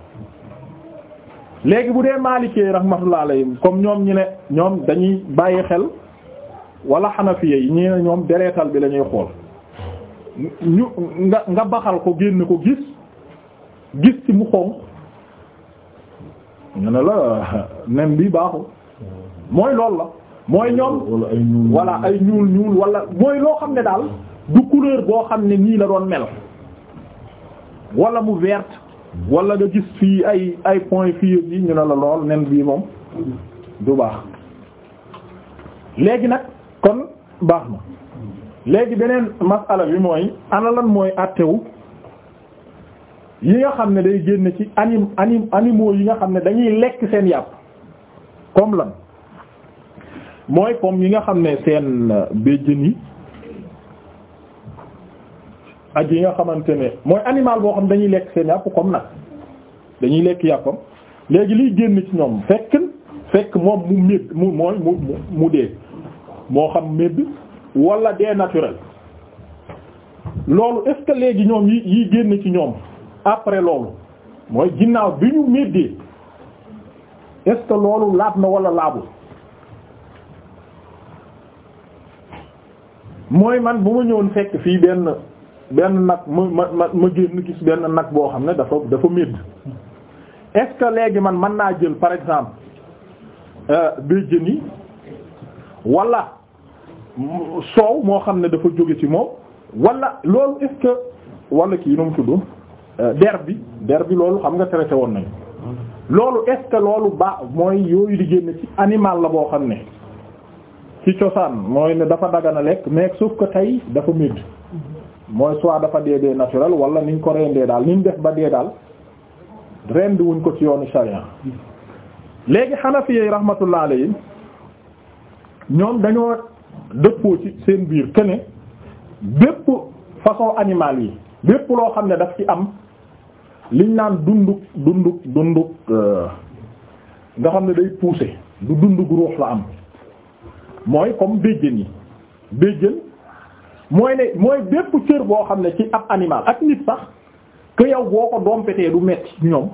léegi bu dee maalikee rahmatullah alayhim comme ñoom ñi ne ñoom dañuy bàyyi xel wala xanafiye yi ñi ne ñoom dereetal bi lañuy xool ñu nga nga baxal ko génn ko gis gis ci mu xonq ñu ne la nen bi baaxul mooy loolu la mooy ñoom walla ay ñuul ñuul walla mooy loo xam ne daal du couleur boo xam ne nii la doon mel walla mu vert walla nga gis fii ay ay point fii yi ñu ne la lool nen bii moom du baax léegi nag kon baax na léegi beneen masala bi mooy ana lan mooy àttewu yi nga xam ne day génn ci anim anim animaux yi nga xam ne dañuy lekk seen yàpp comme lan mooy comme yi nga xam ne seen euh, béjjën yi ak yi nga xamante ne mooy animal boo xam dañuy lekk seen yàpp comme nag dañuy lekk yàppam léegi liy génn ci ñoom fekk fekk moom mu médd mu mooy mu mu dee moo xam médd walla dee naturel loolu est léegi ñoom yi yi génn ci ñoom après loolu mooy ginnaaw bi ñu méddee est-ce loolu laab na wala laabul mooy man bu ma ñëwoon fekk fii benn benn nag ma ma ma génn gis benn nag boo xam ne dafa dafa médd est-ce que léegi man mën naa jël par exemple euh, béjjën yi wala soow moo xam ne dafa jóge ci moom walla loolu est-ce wala kii nu mu tudd euh, der bi der bi loolu xam nga traité woon nañu mm-hmm. loolu est-ce que loolu ba mooy yooyu di génn ci animal la boo xam ne ci cosaan mooy ne dafa dagan a lekk mais sauf ko tey dafa mid mooy soit dafa dee dee naturel wala niñ ko rendee daal niñ def ba dee daal rend wuñ ko ci yoonu sharia léegi Hanafi yi rahmatullah alayhi ñoom dañoo dëppoo ci seen biir que ne bépp façon animal yi bépp loo xam ne daf ci am liñ naan dunduk dunduk dunduk euh, nga xam ne day pousser du dunduk ruux la am mooy comme béjjën yi béjjën mooy ne mooy bépp cër boo xam ne ci ab animal ak nit sax que yow boo ko dompetee du metti ñoom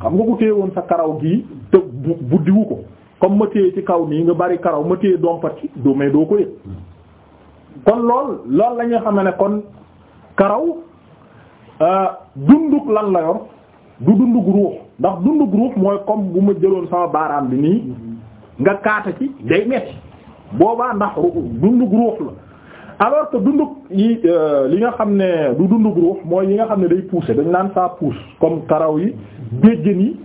xam nga ko téye woon sa karaw gii te bu buddiwu ko comme ma téye ci kaw nii nga bari karaw ma téye dompat ci doo mais doo ko yëg kon lool lool la ñuy xam ne kon karaw euh, dunduk lan la yor du dunduk ruux ndax dunduk ruux mooy comme bu ma jëloon sama baaraam bi nii nga kaata ci day metti boobaa ndax dundug ruux la alors que dundug yi euh, li nga xam ne du dundug ruux mooy yi nga xam ne day pousser dañ naan saa pousse comme taraw yi béjjën yi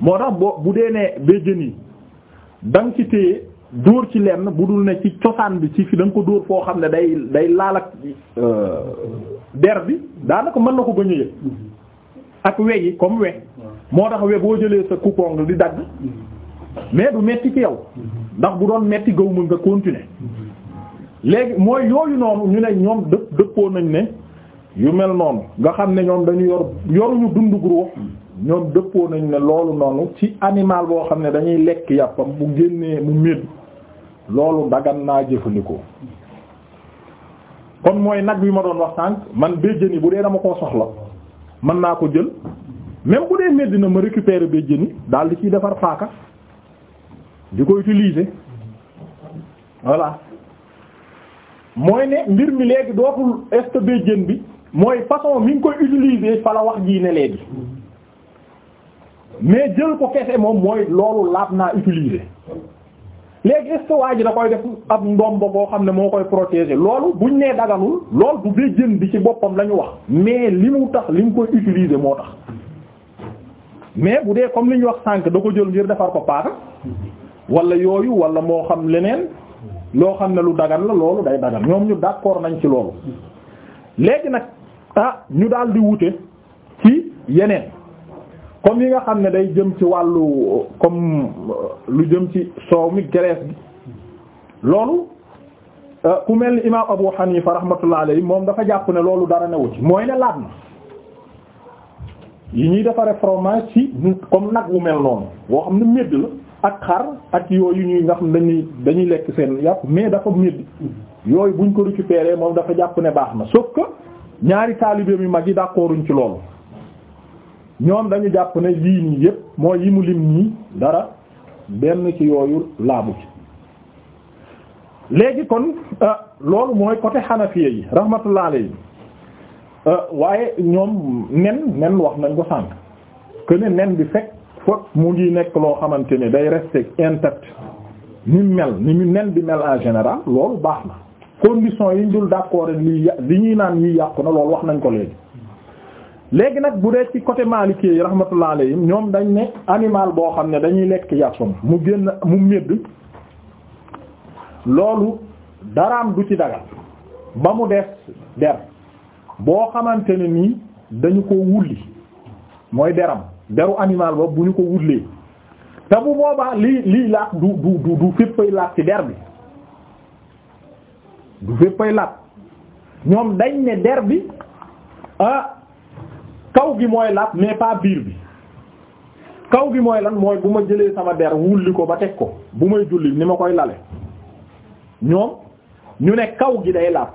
moo tax bu dee nee béjjën yi da nga ci téye dóor ci lenn bu dul ne ci cosaan bi ci fi da ko dóor foo xam ne day day laal ak euh, der bi daanaka mën na ko bañ a yëg ak we yi comme we moo tax we boo jëlee sa coupon di dagg mm-hmm. mais du metti yow mm-hmm. ndax bu doon metti gaw ma nga continuer léegi mooy yooyu noonu ñu ne ñoom dëppoo nañ ne yu mel noonu nga xam ne ñoom dañu yor yoruñu dundu ruux ñoom dëppoo nañ ne loolu noonu ci animal boo xam ne dañuy lekk yàppam bu génnee mu médd loolu dagan naa jëfandikoo kon mooy nag bi ma doon waxtaan man béjjën yi bu dee dama koo soxla mën naa ko jël même bu dee médd na ma récupérer béjjën yi daal di ciy defar paaka di ko utiliser voilà mooy ne mbir mi léegi dootul stb jën bi mooy façon mi ngi koy utiliser fa la wax jii ne léegi mais jël ko kese moom mooy loolu laab naa utiliser léegi stockage ji da koy def ab ndombo boo xam ne moo koy protéger loolu bu buñ nee daganul lool bu bee jën bi ci boppam la wax mais li mu tax li mu koy utiliser moo tax mais bu dee comme li ñu wax sànq da ko jël ngir defar ko paaka wala yooyu wala moo xam leneen loo xam ne lu dagan la loolu day dagan ñoom ñu d'accord nañ ci loolu léegi nag ah ñu daal di wute ci yeneen comme yi nga xam ne day jëm ci wàllu comme lu jëm ci soow mi graisse bi loolu euh, ku mel ni imaam Abu Hanifa rahmatullah alayhi moom dafa jàpp ne loolu dara newu ci mooy ne laat na yi ñuy defaree fromage ci comme nag wu mel noonu boo xam ne medd la ak xar ak yooyu ñuy nga xam dañuy dañuy lekk seen yàpp mais dafa médd yooyu buñ ko récupéré moom dafa jàpp ne baax na sauf que ñaari taalibe mi mag yi d'accorduñ ci loolu ñoom dañu jàpp ne lii nii yépp mooy yimu mu lim nii dara benn ci yooyu laabu ci léegi kon euh, loolu mooy côté xanafiya yi rahmatullah alayhi euh, waaye ñoom nen nen wax nañ ko sànq que nen bi fekk foog mu ngi nekk loo xamante ne day rester intact ni mel ni nen bi mel en général loolu baax na condition yi ñu dul d'accord li li ñuy naan yi yàqu na loolu wax nañ ko léegi léegi nag bu dee ci côté Maliki yi rahmatullah yi ñoom dañ ne animal boo xam ne dañuy lekk yàppam mu génn mu médd loolu daraam du ci dagal ba mu des der boo xamante ne nii dañu ko wulli mooy deram deru animal ba bu ñu ko wutlee te bu boobaa lii lii laat du du du du féppay laat ci der bi du féppay laat ñoom dañ ne der bi ah kaw gi mooy laat mais pas biir bi kaw gi mooy lan mooy bu ma jëlee sama der wulli ko ba teg ko bu may julli ni ma koy lale ñoom ñu ne kaw gi day laat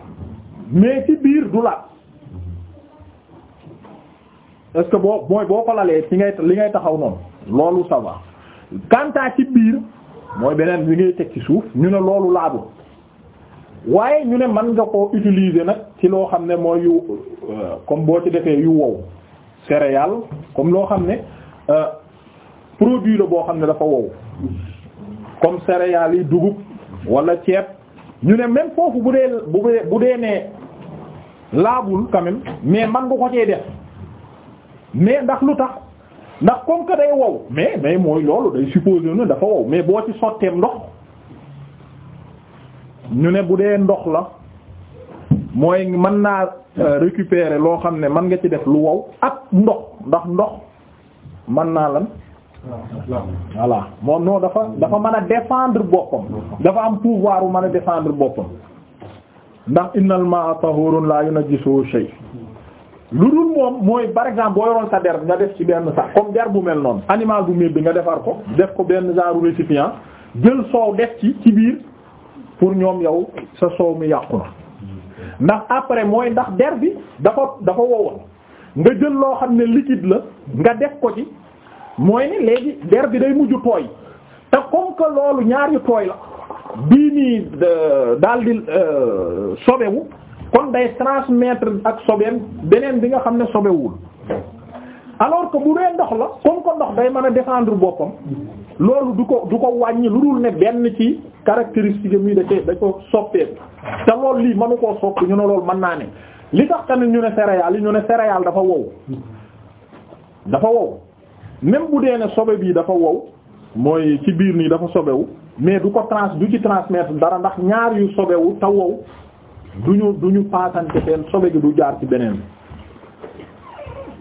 mais ci biir du laat est que boo mooy boo ko lalee ci ngay li ngay taxaw noonu loolu ça va kantaa ci biir mooy beneen bi ngay teg ci suuf ñu ne loolu laadu waaye ñu ne man nga ko utiliser nag ci loo xam ne mooy yu euh, comme boo ci defee yu wow céréales comme loo xam ne euh, produit la boo xam ne dafa wow comme céréales yi dugub wala ceeb ñu ne même foofu bu dee bu dee bu dee ne laabul quand mais mën nga ko cee def mais ndax lu tax ndax comme que day wow mais mais mooy loolu day supposé na dafa wow mais boo ci sotteem ndox ñu ne bu dee ndox la mooy mën naa euh, récupérer loo xam ne mën nga ci def lu wow ak ndox ndax ndox mën naa lan voilà moom non dafa dafa mën a défendre boppam dafa am pouvoir bu mën a défendre boppam ndax innal laa tahurun la gisoo shay lu dul moom mooy par exemple boo yoroon sa der nga def ci benn sax comme der bu mel noonu animal bu mel bi nga defar ko def ko benn genre récipient jël soow def ci ci biir pour ñoom yow sa soow mi yàqu na ndax après mooy ndax der bi dafa dafa wowoon nga jël loo xam ne liquide la nga def ko ci mooy ne léegi der bi day mujj tooy te comme que loolu ñaar yu tooy la bii nii euh, daal di euh, sobewu kon day transmettre ak sobeem beneen bi nga xam ne sobewul alors que bu dee ndox la comme ko ndox day mën a défendre boppam loolu du ko du ko wàññi lu dul ne benn ci caractéristique mi da da ko soppeeku te lool lii mënu koo soppi ñu ne lool mën naa ne li tax tamit ñu ne céréales yi ñu ne céréales dafa wow dafa wow même bu dee ne sobe bii dafa wow mooy ci biir nii dafa sobewu mais du ko trans du ci transmettre dara ndax ñaar yu sobewu te wow du ñu du ñu paasante seen sobe gi du jaar ci beneen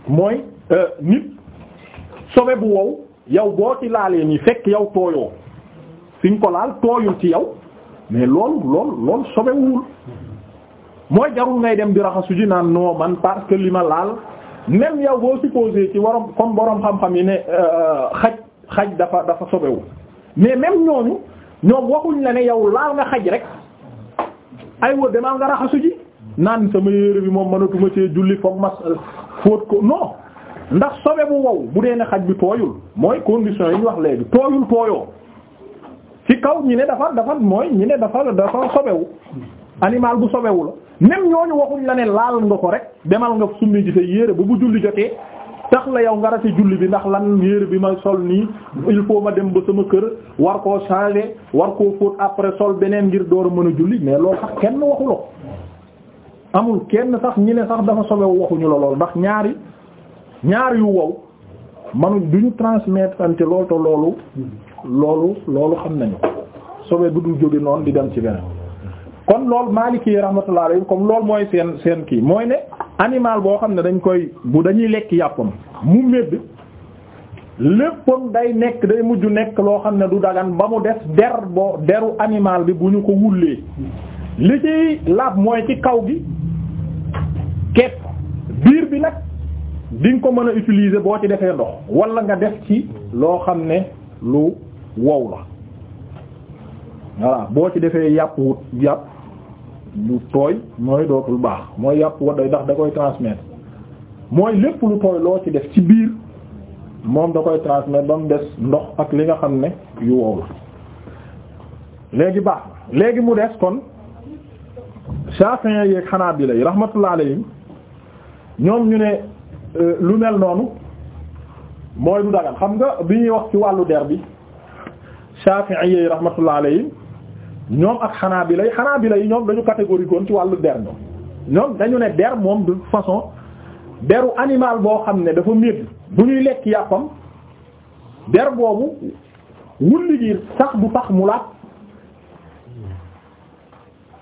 mooy euh, nit sobe bu wow yow boo ci laalee nii fekk yow tooyoo fi nga ko laal tooyul ci yow mais loolu loolu sobewul mooy jarul ngay dem di raxasu di naan noo man parce que li ma laal même yow boo supposé ci warom comme borom xam-xam yi ne euh, xaj xaj dafa dafa sobewu mais même ñooñu ñoom waxuñ la ne yow laal nga xaj rek ay aywa demal nga raxasu ji naan sama yére bi moom mënatuma cee julli foog mas fóot ko non ndax sobe bu wow bu dee ne xaj bi tooyul mooy condition yi ñu wax léegi tooyul tooyoo ci kaw ñi ne dafa dafa mooy ñi ne dafa dafa sobewu animal bu sobewu la même ñooñu waxuñ la ne laal nga ko rek demal nga summi ji sa yére ba bu julli jotee tax la yow nga rate julli bi ndax lan yére bi ma sol nii il faut ma dem ba sama kër war koo changer war koo fóot après sol beneen ngir door a mën a julli mais lool sax kenn waxu waxuloo amul kenn sax ñi ne sax dafa sobewu waxuñu la lool ndax ñaari ñaari yu wow manu duñu transmettre ante loolu te loolu loolu xam nañu sobe bu dul jóge noonu di dem ci beneen kon loolu Maliki rahmatullah alayhi comme loolu mooy seen seen kii mooy ne animal boo xam ne dañ koy bu dañuy lekk yàppam mu medd léppam day nekk day mujju nekk loo xam ne du dagan ba mu def der boo deru animal bi bu ñu ko wullee li ci laab mooy ci kaw gi ket biir bi nag di ko mën a utiliser boo ci defee ndox walla nga def ci loo xam ne lu wow la voilà boo ci defee yàpp wut yàpp lu tooy mooy dootul baax mooy yàpp wa day ndax da koy transmettre mooy lépp lu tooy loo ci def ci biir moom da koy transmettre ba mu des ndox ak li nga xam ne yu wow la léegi baax léegi mu des kon Shafi'i yeeg Hanabila yi rahmatullah alayhim ñoom ñu ne euh, lu mel noonu mooy du dagan xam nga bi ñuy wax ci wàllu der bi Shafi'i yeeg rahmatullah alayhim ñoom ak xanaa xanaabila yi xanaabila yi ñoom dañu catégorie koon ci wàllu der ñoom ñoom dañu ne der moom de façon deru animal boo xam ne dafa médd bu ñuy lekk yàppam der boobu wulli gi sax bu tax mu laat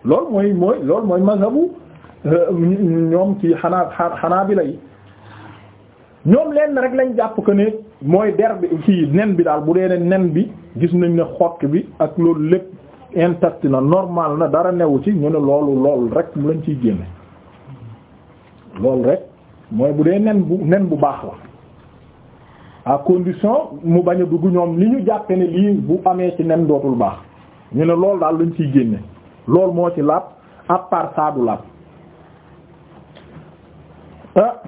lool mooy mooy loolu mooy mazhabu euh, ñoom ci xanaa xanaabila yi ñoom lenn rek lañ jàpp ko ne mooy der bi ci nen bi daal bu dee ne nen bi gis nañ ne xott bi ak loolu lépp intertina normal na dara newu ci ñu ne loolu lool rek mu lañ ciy génne loolu rek mooy bu dee nen bu nen bu baax la à condition mu bañ a dugg ñoom li ñu jàppe ne lii bu amee ci nen dootul baax ñu ne loolu daal lañ ciy génne loolu moo ci laab à laab ah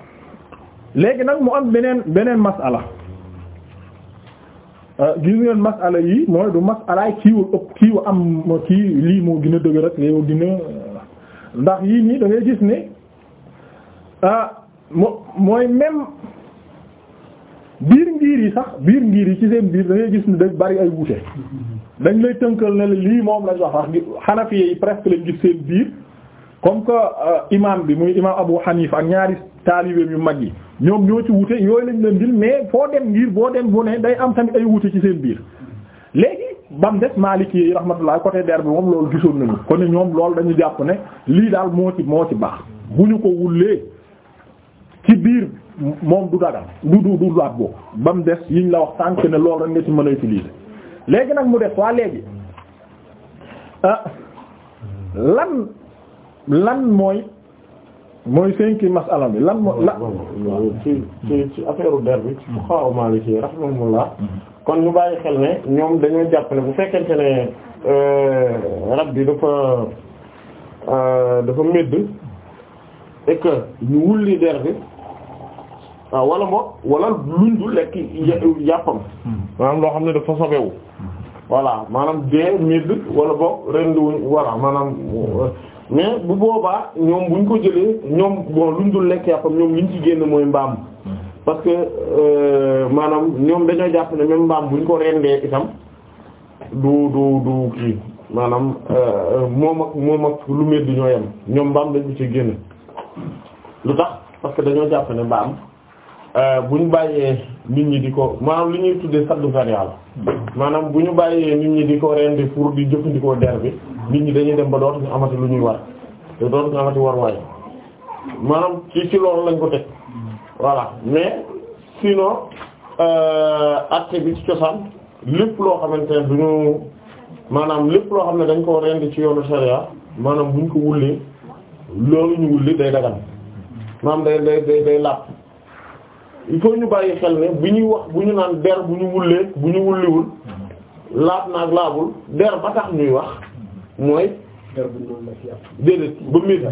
léegi nag mu am beneen beneen masala Euh, gis ngeen masala yi mooy du masalaay kiiwu ëpp kiiwu lii moo gën a dëgg rek léew a ndax yii nii dangay gis ni ah mooy même biir ngiir yi sax biir ngiir yi ci seen biir dangay gis ni da bari ay wuute dañ lay tënkal ne lii moom lañ wax wax xanafi yi presque lañ gis seen biir comme que euh, imam bi muy imam Abu Hanifa ak ñaari taalibeem yu mag yi ñoom ñoo ci wute yooyu lañ leen dil mais foo dem ngir boo dem bu ne day am tamit ay wute ci seen biir léegi bam des Maliki yi rahmatullah côté der bi moom loolu gisoon nañu kon ñoom loolu dañu jàpp ne lii daal moo ci moo ci baax bu ñu ko wullee ci biir moom du dagal du du du laat boobu ba mu des yiñ la wax tànk ne loolu rek nga ci mën a utiliser léegi nag mu des waa léegi ah, lan lan mooy mooy cinquième masala bi lan moo la ci ci ci affaire der bi ci fuqaha maliki rahimahullah mm-hmm. kon ñu bàyyi xel ne ñoom dañoo jàpp ne bu fekkente ne euh, rab bi dafa euh, dafa médd et ñu wulli der bi waaw ah, wala mo wala luñ du lekk yàppam mm-hmm. maanaam loo xam ne dafa sobewu mm-hmm. voilà maanaam dee médd wala boog ren diwuñ maanaam mais bu boobaa ñoom buñ ko jëlee ñoom lu ñu dul lekk yàppam ñoom liñ ci génn mooy mbaam parce que euh, maanaam ñoom dañoo jàpp ne même mbaam buñ ko rendee itam du du du kii maanaam euh, moom ak moom ak lu mel di ñoo yem ñoom mbaam dañ ko ci génn lu tax parce que dañoo jàpp ne mbaam Euh, bu ñu bàyyee nit ñi di ko maanaam li ñuy tuddee saddu sariya maanaam bu ñu bàyyee nit ñi di ko rendi pour di jëfandikoo der bi nit ñi dañuy dem ba dootuñu amati lu ñuy war te dootuñu amati war waay maanaam ci ci loolu lañ ko teg voilà mais sino euh, acte bi ci cosaan lépp loo xamante ne duñu maanaam lépp loo xam ne dañ koo rendi ci yoonu sariya maanaam buñ ko wullee loolu ñu wulli day dagan maanaam day day day làpp il faut ñu bàyyi xel ne bi ñuy wax bu ñu naan der bu ñu wullee bu ñu wulliwul laab naag laabul der ba tax ñuy wax mooy déedéet ba misa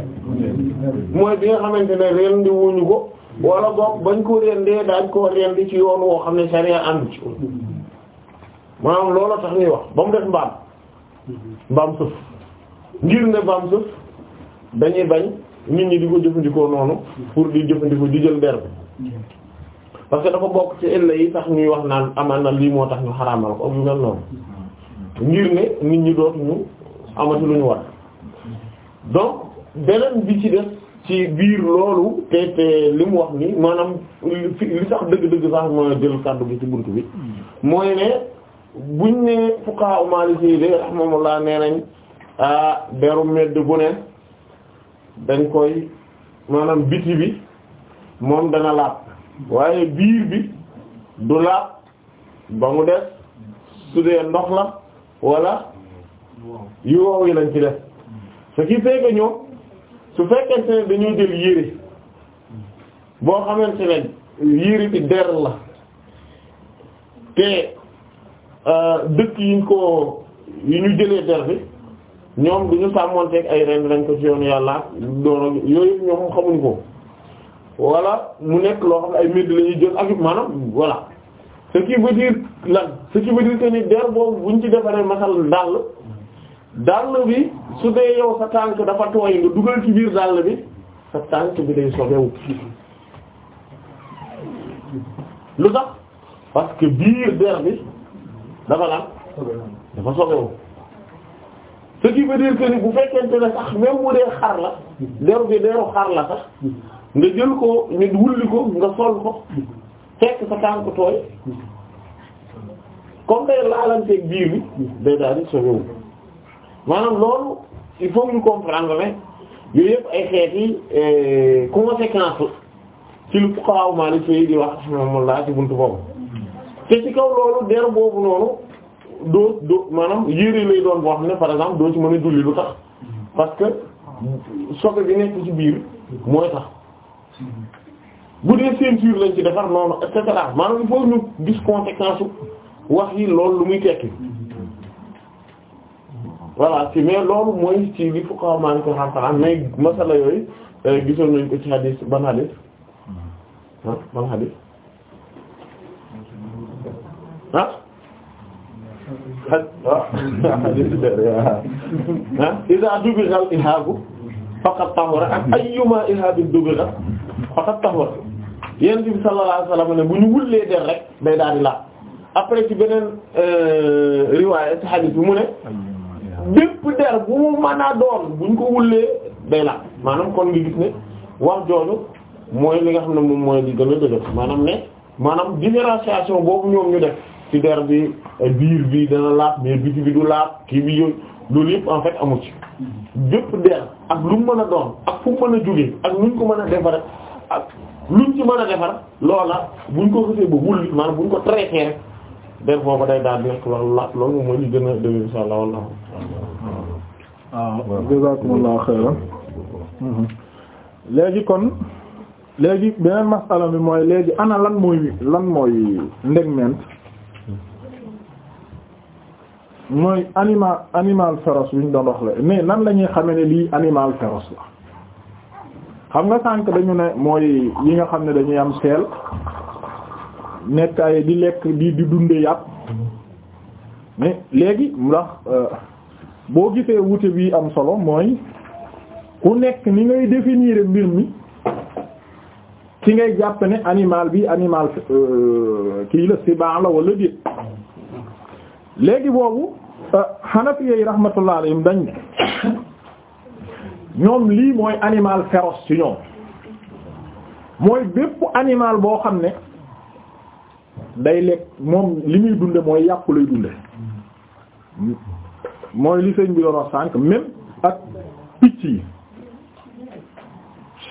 mooy bi nga xamante ne rendi wuñu ko wala boog bañ ko rendee daañ ko rendi ci yoon woo xam ne sharia ànd ci maanaam loola tax ñuy wax ba mu def mbaam mbaam sëf ngir ne mbaam sëf dañuy bañ nit ñi di ko jëfandikoo noonu pour di jëfandikoo di jël der bi parce que dafa bokk ci illa yi tax ñuy wax naan na lii moo tax ñu xaraamal ko yu mel noonu ngir ne nit ñi dootuñu amati lu ñu war donc beneen bi ci def ci biir loolu te te li mu wax ni maanaam li sax dëgg-dëgg sax ma jël kàddu gi ci bunt bi mooy ne buñ ne fuqaha maliki de rahmatullah nee nañ ah deru medd bu ne dañ koy maanaam biti bi moom dana laab waaye biir bi du laa ba mu def su dee ndox la wala yu wow yi lañ ci def ce qui fait que ñoom su fekkente ne dañoo jël yére boo xamante ne yére bi der la te euh, dëkk yiñ ko yi ñu jëlee der bi ñoom du ñu sàmmoonteeg ay ren lañ ko ci yoonu yàlla doon yooyu ñoom xamuñ ko wala mu nekk loo xam ay médd la jël ak maanaam voilà ce qui veut dire lan ce qui veut dire ni der boobu buñ ci defaree masal dàll dàll bi su dee yow sa tànk dafa tooy nga dugal ci biir dàll bi sa tànk bi day sobewu lu tax parce que biir der bi dafa lan dafa sobewu ce qui veut dire ni bu fekkente ne sax même bu dee xar la der bi deeru xar la sax nga jël ko ñu wulli ko nga sol ko fekk sa tànk tooy comme day laalanteeg biir bi day daal di soxewu maanaam loolu il faut ñu comprendre ne yooyu yëpp ay xeeti eh, conséquence ci lu xaw Maalik fay di wax rahimahullah ci bunt boobu te ci kaw loolu der boobu noonu doo doo maanaam yére lay doon boo xam ne par exemple doo ci mën a julli lu tax parce que sobe bi nekk ci biir mooy tax bu dee ceinture lañ ci defar noonu et cetera maanaam il ñu gis conséquence wax yi loolu lu muy tekki voilà ci mais loolu mooy ci li fuqaha maa ngi ko xam mais masala yooyu euh, gisoon nañ ko ci hadith ban hadith ah ban hadith ah ah iza dubira al ihaabu faqad tahura ayyuma ihaabin dubira fakat taxawal yonent bi sallallahu alayhi wasallam ne bu ñu wullee der rek day daal di laaj après ci beneen euh, riwaaya ci hadith bi mu ne bépp der bu mu mën a doon bu ñu ko wullee bay laaj maanaam kon nga gis ne wax jooju mooy li nga xam ne moom mooy li gën a dëgër maanaam ne maanaam différenciation boobu ñoom ñu def ci der bi biir bi dana laaj mais biti bi du laaj kii bi yooyu loolu yëpp en fait ci bépp der ak lu mu mën a doon ak fu mu a jógee ak nuñ ko mën a defaree ak luñ ci mën a defar loola buñ ko xësee ba wul ko traité rek der boobu day daal di loolu la loolu moom mooy li gën a dëgg insha Allah wallahu waaw jazakumullahu xayran léegi kon léegi beneen masala bi mooy léegi ana lan mooy lan mooy ndegmeent mooy animal animal féroce bi ñu doon wax la mais nan la ñuy xamee lii animal féroce la xam nga sànq dañu ne mooy yi nga xam ne dañuy am seel nekk ay di lekk di di dunde yàpp mais léegi ndax euh, boo gisee wute bi am solo mooy ku nekk ni ngay définir mbir mi ci ngay jàpp ne animal bi animal euh, kii la sibaa la wala déet léegi boobu euh, Hanafi yi rahmatullah dañ ne ñoom lii mooy animal féroce ci ñoom mooy bépp animal boo xam ne day lekk moom li muy dunde mooy yàpp lay dunde mooy li sëñ bi doon wax sànq même ak picc yi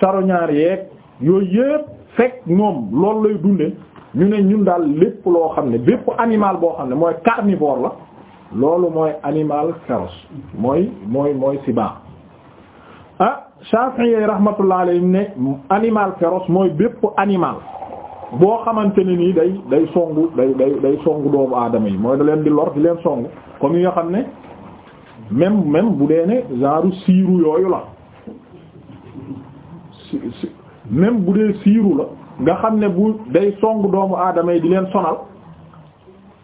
charognard yeeg yooyu yëpp fekk ñoom loolu lay dunde ñu ne ñun daal lépp loo xam ne bépp animal boo xam ne mooy carnivore la loolu mooy animal féroce mooy mooy mooy siba ah Shafi'i yi rahmatullah alayhim ne animal féroce mooy bépp animal boo xamante ne nii day day songu day day songu doomu aadama yi mooy da leen di lor di leen songu comme yi nga xam ne même même bu dee ne genre siiru la si bu dee siiru la nga xam ne bu day songu doomu aadama yi di leen sonal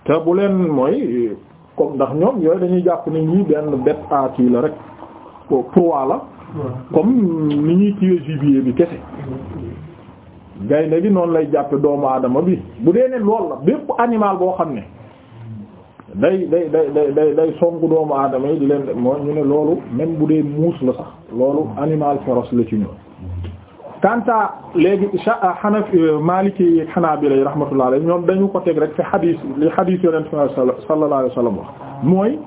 te bu leen mooy comme ndax ñoom yooyu dañuy jàpp ni ñii benn bête à la rek proie la comme ni ñuy tuer gibier bi kese gaynde gi noonu lay jàppe doomu aadama bi bu dee ne lool la bépp animal boo xam ne day day day day day songu doomu aadama yi di leen mooy ñu ne loolu même bu dee muus la sax loolu animal féroce la ci ñoom kanta léegi a xanaf euh, euh, maliki yi bi yi raxmatulaa alayhi ñoom dañu ko teg rek fi xadiis li xadiis yonent sallallahu alayhi wasallam wax mooy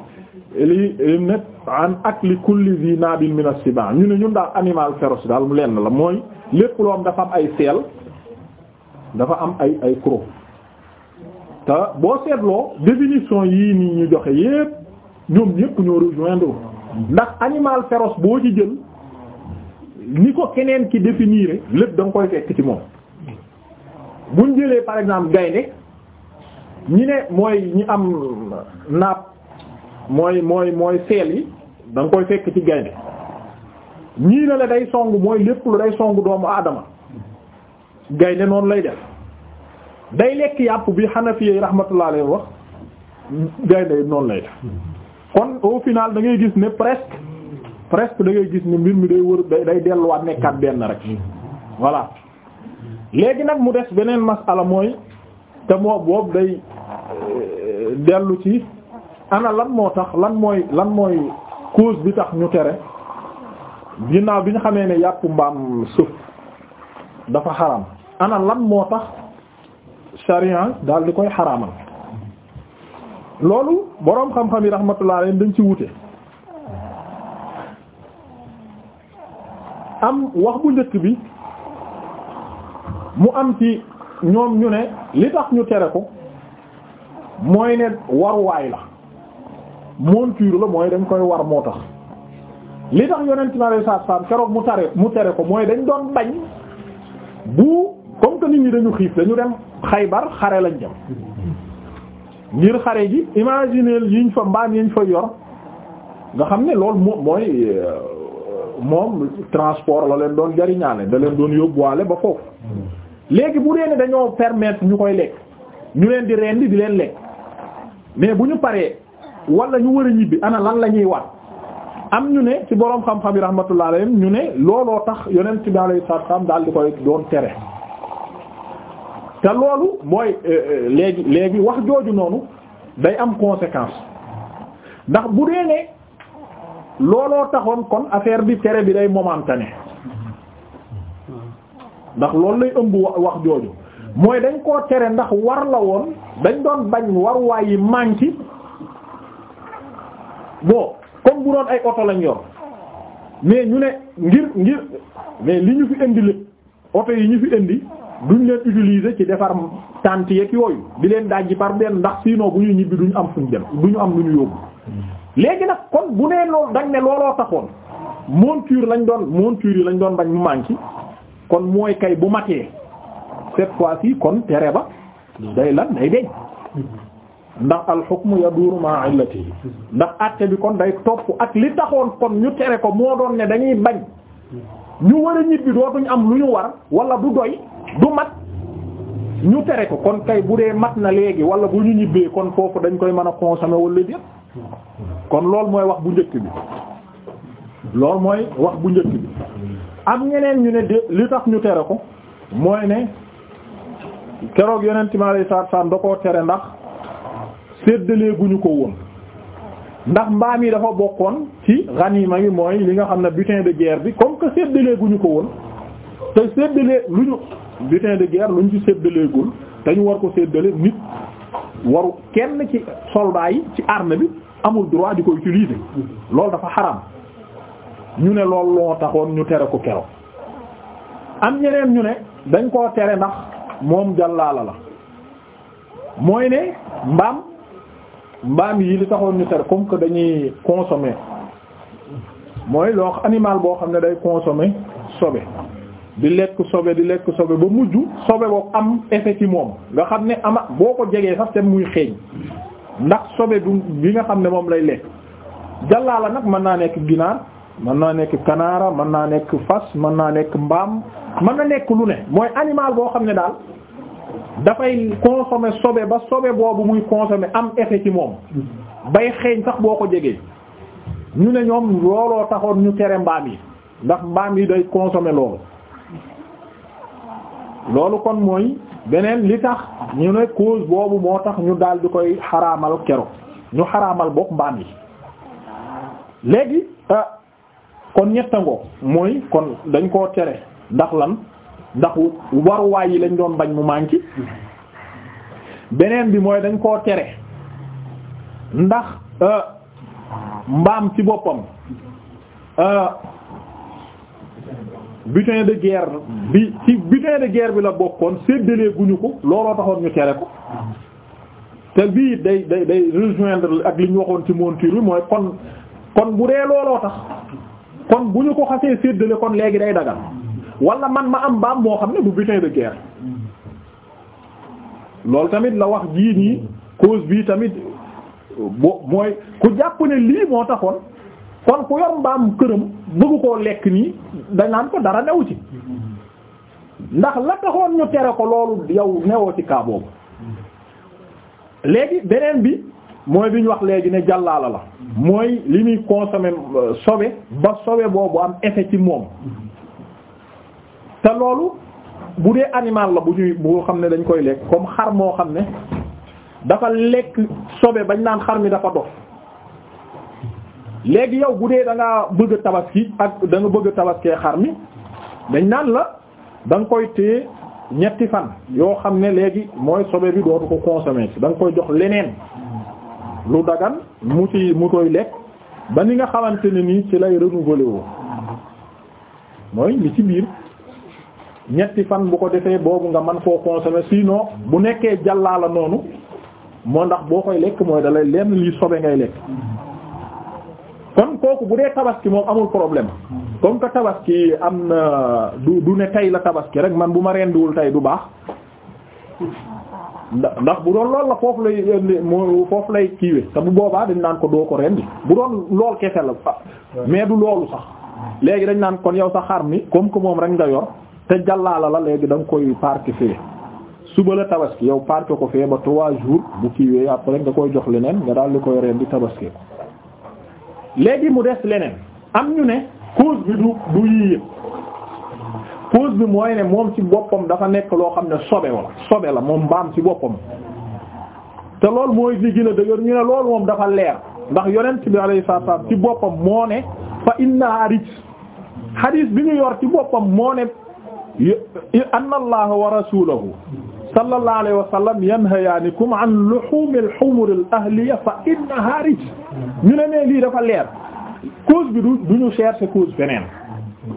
li lim ne an akli kulli zi nabil min as-sibaa ñu ne ñun daal animal féroce daal mu lenn la mooy lépp loo dafa am ay seel dafa am ay ay croc te boo seetloo définition yi nii ñu joxe yépp ñoom ñépp ñoo rejoindre ndax animal féroce boo ci jël ni ko keneen ki définir lépp da nga koy fekk ci moom buñ jëlee par exemple gaynde ñi ne mooy ñi am napp mooy mooy mooy seel yi da nga koy fekk ci gaynde ñii la day song mooy lépp lu day song doomu aadama gaynde noonu lay def day lekk yàpp bi Hanafi yi rahmatullah alayhi wax gaynde noonu lay def kon au final da gis ne presque presque da gis ne mbir mi day wër day delluwaat nekkaat benn rek voilà léegi nag mu des beneen masala mooy te moo boobu day euh, dellu ci ana lan moo tax lan mooy lan mooy cause bi tax ñu tere ginnaaw bi ñu xamee ne yàpp mbaam suuf dafa xaram ana lan moo tax sharia daal di koy xaramal loolu boroom xam-xam yi rahmatullah alayhi dañ ci wute am wax bu njëkk bi mu am ci ñoom ñu ne li tax ñu tere ko mooy ne waruwaay la monture la mooy dañ koy war moo tax li tax yonent na leen saab saab keroog mu tare mu tere ko mooy dañ doon bañ bu comme que nit ñi dañu xiif dañu dem Xaybar xare lañ dem ngir xare ji imaginer yiñ fa mbaam yiñ fa yor nga xam ne loolu moo mooy euh, moom transport la leen doon jariñaale da leen doon yóbbuwaale ba foofu léegi bu dee dañoo permettre ñu koy lekk ñu leen di rendi di leen lekk mais bu ñu paree wala ñu war a ñibbi ana lan la ñuy waat am ñu ne ci borom xam-xam yi rahmatullah alayhim ñu ne looloo tax yonent bi alayhi xam daal di koy doon tere te loolu mooy euh, euh, léegi léegi wax jooju noonu day am conséquence ndax bu dee ne looloo taxoon kon affaire bi tere bi day momentané ndax loolu lay ëmb wax jooju mooy dañ koo tere ndax war la woon dañ doon bañ war waayi manki bo comme bu doon ay oto lañ yor mais ñu ne ngir ngir mais li ñu fi indi lépp oto yi ñu fi indi duñ leen utiliser ci defar tànt yeeg yooyu di leen dajji par benn ndax sinon bu ñuy ñibbi duñu am fuñ dem ñu am lu ñu yóbbu léegi nag kon bu nee loolu dañ ne looloo taxoon monture lañ doon monture yi lañ doon bañ mu manqué kon mooy kay bu matee cette fois-ci kon tere ba day lan day deñ ndax alxukmu yaduuru ma illatihi ndax àtte bi kon day topp ak li taxoon kon ñu tere ko moo doon ne dañuy bañ ñu war a ñibbi dootuñ am lu ñu war wala du doy du mat ñu tere ko kon kay bu dee mat na léegi wala bu ñu ñibbee kon foofu dañ koy mën a consommer wala déet kon loolu mooy wax bu njëkk bi loolu mooy wax bu njëkk bi am ñeneen ñu ne de li tax ñu tere ko mooy ne keroog yeneen time a lay saar da koo tere ndax séddaleeguñu ko woon ndax mbaam yi dafa bokkoon ci ganima yi mooy li nga xam ne butin de guerre bi comme que séddaleeguñu ko woon te séddalee lu ñu butin de guerre lu ñu ci séddaleegul dañu war ko séddale nit waru kenn ci soldats yi ci armée bi amul droit di ko utiliser loolu dafa xaram ñu ne loolu loo taxoon ñu tere ko keroog am ñeneen ñu ne dañ koo tere ndax moom jàllaala la mooy ne mbaam mbaam yii li taxoon ñu tere comme que dañuy consommer mooy loo animal boo xam ne day consommer sobe di lekk sobe di lekk sobe ba mujj sobe boobu am effet ci moom nga xam ne ama boo ko jegee sax te muy xeeñ ndax sobe du bi nga xam ne moom lay lekk jàllaala nag mën naa nekk ginaar mën naa nekk kanaara mën naa nekk fas mën naa nekk mbaam mën na nekk lu ne mooy animal boo xam ne daal dafay consommer sobe ba sobe boobu muy consommer am effet ci moom bay xeeñ sax boo ko jegee ñu ne ñoom looloo taxoon ñu tere mbaam yi ndax mbaam yi day consommer loolu loolu kon mooy beneen li tax ñu ne cause boobu moo tax ñu daal di koy xaraamal kero ñu xaraamal bokk mbaam yi léegi ah, kon ñetta ngoo mooy kon dañ koo tere ndax lan ndax waruwaay yi lañ doon bañ mu manqué beneen bi mooy dañ koo cere ndax euh, mbaam ci boppam euh, butin de guerre bi ci butin de guerre bi la bokkoon séddalee guñu ko looloo taxoon ñu tere ko te bii day day day rejoindre ak li ñu waxoon ci monture bi mooy kon kon bu dee looloo tax kon bu ñu ko xasee séddale kon léegi day dagal wala man ma am mbaam moo xam ne du butin de guerre loolu tamit la wax jii nii cause bi tamit bo mooy ku jàpp ne lii moo taxoon kon ku yor mbaam këram bëgg koo lekk nii dañ ko dara new ci ndax la taxoon ñu tere ko loolu yow newoo ci kaa boobu léegi beneen bi mooy bi ñu wax léegi ne jàllaala la mooy li muy consommer euh, sobe ba sobe boobu am effet ci moom te loolu bu dee animal la bu ñuy boo xam ne dañ koy lekk comme xar moo xam ne dafa lekk sobe bañ naan xar mi dafa dof léegi yow bu dee da bëgg a tabaski ak da nga bëgg a tabaskee xar mi dañ naan la danga koy téye ñetti fan yoo xam ne léegi mooy sobe bi dootu ko consommer da nga koy jox leneen lu dagan mu ci mu koy lekk ba ni nga xamante ne nii ci lay renouveler mooy li ci biir. ñetti fan bu ko defee boobu nga man koo consommer sinon bu nekkee jàllaa la noonu moo ndax boo koy lekk mooy dalay lenn li sobe ngay lekk kon kooku bu dee tabaski moom amul problème comme que tabaski am na du du ne tey la tabaski rek man bu ma rendiwul tey du baax ndax bu doon lool la foofu lay foofu lay kiiwe te bu boobaa dañ naan ko doo ko rendi bu doon lool kese la mais du loolu sax léegi dañ naan kon yow sa xar mi comme que moom rek nga yor te jàllaala la léegi da koy parquer fee suba la tabaski yow parquer ko fee ba trois jours bu kiiwee après nga koy jox leneen nga daal di koy reen di tabaski léegi mu des leneen am ñu ne cause bi du du yii yëpp cause bi mooy ne moom ci boppam dafa nekk loo xam ne sobe wala sobe la moom mbaam ci boppam te loolu mooy li gën a dëgër ñu ne loolu moom dafa leer ndax yonent bi alayhi salaam ci boppam moo ne fa inna rij hadis bi ñu yor ci boppam moo anna allaha wa rasulahu sallallahu alayhi wa sallam yanhayaanikum an luhumil humuril ahliya fa innaha rijs ñu ne nee lii dafa leer cause bi du duñu chercher cause feneen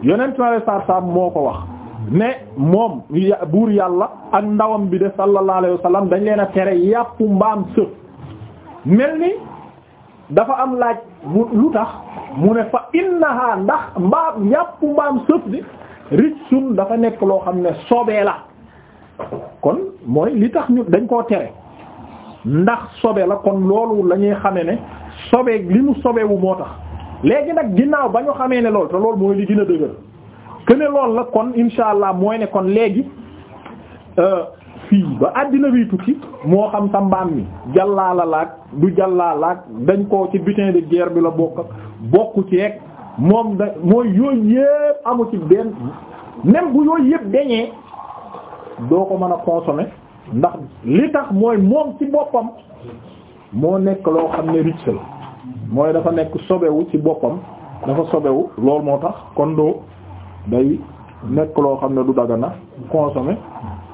yonent na sar sam moo ko wax ne moom buur yàlla ak ndawam bi de sallallahu alayhi wa sallam dañ leen a tere yàppu mbaam sëf mel ni dafa am laaj lu tax mu ne fa innaha ndax mbaam yàppu mbaam sëf di rijsun dafa nekk loo xam ne sobee la kon mooy li tax ñu dañ koo tere ndax sobe la kon loolu la ñuy xamee ne sobe li mu sobewu moo tax léegi nag ginnaaw ba ñu xamee ne loolu te loolu mooy li dina a dëgër que ne la kon insha allah mooy ne kon léegi euh, fii ba àddina bi tukki moo xam sa mbaam mi jàllaa la laag du jàllaa laag dañ ko ci butin de guerre bi la bokk bokku ci rek moom da mooy yooyu yëpp amu ci benn même bu yooyu yëpp dañee doo ko mën a consommer ndax li tax mooy moom ci boppam moo nekk loo xam ne riche mooy dafa nekk sobewu ci boppam dafa sobewu loolu moo tax kon doo day nekk loo xam ne du dagana consommer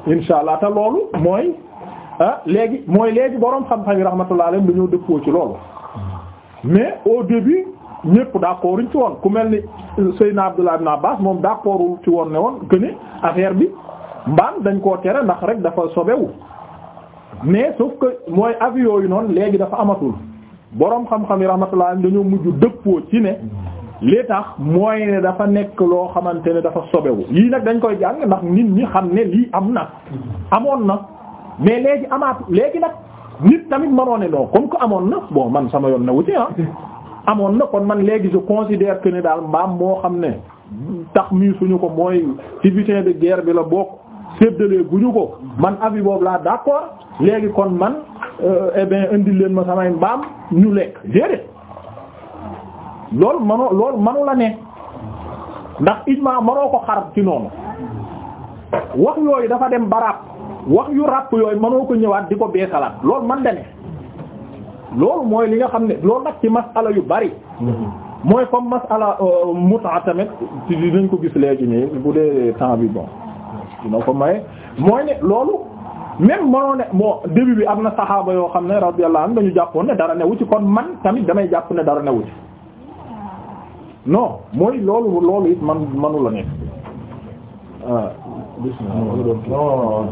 insha allah te loolu mooy ah léegi mooy léegi boroom xam-xam yi rahmatullah alayhi dañoo dëppoo ci loolu mais au début ñëpp d'accord ci woon ku mel ni Seydina Abdullah ibn Abbas moom d'accordul ci woon ne woon que ni bi mbaam dañ koo tere ndax rek dafa sobewu mais sauf que mooy avis yooyu noonu léegi dafa amatul boroom xam-xam yi dañoo mujj dëppoo ci ne li tax mooy ne dafa nekk loo xamante ne dafa sobewu lii nag dañ koy jàng ndax nit ñi xam ne lii am na amoon na mais léegi amaat léegi nag nit tamit mënoo ne non comme que amoon na boo man sama yoon na wuti ah amoon na kon man léegi je considère que ne daal mbaam moo xam ne tax mii suñu ko mooy ci de guerre bi la bokk séddalee guñu ko man avis boobu laa d'accord léegi kon man euh, eh bien indi leen ma samay mbaam ñu lekk géré loolu manoo loolu manu la ne ndax ijma manoo ko xarab ci noonu wax yooyu dafa dem baraab wax yu ràpp yooyu mënoo ko ñëwaat di ko beesalaat loolu man da loolu mooy li nga xam ne loolu nag ci masala yu bari mooy comme masala euh, mutaa tamit ci dinañ ko gis léegi nii bu dee temps bi bon dina ko maye mooy ne loolu même mënoo ne bon début bi am na saxaaba yoo xam ne radiyallahu am dañu jàppoon ne dara newu ci kon man tamit damay jàpp ne dara newu ci non mooy loolu loolu it man manu la non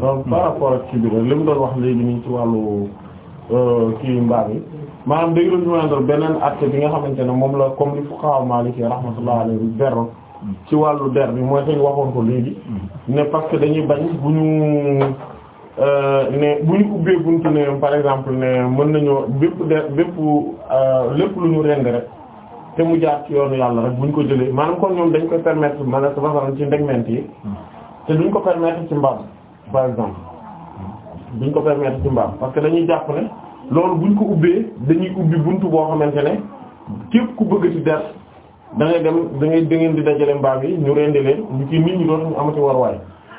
donc par rapport ak ci biir li doon wax léegi nii ci wàllu euh, kii mbaam yi maanaam day rejoindre beneen acte bi nga xamante ne moom la comme li fuqaha Maliki rahmatullah alayhi berro ci wàllu der bi mooy tañ waxoon ko léegi ne parce dañuy bañ bu ñu euh, ne bu ñu ubbee buntu ne par exemple ne mën nañoo bépp der bépp euh, lépp lu ñu rend rek te mu jaar ci yoon yàlla rek bu ñu ko jëlee maanaam kon ñoom dañ koy permettre maanaam ma ci ndegment yi te duñ ko permettre ci mbaam par exemple duñ ko permettre ci mbaam parce que dañuy jàpp ne loolu buñ ko ubbee dañuy ubbi buntu boo xamante ne képp ku bëgg ci der da ngay dem da ngay ngeen di dajale mbaam yi ñu rendi leen ñu ci nit ñi dootuñu amati waruwaay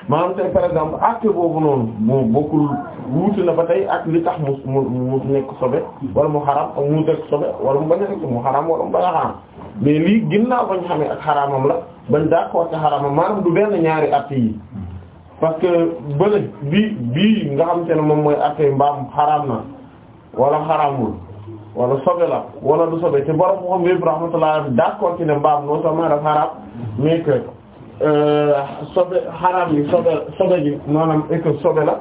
maanaam tey par exemple acte boobu noonu moo bokkul wuute na ba tey ak li tax mu mu nekk sobe wala mu xaram mu nekk sobe wala mu bañ a nekk xaram a xaram mais lii ginnaaw bañ xamee ak xaramam la. bañ d'accord ci xarama maanaam du benn ñaari at yi parce que bële bi bii nga xam te ne moom mooy at mbaam xaraam na wala xaraamul wala sobe la wala du sobe te borom xam bi rahmatullah d'accord ci ne mbaam non seulement dafa xaraam mais que euh, sobe xaraam yi sobe sobe ji maanaam et que la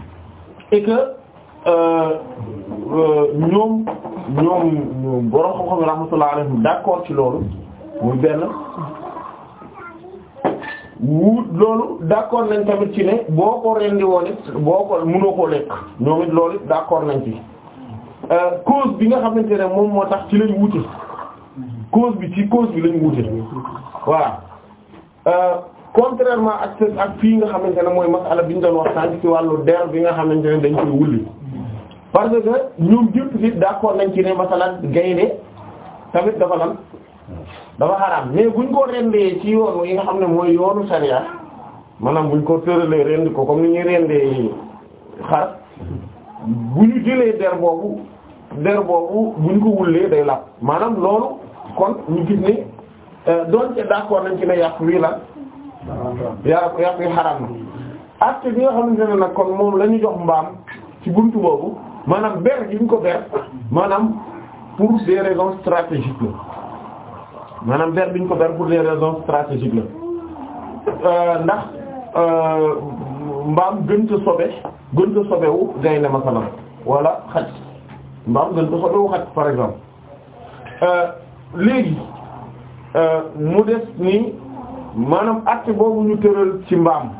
et que euh, euh, ñoom ñoom borom xam-xam rahmatullah alayhim d'accord ci loolu muy benn wut loolu d'accord nañ tamit ci ne boo ko rendi it boo ko mënoo koo lekk ñoom it loolu it d'accord nañ ci euh, cause bi nga xamante ne moom moo tax ci lañ wute cause bi ci cause bi lañ wute voilà euh, contrairement ak ak fii nga xamante ne mooy masala bi ñu doon waxtaan ci wàllu der bi nga xamante ne dañ koy wulli parce que ñoom jëpp ci d'accord nañ ci ne masalan gaynde tamit dafa lan dafa xaraam mais buñ ko rendee ci yoon yi nga xam ne mooy yoonu sariya maanaam buñ ko tëralee rendi ko comme ni ñuy rendee xar bu ñu jëlee der boobu der boobu buñ ko wullee day làpp maanaam loolu kon ñu gis ni euh, doon ca d'accord nañ ci ne yàq wii la yàq yàq yi xaraam na acte bi nga xamante ne nag kon moom la ñu jox mbaam ci buntu boobu maanaam ber gi ñu ko ber maanaam pour des raisons stratégiques la maanaam ber bi ñu ko ber pour des raisons stratégiques la euh, ndax euh, mbaam gënta sobe gënta sobewu gaynde masalan wala xaj mbaam gënta sobewu xaj par exemple euh, léegi mu des ni maanaam acte boobu ñu tëral ci mbaam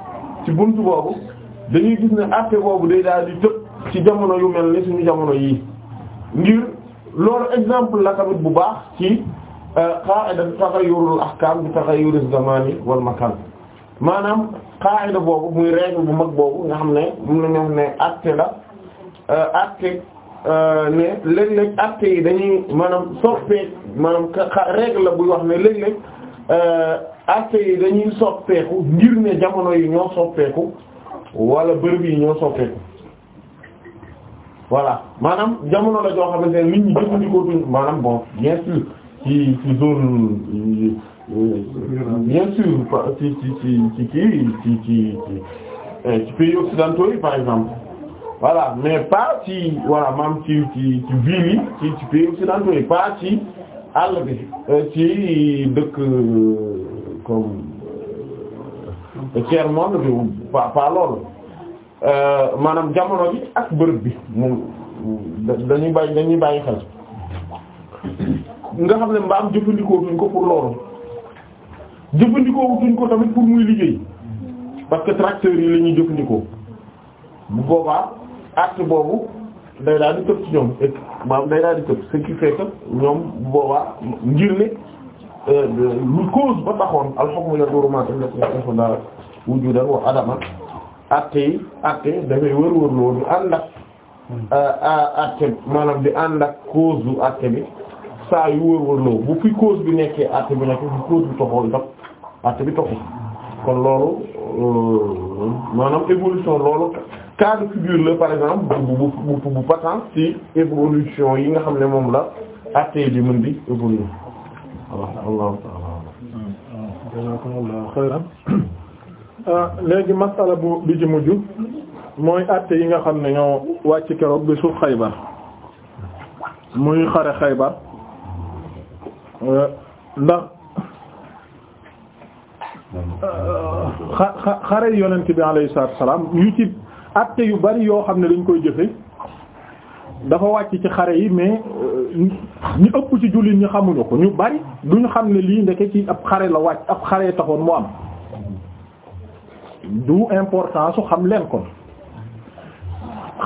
ci bunt boobu dañuy gis ne acte boobu day daal di tëb ci jamono yu mel ni suñu jamono yii ngir loolu exemple la tamit bu baax ci qaa'ida taghayyurul ahkaam bi taghayyuriz zamaani wal makaan maanaam qaa'ida boobu muy règle bu mag boobu nga xam ne moom na ñu wax ne acte la euh, acte euh, ne léeg-léeg acte yi dañuy maanaam soppeeku maanaam règle la buy wax ne léeg-léeg euh, acte yi dañuy soppeeku ngir ne jamono yi ñoo soppeeku wala bërëb yi ñoo soppeeku voilà maanaam jamono la joo xamante ne nit ñi jëfandikoo tuñ maanaam bon bien sûr. ci ci zone euh, bien sûr ci ci ci ci kii ci ci eh, ci pays occidentaux yi par exemple voilà mais pas ci voilà maam ci ci ci ville yi ci ci pays occidentaux yi ci àll bi euh, ci dëkk euh, comme tiers monde bi pas pas loolu maanaam jamono bi ak bi moom dañuy bàyyi dañuy bàyyi xel nga xam ne mbaam jëfandikoo tuñ ko pour loolu jëfandikoo tuñ ko tamit pour muy liggéey parce que tracteurs yi la ñuy jëfandikoo bu boobaa acte boobu day daal di tëb ci ñoom daal di tëb ce qui fait que ñoom bu boobaa ngir ne euh, lu cause ba taxoon alxukmu yaduru ma'a al-istiqlaal wujudan wa adaman acte yi acte dafay wër-wër loolu ànd ak acte euh, maanaam di ànd ak cause du bi. saa yu wërwërloo bu fi cause bi nekkee àtte bi nekk bu cause bi toxoo itam àtte bi toxu kon loolu euh, maanaam évolution loolu cas de la par exemple bu bu bu bu patente ci yi nga xam ne moom la àtte bi mën di évoluer Allah jazaakumullaahu xayran ah, léegi masala bu bi ci mujj mooy àtte yi nga xam ne ñoo wàcc keroog bi su Xaybar muy xare Xaybar ndax xa xa xare yonent bi alayhi salaatu salaam yu ci atte yu bari yoo xam ne dañ koy jëfe dafa wàcc ci xare yi mais euh, ñu ëpp ci jullit ñi xamuñu ko ñu bari duñu xam ne lii ndeke ci ab xare la wàcc ab xare taxoon mu am du importance su xam leen kon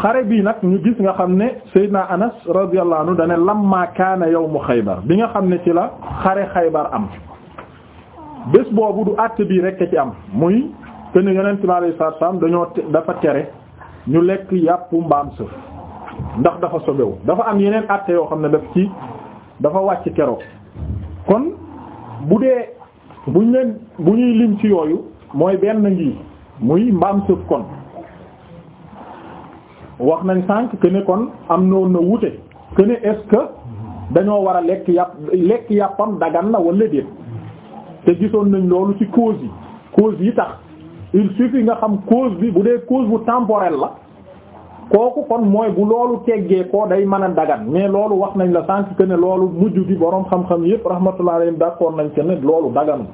xare bii nag ñu gis nga xam ne Seydina Anas radiyallahu anhu dane lamma kaana yawmu xaybar bi nga xam ne ci la xare xaybar am bés boobu du àtt bii rekk ci am muy te ne yonent bi alayhi salaatu salaam dañoo dafa tere ñu lekk yàpp mbaam sëf ndax dafa sobewu dafa am yeneen àtte yoo xam ne daf ci dafa wàcc keroog kon bu dee buñ leen bu ñuy lim ci yooyu mooy benn ngi muy mbaam sëf kon wax nañ sànq que ne kon am noonu na wute que ne est-ce dañoo war a lekk yàpp lekk yàppam dagan na wala déet te gisoon nañ loolu ci cause yi cause yi tax il suffit nga xam cause bi bu dee cause bu temporelle la kooku kon mooy bu loolu teggee ko day mën a dagan mais loolu wax nañ la sànq que ne loolu mujj bi boroom xam-xam yépp rahmatullah alayhim d'accord nañ que ne loolu daganu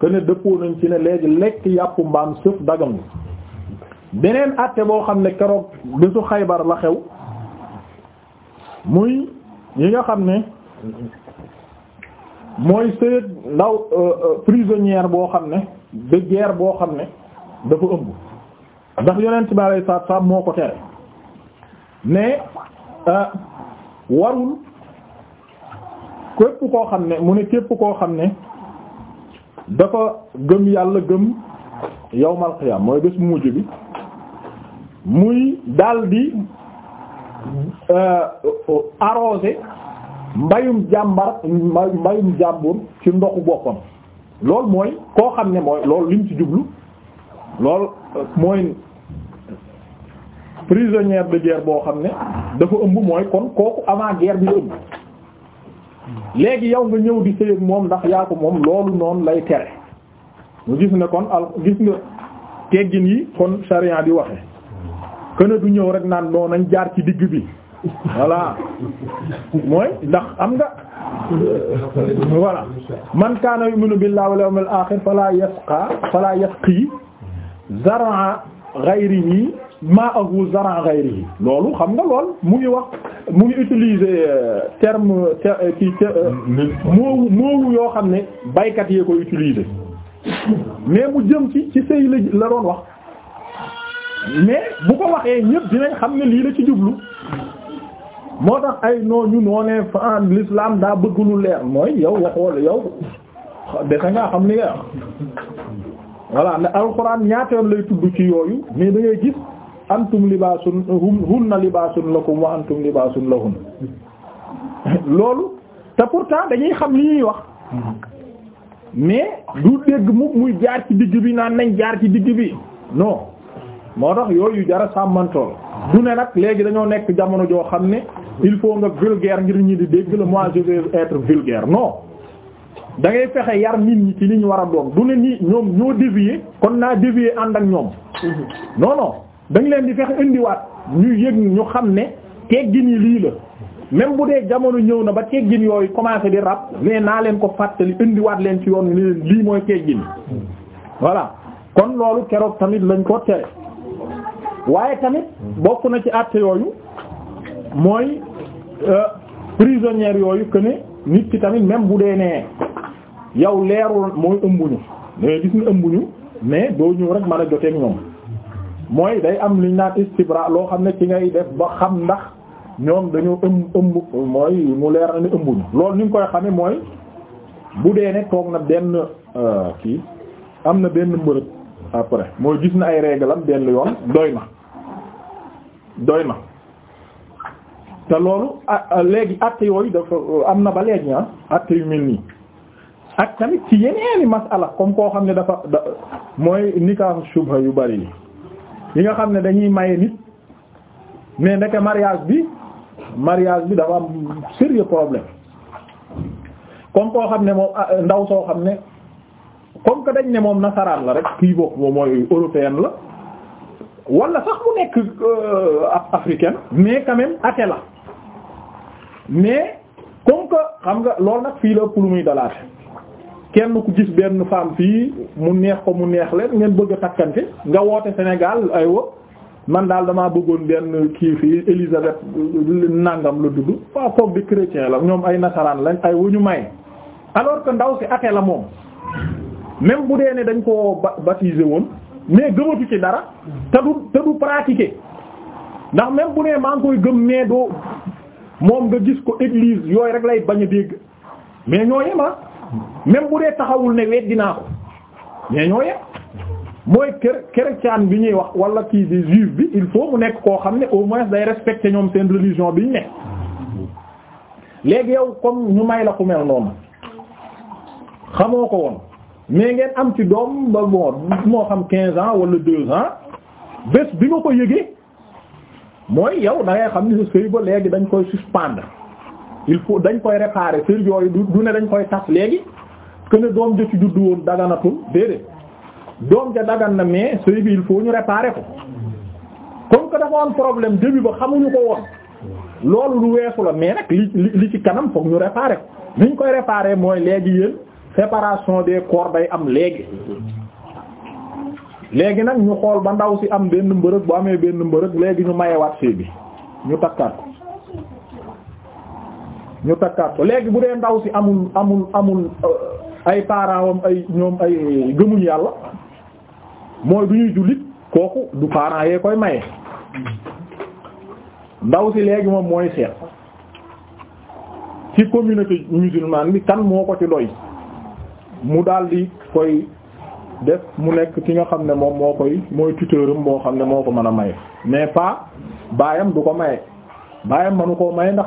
que ne dëppoo nañ ci ne léegi lekk yàppu mbaam sëf daganu beneen àtte boo xam ne keroog bésu xaybar la xew muy yi nga xam ne mooy sëyët ndaw euh, euh, prisonnière boo xam ne de boo xam ne dafa ëmb ndax yonent bi alayhi salaatu salaam moo ko tere mais euh, warul képp koo xam ne mu ne képp koo xam ne dafa gëm yàlla gëm yawmal qiyaam mooy bés mujj bi muy daldi euh, arrosé mbayum jàmbar mbayum jàmbur ci ndoxu boppam loolu mooy koo xam ne mooy loolu lim ci jublu loolu euh, mooy prisonnière de guerre boo xam ne dafa ëmb mooy kon kooku avant guerre bi ëmb léegi yow nga ñëw di sëyëg moom ndax yaa ko moom loolu noonu lay tere mu gis ne kon al gis nga teggin yi kon sharia di waxe këna du ñëw rek naan noo nañ jaar ci digg bi voilà mooy ndax am nga voilà man kaana yu'minu billahi wal yawmil akhir fala yasqa fala yasqi zar'a ghayrihi ma'ahu zar'a ghayrihi loolu xam nga lool mu ngi wax mu ngi utiliser euh, terme ci euh, euh, moowu moowu yoo xam ne baykat yee koy utiliser mais mu jëm ci ci sëy la doon wax mais bu ko waxee ñëpp dinañ xam ne lii la ci jublu moo tax ay nooñu noo ne fa ah l'islam daa bëgg lu leer mooy yow waxoo yow dese ngaa xam li nga wax voilà ne alxuraan ñaata yoon lay tudd ci yooyu mais da ngay gis antum libaasun hunna libaasun lakum wa antum libaasun lahun loolu te pourtant dañuy xam li ñuy wax mais du dégg mu muy jaar ci digg bi naan nañ jaar ci digg bi non. moo tax yooyu jara sàmmantool du ne nag léegi dañoo nekk jamono joo xam ne il faut nga vulgaire ngir ñi di dégg la moi je vais être vulgaire non da ngay fexe yar nit ñi ci li war a doon du ne nii ñoom ñoo dévier kon naa dévier ànd ak ñoom non non dañ leen di fexe indiwaat ñu yëg ñu xam ne teggin yi lii la même bu dee jamono ñëw na ba teggin yooyu commencé di rab mais naa leen ko fàttali indiwaat leen ci yoon ni leen lii mooy teggin voilà kon loolu keroog lañ ko tere waaye tamit bokk na ci àtte yooyu mooy euh, prisonnière yooyu que ne nit ki tamit même bu dee nee yow leerul mooy ëmbuñu mais gis nga ëmbuñu mais doo ñëw rek mën a joteeg ñoom mooy day am li ñu naan loo xam ne ci ngay def ba xam ndax ñoom dañoo ëmb ëmb mooy mu leer na ne ëmbuñu loolu ni nga koy xamee mooy bu dee ne toog na benn euh, kii am na benn mbërëg après mooy gis na ay réglam benn yoon doy na doy na te loolu léegi acte yooyu dafa am na ba léegi ah acte yu mel nii ak tamit ci yeneeni masala comme koo xam ne dafa da mooy nikaahu shubha yu bari yi yi nga xam ne dañuy maye nit mais ndeke mariage bi mariage bi dafa am sérieux problème comme koo xam ne moom ndaw soo xam ne comme que dañ ne moom nasaraan la rek kii bokk moom mooy européenne la walla sax mu nekk euh, ab africaine mais quand même athée la mais comme que xam nga loolu nag fii la ëpp lu muy dalaate kenn ku gis benn femme fii mu neex ko mu neex leen ngeen bëgg a takkante nga woote Sénégal wo man daal dama bëggoon benn kii fii Élisabeth nangam la dudd waaw comme bi la ñoom ay nasaraan lañ ay wu ñu may alors que ndaw si athée la moom même bu dee ne dañ koo baptisé woon mais gëmatu ci dara te du te du pratiquer ndax même bu nee maa ngi koy gëm nee doo moom nga gis ko église yooyu rek lay bañ a dégg mais ñoo yem ah même bu dee taxawul ne weddi naa ko mais ñoo yem mooy chrétien bi ñuy wax wala kii di juif bi il faut mu nekk koo xam ne au moins day respecter ñoom seen religion bi ñu nekk léegi yow comme ñu may la ku mel noonu xamoo ko woon. mais ngeen am ci doom ba bon moo xam quinze ans wala deux ans bés bi nga ko yëgee mooy yow da ngay xam ni sa sëy ba léegi dañ koy suspendre il faut dañ koy réparer sëy yooyu du ne dañ koy tas léegi que ne doom ja ci juddu woon daganatul déedéet doom ja dagan na mais sëy bi il faut ñu réparer ko comme que dafa am problème début ba xamuñu ko woon loolu lu weesu la mais nag li li ci kanam fokk ñu réparer ko ñu koy réparer mooy léegi yéen. séparation des corps day am léegi léegi nag ñu xool ba ndaw si am benn mbërëg bu amee benn mbërëg léegi ñu mayewaat sëy bi ñu takkaat ko ñu takkaat ko léegi bu dee ndaw si amul amul amul euh, ay parents ay ñoom ay gëmuñ yàlla mooy du ñuy jullit kooku du parents yee koy maye ndaw si léegi moom mooy seet ci communauté musulmane bi kan moo ko ci doy mu daal di koy def mu nekk ki nga xam ne moom moo koy mooy tuteuram boo xam ne moo ko mën a may mais pas baayam du ko maye baayam manu koo maye ndax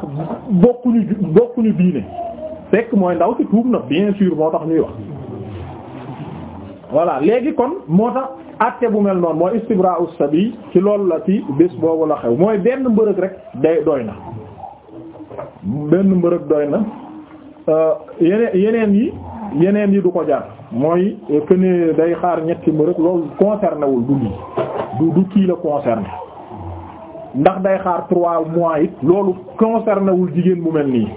bokkuñu bokkuñu diine fekk mooy ndaw si tuub na bien sûr moo tax ñuy wax voilà léegi kon moo tax àtte bu mel noonu mooy istibra us-sabi ci loolu la ci bés boobu la xew mooy benn mbërëg rek day doy na benn mbërëg doy na euh, yeneen yeneen yi yeneen yi du ko jar mooy euh, que day xaar ñetti mbir rek loolu concerné wul du lii du du kii la concerné ndax day xaar trois mois it loolu concerné wul jigéen bu mel nii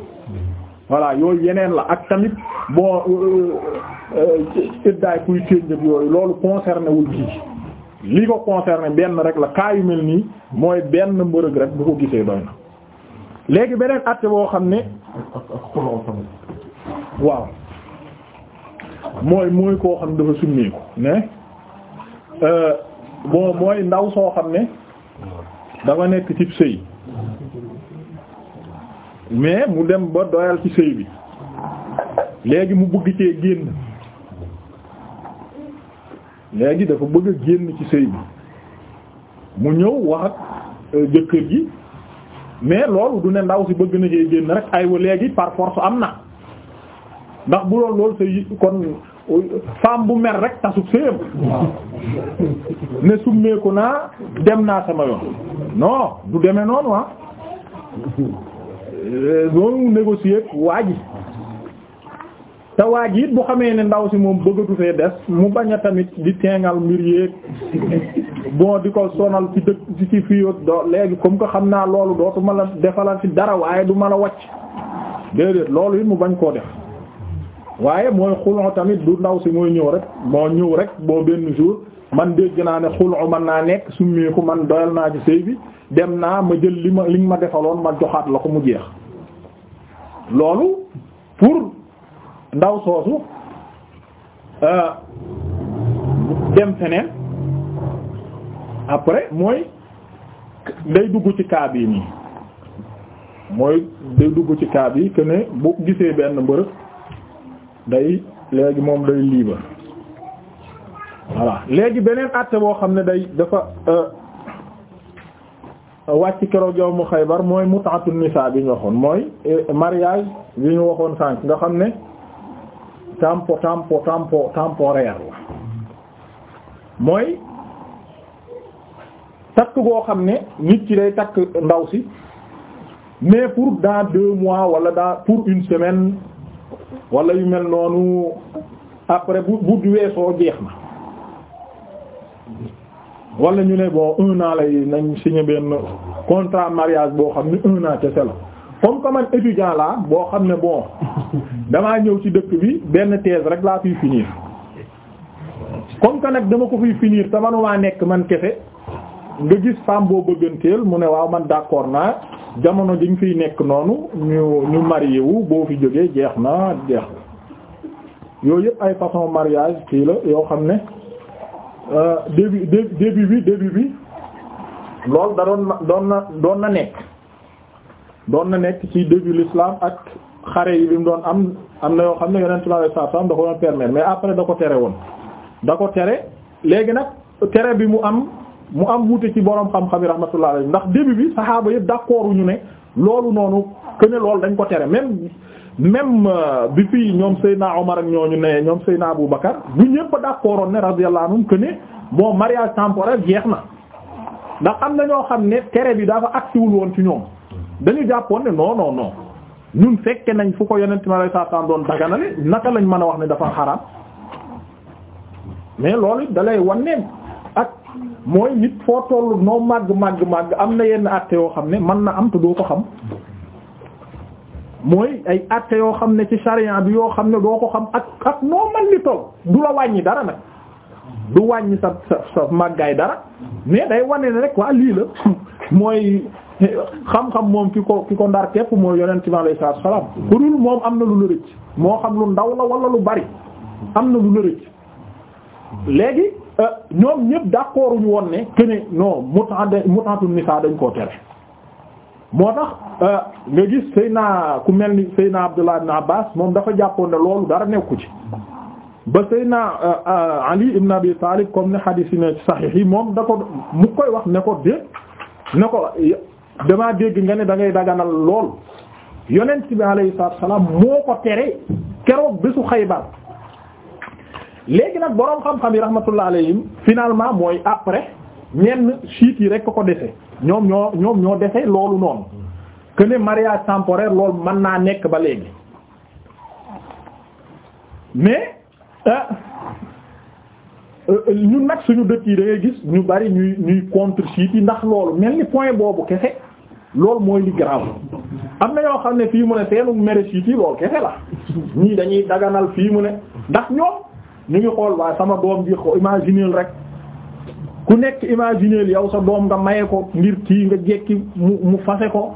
voilà yooyu yeneen la ak tamit bon euh, euh, iddaay kuy ténjëb yooyu loolu concerné wul kii li ko concerné benn rek la cas yu mel nii mooy benn mbërëg rek bu ko gisee doy na léegi beneen atte boo xam ni waaw mooy mooy koo xam dafa summeeku mais euh, bon mooy ndaw soo xam ne dafa nekk ci sëy mais mu dem ba doyal ci sëy bi léegi mu bugg cee génn léegi dafa bëgg a génn ci sëy bi mu ñëw wax ak euh, jëkkër ji mais loolu du ne ndaw si bëgg na cee génn rek aywa léegi par force am na ndax bu doon loolu sëy kon femme bu mer rek tasu séem ne summeeku naa dem naa sama yoon non du demee noonu waa ah. euh, noonu négocier waa ji te waa ji it bu xamee ne ndaw si moom bëggatu fee des mu bañ a tamit di teengal mbir yéeg bon di ko sonal ci dëkk ci ci fii do léegi comme que xam naa loolu dootuma la defalal ci dara waaye du ma la wàcc déedéet loolu it mu bañ koo def waaye mooy xulon tamit du ndaw si mooy ñëw rek moo ñëw rek moo benn jour man dégg naa ne xulon man naa nekk summeeku man doyal naa ci sëy bi dem naa ma jël li ma li ma defaloon ma joxaat la ko mu jeex loolu pour ndaw soosu euh, dem feneen après mooy day dugg ci cas bii nii mooy day dugg ci cas bii que bu gisee benn mbërëb day léegi moom day libre voilà léegi beneen àtte boo xam ne day dafa euh, wàcc keroog yow mu Xaybar mooy mut'atun nisaa bi ñu waxoon mooy euh, mariage bi ñu waxoon sànq nga xam ne tempo tempo tempo temporaire la mooy takk goo xam ne nit ci day takk ndaw si mais pour dans deux mois wala dans pour une semaine wala yu mel noonu après bu bu weesoo jeex na wala ñu ne bon un an lay nañ signé benn contrat mariage boo xam ne un an kese la comme que man étudiant laa boo xam ne bon damaa ñëw ci dëkk bi benn thèse rek laa fiy finir comme que nag dama ko fiy finir te manumaa nekk man kese nga gis femme boo bëgganteel mu ne waaw man d'accord naa jamono ji nga fiy nekk noonu ñu ñu marié wu boo fi jógee jeex na jeex na yooyu yëpp ay façon mariage kii la yoo xam ne euh, début début bi début bi loolu da doon doon na doon na nekk doon na nekk ci début l'islam ak xare yi bi mu doon am am na yoo xam ne yeneen sallallahu alayhi wasallam da ko doon permettre mais après da ko tere woon da ko tere léegi nag tere bi mu am mu am wuute ci borom xam-xam yi rahmatullah alayhi ndax début bi saxaaba yëpp d'accord ñu ne loolu noonu que ne loolu dañ ko tere même même euh, bi fii ñoom Seydina Omar ak ñooñu ne ñoom Seydina Abu Bakar bu ñëpp d'accordoon ne radiyallahu anhum que ne bon mariage temporaire jeex na ndax am na ñoo xam ne tere bi dafa agsiwul woon ci ñoom dañu jàppoon ne non non non ñun fekke nañ fu ko yonent ma lay saa saa doon daganale naka lañ mën a wax ne dafa xaraam mais loolu mooy nit foo toll noo màgg màgg màgg am na yenn àtte yoo xam ne mën na am te doo ko xam mooy ay àtte yoo xam ne ci sharia bi yoo xam ne doo ko xam ak ak noo toll du la wàññi dara nag du wàññi sa sa sa dara mais day wane ne rek waa lii la mooy xam-xam moom ki ko ki ko ndar képp mooy yonent bi alayhi salaatu wa salaam. ku dul moom am na lu la moo xam lu ndaw la wala lu bari am na lu la léegi euh, ñoom ñëpp d'accord ñu woon ne que ne non muta mutatu nisa dañ koo tere moo tax euh, nga gis Seyna ku mel ni Seyna Abdullah ibn Abbas moom dafa jàppoon ne loolu dara nekku ci ba Seyna euh, Ali ibn Abi Talib comme ne hadis ne saxiix moom da ko mu koy wax ne ko dé ne ko damaa dégg nga ne da ngay daganal lool yonent bi alayhi salaatu wa moo ko tere keroog bésu Xaybar léegi nag boroom xam-xam yi rahmatullah alayhim finalement mooy après ñenn siit yi rek ko ko dese ñoom ñoo ñoom ñoo dese loolu noonu que ne mariage temporaire loolu mën naa nekk ba léegi mais ah, euh, ñun nag suñu dëkk yi da ngay gis ñu bari ñuy ñuy contre chiites yi ndax loolu mel ni point boobu kese loolu mooy li grave am na ñoo xam ne fii mu ne seenu mere chiites yi loolu kese la ñii dañuy daganal fii mu ne ndax ñoom. ñu ngi xool waa sama doom ji imagineel rek ku nekk imagineel yow sa doom nga maye ko ngir kii nga jekki mu mu fase ko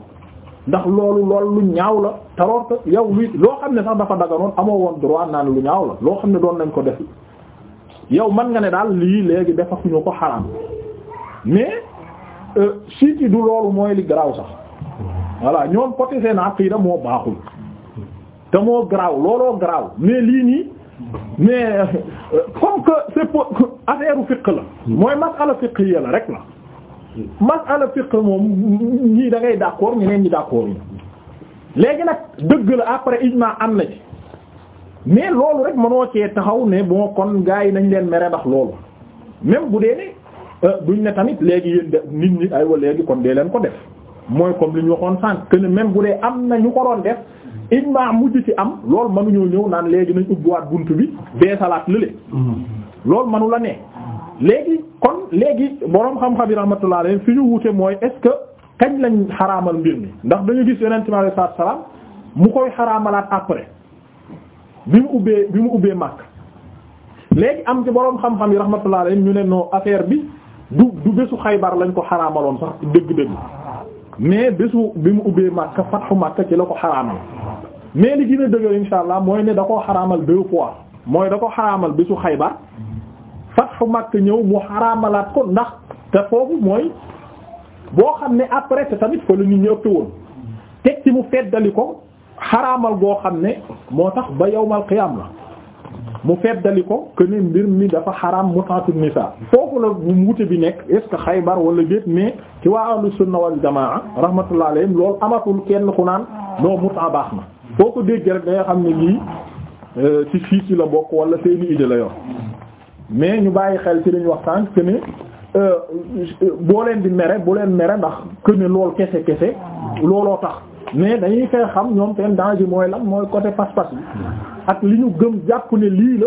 ndax loolu lool lu ñaaw la taroot yow lu loo xam ne sax dafa daganoon amoo woon droit naan lu ñaaw la loo xam ne doon nañ ko def yow man nga ne daal lii léegi defakuñu ko xaraam mais euh, siit du loolu mooy li garaaw sax voilà ñoom côté seen aqida moo baaxul te moo garaaw looloo garaaw mais lii nii mais euh, comme que c'est pour affaire fiqh la mooy masala fiqh yi la rek la masala fiqh moom ñii da ngay d'accord ñeneen ñi d'accord ñu léegi nag dëgg la après ijma am na ci mais loolu rek mënoo taxaw ne bon kon gars yi nañ leen mere ndax loolu même bu dee ne euh, duñ ne tamit léegi yéen de nit ñi ay aywa léegi kon dee leen ko def mooy comme li ñu waxoon sànq que ne même bu dee am na ñu ko doon def ijmaa mujj ci am loolu mënuñoo ñëw naan léegi nañ ubbiwaat bunt bi beesalaat lële loolu mënu la ne léegi kon léegi boroom xam-xam yi rahmatullah alayhi fi ñu wute mooy est-ce que kañ lañ xaraamal mbir mi ndax dañu gis yonent bi alayhi salaam mu koy xaraamalaat après bi mu ubbee bi mu ubbee màkk léegi am ci boroom xam-xam yi rahmatullah alayhi ñu ne noo affaire bi du du bésu xaybar lañ ko xaraamaloon sax dëgg-dëgg mais bésu bi mu ubbee Makka fatxu Makka ci la ko xaraamal mais li gën a dëgër insha allah mooy ne da koo xaraamal deux fois mooy da ko xaraamal bésu Xaybar fatxu Makka ñëw mu xaraamalaat ko ndax te foofu mooy boo xam ne après te tamit fa lu nit ñi ëpp woon teg ci mu feddali ko xaraamal goo xam ne moo tax ba yawmal qiyaam la mu feddali ko que ni mbir mi dafa xaraam mutatu nisa foofu la mu wute bi nekk est ce que xaybar wala déet mais ci waa ahlu sunna wal jamaa rahmatullah alayhim loolu amatul kenn ku naan noo muta baax na foo ko dégg rek da nga xam ne lii euh, ci fii ci la bokk wala seeni idée la yor mais ñu bàyyi xel ci dañu waxtaan que euh, euh, boo leen di mere bu leen mere ndax que ne kese kese looloo tax mais dañuy fee xam ñoom seen danger mooy lan mooy côté pas-pas bi ak li ñu gëm jàpp ne lii la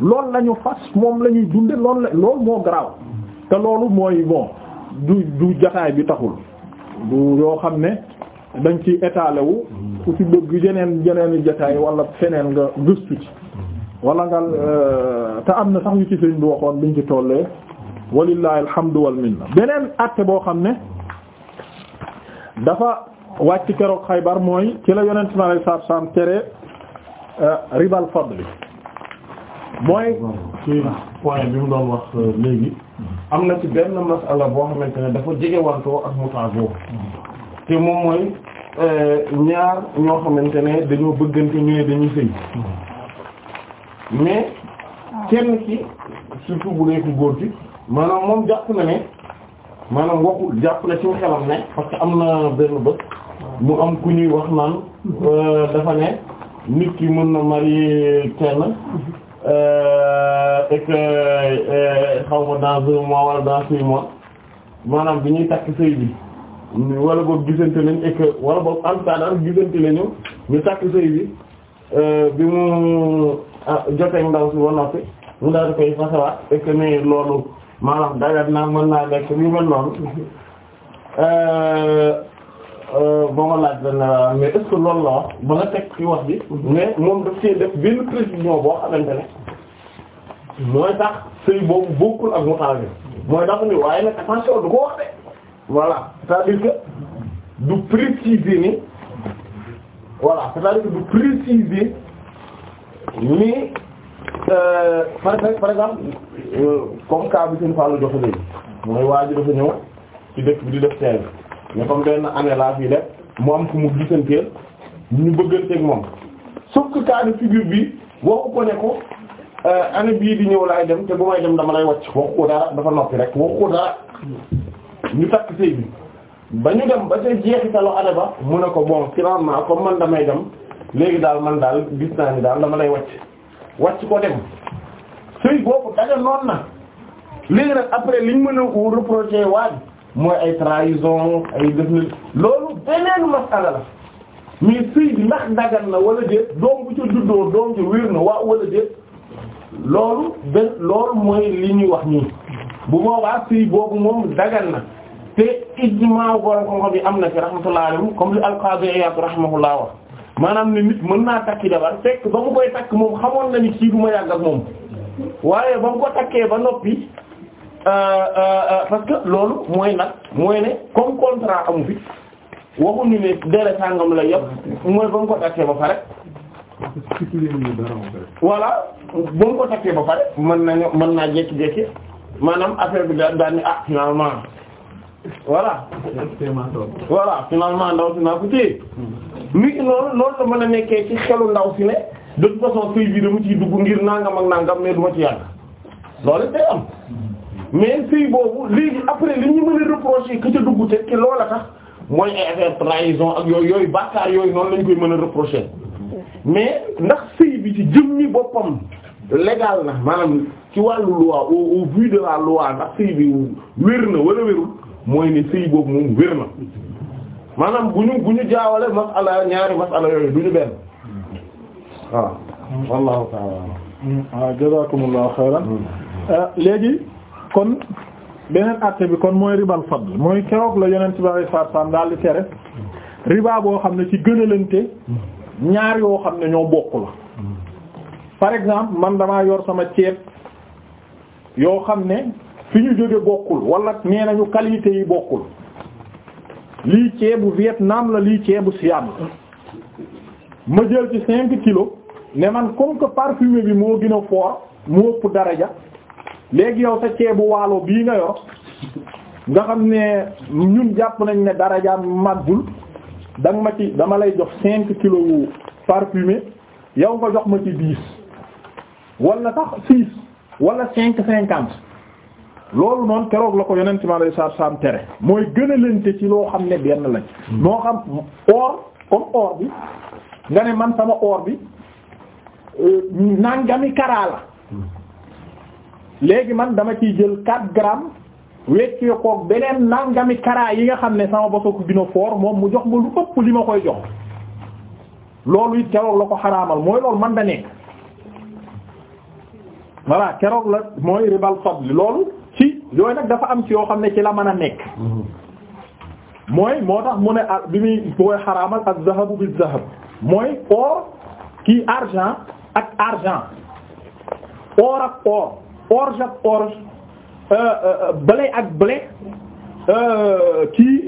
loolu la fas moom lañuy ñuy dunde loolu la loolu moo garaaw te loolu mooy bon du du jataay bi taxul du yoo xam ne dañ ci étalé wu ku ci bëgg yeneen yeneen jataay wala feneen nga gëstu ci wala nga euh, te am na sax yu ci sëriñ bi waxoon biñ ci tollee walillahi alhamdu wal minna beneen acte boo xam ne dafa wàcc keroog Xaybar mooy ci la yonent mi alayhi salaatu salaam tere euh, ribal fadli mooy ci point bi mu doon wax euh, léegi am na ci benn masala boo xamante ne dafa jegewantoo ak mutaa boobu te moom mooy euh, ñaar ñoo xamante ne dañoo bëggante ñu ne dañuy sëy mais kenn ki surtout bu nekk góor gi maanaam moom jàpp na ne maanaam waxul jàpp na ci xelam ne parce am na benn bët mu am ku ñuy wax naan euh, dafa ne nit ki mën na marier kenn euh, et euh, xaw ma dans un mois wala dans six mois maanaam bi ñuy takk sëy bi wala boobu gisante nañ et que boobu en tout daal gisante nañu ñu takk sëy bi bi mu ah, jotee ndaw si ba noppi mu daal di koy fasawaat et que loolu maanaam dagat naa mën naa lekk li mel noonu Euh, boo ma laaj dana mais est-ce la wax ba nga teg ci wax bi mais moom daf see def benn précision boo xamante ne mooy tax sëy boobu bokkul ak mutaal bi mooy dafa ni waaye nag attention du ko wax de voilà c'est-à-dire du préciser ni voilà cest par euh, par exemple euh, comme cas bi seen faalu joxe léegi mooy waa dafa ñëw ci dëkk bi di def teel mais comme benn année laa fii def mu am fu mu gisanteel ñu bëgganteeg moom sauf que cas bi waxu ko ne ko euh, bii di ñëw laay dem te bu may dem dama lay wàcc waxu ko dara dafa noppi rek waxu ko ñu takk sëy bi ba ñu dem ba see jeexitalu année ba mu ne ko bon finalement comme man damay dem léegi daal man daal gis naa ni daal dama lay wàcc wàcc ko dem sëy boobu daga noon na léegi nag après liñ mën a reprocher waaj mooy ay trahison ay def na loolu beneen masala la mais sëy bi ndax dagan na wala déet doom bu ci juddoo doom ci wér na waaw wala déet loolu benn loolu mooy li ñuy wax nii bu boobaa sëy boobu moom dagan na te ijmaa borom xam-xam yi am na ci rahmatullah alayhi comme li al-Qadi Iyad rahimahullah wax maanaam ne nit mën naa takki jabar fekk ba mu koy takk moom xamoon na ni kii du ma ak moom waaye ba mu ko takkee ba noppi Euh, euh, euh, parce loolu mooy nag mooy ne comme contrat amu fi waxuñu ne dere sàngam la yëpp mooy ba mu ko takkee ba pare. voilà ba mu ko takkee ba pare mën nañu mën naa jékki-jékki maanaam affaire bi daal daal ni ah finalement voilà. voilà finalement ndaw si naa ko téye. nit loolu loolu la mën a nekkee ci xelu ndaw si ne de façon feuille bi dama ciy dugg ngir nangam ak nangam mais ma ci yàgg loolu day am. mais sëy boobu léegi après li ñu mën a reprocher ki ca dugg te ki loola tax mooy affaire trahison ak yooyu yooyu bàkkaar yooyu noonu lañ koy mën a reprocher mais ndax sëy bi ci jëmmi boppam légal na maanaam ci wàllu loi au vu de la bi wér na wala wérul mooy ne sëy boobu moom wér na maanaam bu ñu bu ñu jaawale masala ñaari masala yooyu du ñu benn waaw mm. wallahu ta'ala waaw mm. ah, jazakumullahu xayran mm. ah, léegi kon beneen àtte bi kon mooy ribal fadl mooy keroog la yonent bi alayhi salaatu salaam daal di tere riba boo xam ne ci gënalante ñaar yoo xam ne ñoo bokk la par exemple man damaa yor sama ceeb yoo xam ne fi ñu jóge bokkul wala nee nañu qualité yi bokkul lii ceebu Vietnam la lii ceebu Siam ma jël ci cinq kilos ne man comme que parfumé bi moo gën a fort mu ëpp daraja léegi yow sa ceebu waalo bii nga yor nga xam ne ñun jàpp nañ ne dara jaam màggul danga ma ci dama lay jox cinq kilo wu parfumé yow nga jox ma ci dix wala sax six wala cinq cinquante loolu noonu keroog la ko ci mi alayhi salaatu salaam tere mooy gën a lente ci loo xam ne benn lañ hmm. moo xam or comme or bi nga ne man sama or bi euh, nangami karaa hmm. léegi man dama ci jël 4 grammes wecce koog beneen nangami karaa yi nga xam ne sama boso ko gën a moom mu jox ma lu ëpp li ma koy jox loolu it keroog la ko xaraamal mooy loolu man da nekk voilà keroog la mooy ribal fadli loolu ci yooyu nag dafa am ci yoo xam ne ci la mën a nekk mooy moo tax mu ne bi muy koy xaraamal ak zahabu bi zahab mooy or kii argent ak argent or ak or orge ak orge euh, euh, blé ak blé euh, kii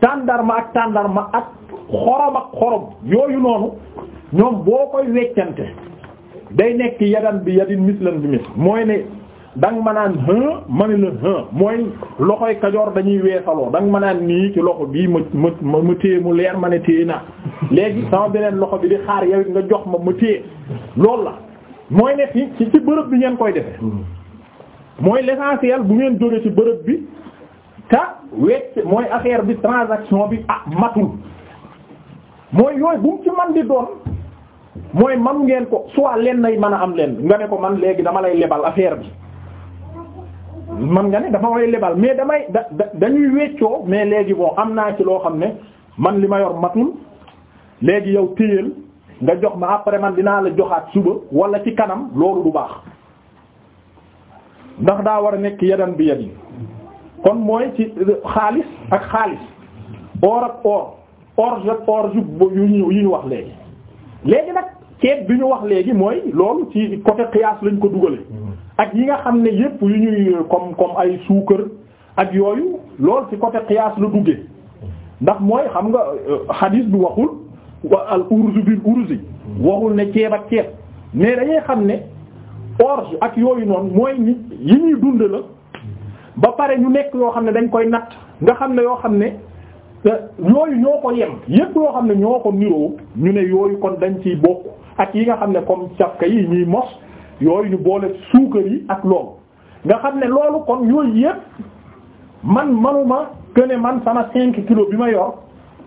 tàndarma ak tàndarma ak xorom ak xorom yooyu noonu ñoom boo koy weccante day nekk yadan bi yadin mislan bi mis mooy ne danga ma naan hën ma ne la hën mooy loxoy kajoor dañuy weesaloo danga ma naan nii ci loxo bii ma ma mu téye mu leer ma ne téye naa léegi sama beneen loxo bi di xaar yow nga jox ma mu téye loolu la mooy ne ci ci bërëb bi ngeen koy defe hmm. mooy l'essentiel bu ngeen jóge ci bërëb bi ta wecc mooy affaire bi transaction bi ah matul mooy yooyu bu mu ci man di doon mooy man ngeen ko soit leen nay mën a am leen nga ne ko man léegi dama lay lebal affaire bi man nga ne dafa may lebal mais damay da dañuy weccoo mais léegi bon am naa ci loo xam ne man li ma yor matul léegi yow téyeel nga jox ma après man dinaa la joxaat suba wala ci kanam loolu du baax ndax daa war a nekk yadan bi yadi kon mooy ci xaalis ak xaalis or ak or orge ak yu ñu wax léegi léegi nag ceeb bi ñu wax léegi mooy loolu ci côté qiyaas lañ ko dugale ak yi nga xam ne yépp yu ñuy euh, comme comme ay suukar ak yooyu loolu ci côté qiyaas la duggee ndax mooy xam nga euh, hadis bi waxul al urzu bil urzi waxul ne ceeb ak ceeb mais dañuy xam ne orge ak yooyu noonu mooy nit yi ñuy dund la ba pare ñu nekk yoo xam ne dañ koy natt nga xam ne yoo xam ne euh, yooyu ñoo ko yem yépp yoo xam ne ñoo ko niroo ñu ne yooyu kon dañ ciy bokk ak yi nga xam ne comme cafka yi ñuy mos yooyu ñu boole suukar yi ak loolu nga xam ne loolu kon yooyu yépp man manuma que man sama cinq kilo bi ma yor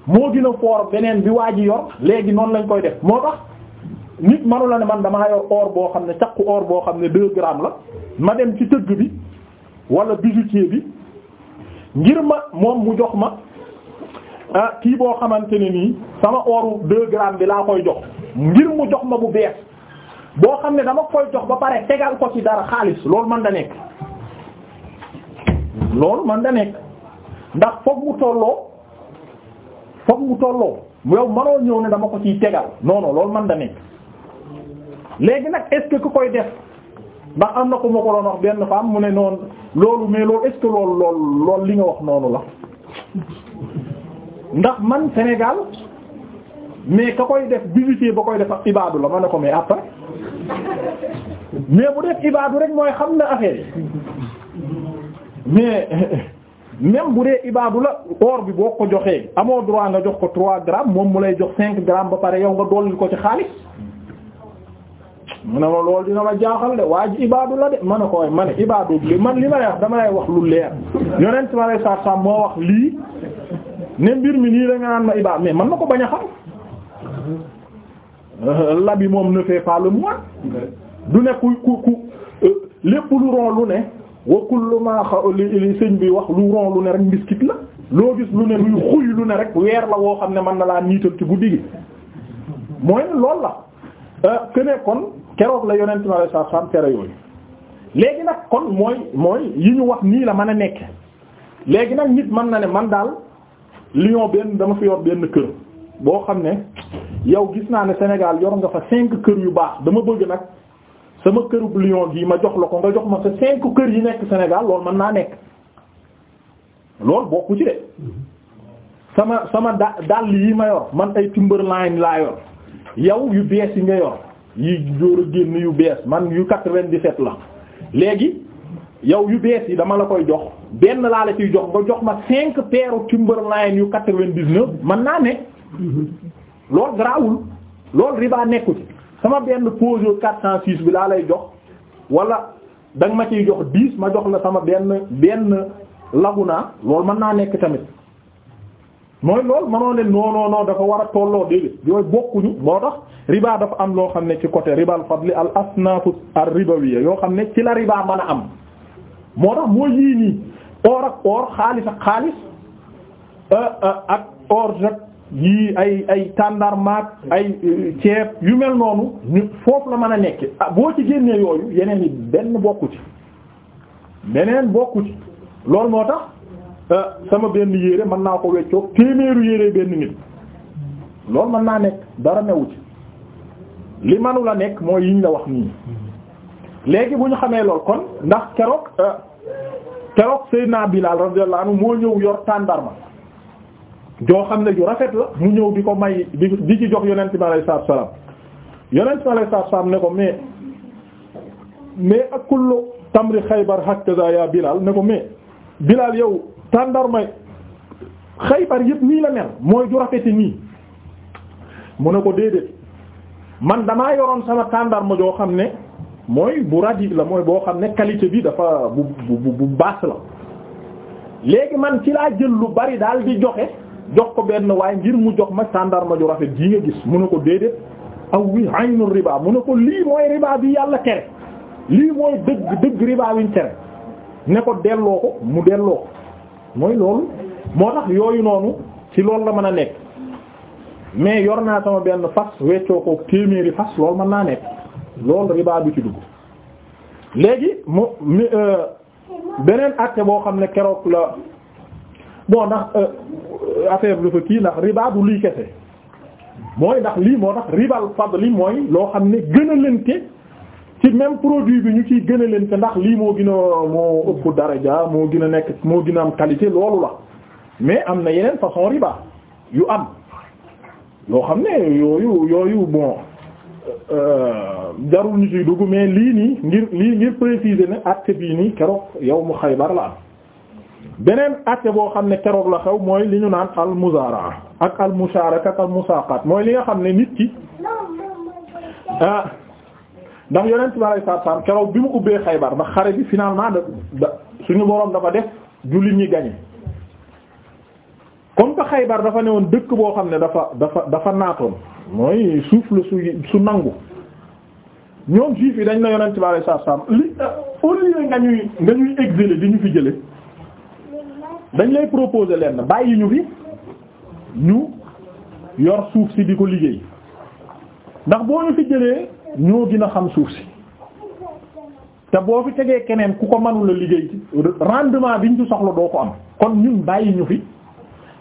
moo gën a foor beneen bi waa ji yor léegi noonu lañ koy def moo tax nit manu la ne man damaa yor or boo xam ne caqu or boo xam ne deux grammes la ma dem ci tëgg bi wala bijoutier bi ngir ma moom mu jox ma ah kii boo xamante ne nii sama oru deux grammes bi laa koy jox ngir mu jox ma bu bees boo xam ne dama koy jox ba pare tegal ko ci dara xaalis loolu man da nekk loolu man da nekk ndax foog mu tolloo foog mu tolloo yow mënoo ñëw ne dama ko ciy tegal non loolu man da nekk léegi nag est ko que ku koy def ndax am na ko moo ko doon wax benn femme mu ne noonu loolu mais loolu est-ce que loolu loolu li nga wax noonu la ndax man Sénégal mais ka koy def visiter ba koy def ak ibaadu la ma ne ko mais après mais bu def ibaadu rek mooy xam na affaire yi mais même bu dee ibaadu la or bi boo ko joxee amoo droit nga jox ko 3 grammes moom mu lay jox 5 grammes ba pare yow nga dolli ko ci xaalis mu ne ma loolu dina ma jaaxal de waa ji ibaadu la de ma ne ko ma ne ibaadu li man li ma lay wax dama wax lu leer yonent ma lay saam moo wax lii ne mbir mi nii la nga naan ma ibaadu mais man na ko bañ a xam l'habit moom ne fait pas le moine du ne ku ku ku euh, lépp lu roo ne wa kullu ma li sëñ bi wax lu ron lu ne rek mbiskit la loo gis lu ne luy xuy lu ne rek weer la woo xam ne man na laa niital ci guddi gi mooy ne loolu la euh, que ne kon keroog la yonent mi alayhi salaatu salaam tere yooyu léegi nag kon mooy mooy yi ñu wax nii la mën a nekk léegi nag nit mën na ne man daal lion benn dama fi yor benn kër boo xam ne yow gis naa ne senegal yor nga fa cinq kër yu baax dama bëgg nag sama kërub Lyon gi ma jox la ko nga jox ma sa cinq kër yi nekk Sénégal loolu mën naa nekk loolu bokku ci de sama sama da dàll yi ma yor man ay Timberline laa yor yow yu bees yi nga yor yi jóor a génn yu bees man yu quatre-vingt-dix-sept la léegi yow yu bees yi dama la koy jox benn laa la ciy jox nga jox ma cinq paires Timberline yu quatre-vingt-dix-neuf man naa ne mm-hmm. loolu garaawul loolu ribaa nekku sama benn Peugeot 406 bi laa lay jox wala da ma ciy jox 10 ma jox la sama benn benn Laguna loolu mën naa nekk tamit mooy loolu mënoo ne non non non dafa war a tolloo déedéet yooyu bokkuñu boo tax ribaa dafa am loo xam ne ci côté riba al fadli al asnaafu ar ribawiya yoo xam ne ci la riba mën a am moo tax moo yii nii or ak or xaalis ak xaalis euh, euh, ak or ak yii ay ay tàndarmaak ay euh, ceeb yu mel noonu ñu foofu la mën a nekk ah boo ci génnee yooyu yeneen yi benn bokku ci beneen bokku ci loolu moo tax euh, sama benn yére mën naa ko weccoo téeméeru yére benn nit loolu mën naa nekk dara mewu ci li manu la nekk mooy yiñ la wax nii léegi bu ñu xamee lool kon ndax keroog euh, keroog Seydina Bilal radiyallahu anhu moo ñëw yor tàndarma joo xam ne ju rafet la mu ñëw di ko may di di ci jox yonent bi alayhi salaatu salaam yonent bi alayhi salaatu salaam ne ko mais mais ak kullu tamri xaybar hakaza ya Bilal ne ko mais Bilal yow tàndarma xaybar yëpp nii la mel mooy ju rafeti nii mu ne ko déedéet man damaa yoroon sama tàndarma joo xam ne mooy bu radis la mooy boo xam ne qualité bi dafa bu bu bu baas la léegi man ci laa jël lu bari daal di joxe. jox ko benn waaye ngir mu jox ma sàndarma ju rafet ji nga gis mu ne ko déedéet aw wi aynu riba mu ne ko lii mooy riba bi yàlla tere lii mooy dëgg dëgg riba wiñ tere ne ko delloo ko mu delloo ko mooy loolu moo tax yooyu noonu ci loolu la mën a nekk mais yor naa sama benn fas weccoo ko téeméeri fas loolu mën naa nekk loolu riba bi ci dugg léegi mu euh, beneen acte boo xam ne keroog la bon ndax euh, euh, affaire bi dafa kii ndax riba du lii kese mooy ndax lii moo tax ribal fadli mooy loo xam ne gën a lente ci même produit bi ñu ciy gën a ndax lii moo gën a moo ëpp daraja moo gën a nekk moo gën am qualité loolu la mais am na yeneen façon riba yu am loo xam ne yooyu yooyu bon euh, jarul ñu ciy dugg mais lii nii ngir lii ngir préciser ne acte bii nii keroog yow mu Xaybar la am beneen acte boo xam ne keroog la xew mooy li ñu naan al muzaraa ak al musharaka ak al musaqat mooy li nga xam ne nit ki ah ndax yonent bi alayhi salaatu salaam keroog bi mu ubbee Xaybar ndax xare bi finalement da da suñu boroom dafa def jullit ñi gañe comme que Xaybar dafa newoon dëkk boo xam ne dafa dafa dafa naatoon mooy suuf la su su nangu ñoom juif yi dañ na yonent bi alayhi salaatu salaam li au lieu nga ñuy nga ñuy exiler di ñu fi jële dañ lay proposer lenn bàyyi ñu fi ñu yor suuf si di ko liggéey ndax boo ñu fi jëlee ñoo gën a xam suuf si te boo fi tegee keneen ku ko mënula liggéey ci rendement bi ñu ci soxla doo ko am kon ñun bàyyi ñu fi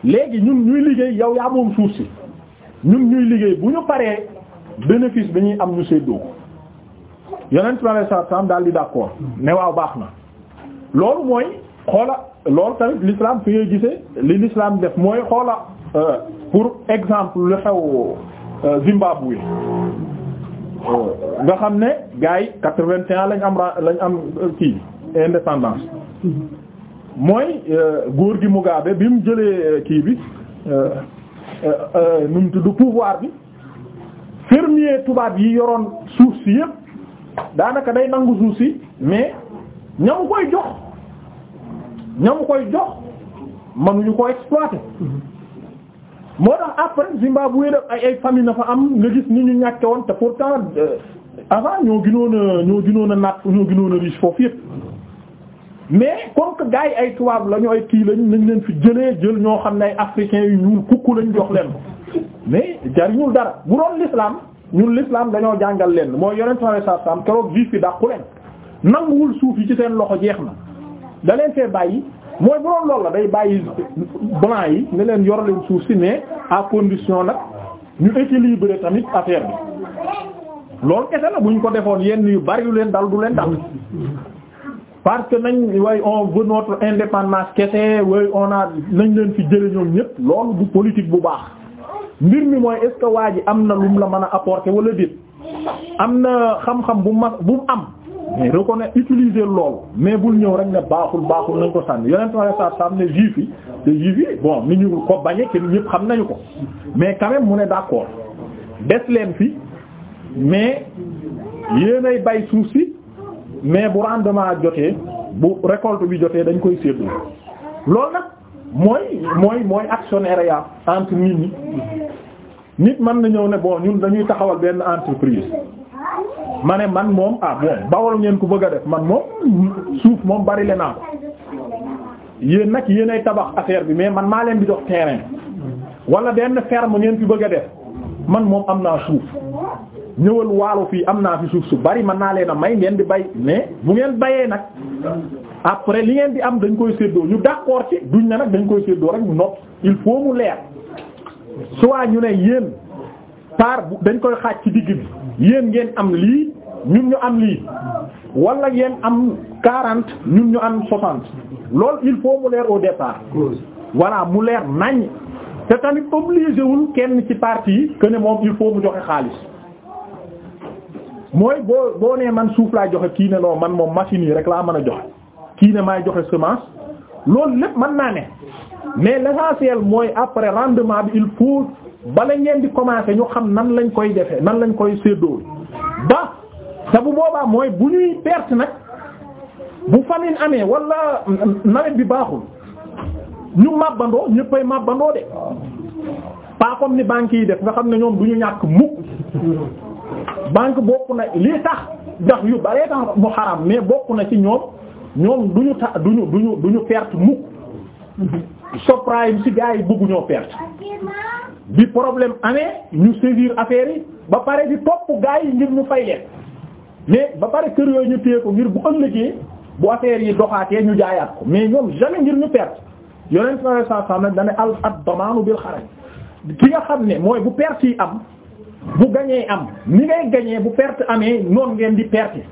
léegi ñun ñuy liggéey yow yaa moom suuf si ñun ñuy liggéey bu ñu paree bénéfice bi ñuy am ñu séddoo ko yonent bi sallallahu alayhi wasallam daal di d'accord ne waaw baax na loolu mooy. xoola lool tamit l'islam fi ngay gisee li l'islam def mooy xoola euh, pour exemple lu xew euh, Zimbabwe euh, nga xam ne gars yi quatre-vingt-un lañ am ra lañ am kii indépendance mooy góor gi Mugabe bi mu jëlee kii bi nu mu tudd pouvoir bi fermier tubaab yi yoroon suuf si yëpp daanaka day nangu suuf si mais ñaw koy jox ña mu koy jox mënuñu ko exploiter moo tax après Zimbabwe def ay ay famille na fa am nga gis ni ñu ñàkke woon te pourtant euh, avant ñoo ginoon a ñoo ginoon a naat ñoo ginoon a riche foofu yëpp mais comme que gars yi ay tubaab lañu ay kii lañ nañ leen fi jëlee jël ñoo xam ne ay africains yu ñuul kukku lañ jox leen ko mais jariñul dara bu doon l'islam ñun l'islam dañoo jàngal leen mooy yonent sallallahu alayhi wasallam keroog juif yi dàqu leen nanguwul suuf yi ci seen loxo jeex na da leen fee bàyyi mooy bu doon la day bàyyi blanc yi ne leen yor leen suuf si ne à condition nag ñu équilibré tamit affaire bi loolu kese la bu ñu ko defoon yenn yu bariwu leen dal du leen dal parce que nañ way on veut notre indépendance kese way on a nañ leen fi jële ñoom ñépp loolu bu politique bu baax mbir mi mooy est ji am na lu lum la mën a apporter wala déet am na xam-xam bu ma bu am. mais reconnaître utiliser loolu mais bul ñëw rek na baaxul baaxul nañ ko sànni yonent ma saa sàmm ne juif yi te juif yi bon ni ñu ko bañe te ñëpp xam nañu ko mais quand mu ne d'accord des leen fi mais yéenay bay suuf si mais bu rendement jotee bu récolte bi jotee dañ koy séddu loolu nag mooy mooy mooy actionnariat entre nit ñi nit mën na ñëw ne bon ñun dañuy taxawal benn entreprise ma ne man moom ah bon bawol ngeen ko bëgg a def man moom suuf moom bari le naa ko yéen nag yéen ay tabax affaire bi mais man maa leen di jox terrain wala benn ferme ngeen fi bëgg a def man moom am naa suuf ñëwal waalo fii am naa fi suuf su bari man naa leen a may ngeen di bay mais bu ngeen bayee nag après li ngeen di am dañ koy séddoo ñu d'accord ci duñ na nag dañ koy séddoo rek ñu nopp il faut mu leer soit ñu ne yéen bu dañ koy xaaj ci digg bi yéen ngeen am lii ñun ñu am lii wala ngeen am quarante ñun ñu am soixante lool il faut mu leer au départ voilà mu leer nañ te tamit obligé kenn ci parti yi moom il faut mu joxe xaalis mooy boo boo nee man suuf laa joxe kii ne non man moom machine yi rek laa mën a joxe kii ne maay joxe semence loolu lépp mën naa ne mais l'essentiel mooy après rendement bi il faut bala ngeen di commencer ñu xam nan lañ koy defee nan lañ koy séddoo ba te bu boobaa mooy bu ñuy perte nag bu famine amee wala nawet bi baaxul ñu màbbandoo ñëppay màbbandoo de pas ni banques yi def nga xam ne ñoom du ñu ñàkk mukk banque bokk na lii tax ndax yu baree tax mu xaram mais bokk na ci ñoom ñoom du ñu ta du ñu du ñu du ñu perte mukk subprime si gars yi bëgguñoo perte bi problème amee ñu saisir affaire yi ba pare di topp gars yi ngir ñu fay leen mais ba pare kër yooyu ñu téye ko ngir bu ëllëgee bu affaire yi doxaatee ñu jaayaat ko mais ñoom jamais ngir ñu perte yonent sallallahu alayhi wasallam nag dana al ad damaanu bil xaraj ki nga xam ne mooy bu perte yi am bu gañee am ni ngay gañee bu perte amee noon ngeen di perte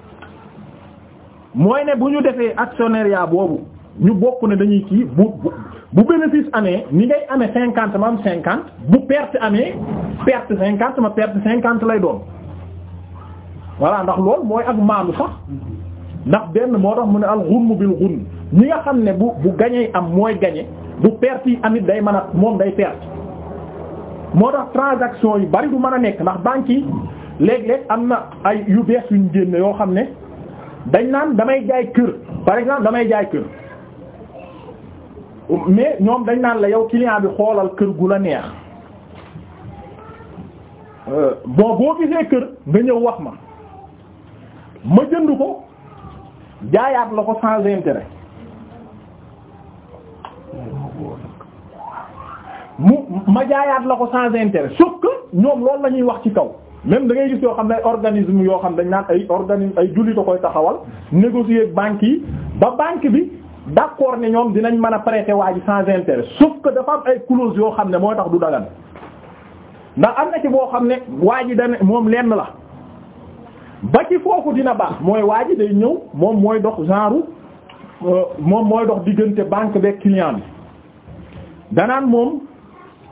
mooy ne bu ñu defee actionnariat boobu ñu bokk ne dañuy kii bu bu bu bénéfice amee ni ngay amee cinquante ma am cinquante bu perte amee perte cinquante ma perte cinquante lay doon voilà ndax loolu mooy ak maanu sax ndax benn moo tax mu ne al ghunm bil ghunm ñi nga xam ne bu bu gañee am mooy gañe bu perte yi amit day mën a moom day perte moo tax transaction yu bari du mën a nekk ndax banque yi léeg-léeg am na ay yu bees yuñ génne yoo xam ne dañ naan damay jaay kër par exemple damay jaay kër mais ñoom dañ naan la yow client bi xoolal kër gu la neex euh, bon boo gisee kër nga ñëw wax ma ma jënd ko jaayaat la ko sans intérêt mu ma jaayaat la ko sans intérêt sauf ñoom loolu la ñuy wax ci kaw même da ngay gis yoo xam ne ay yoo xam dañ naan ay organisme ay jullit a koy taxawal négocier banque yi ba banque bi d'accord ne ñoom dinañ mën a prêter waa ji sans intérêt sauf que dafa am ay clause yoo xam ne moo tax du dagan ndax am na ci boo xam ne waa ji dana moom lenn la ba ci foofu dina baax mooy waa ji day ñëw moom mooy dox genre euh, moom mooy dox diggante banque be client bi danaan moom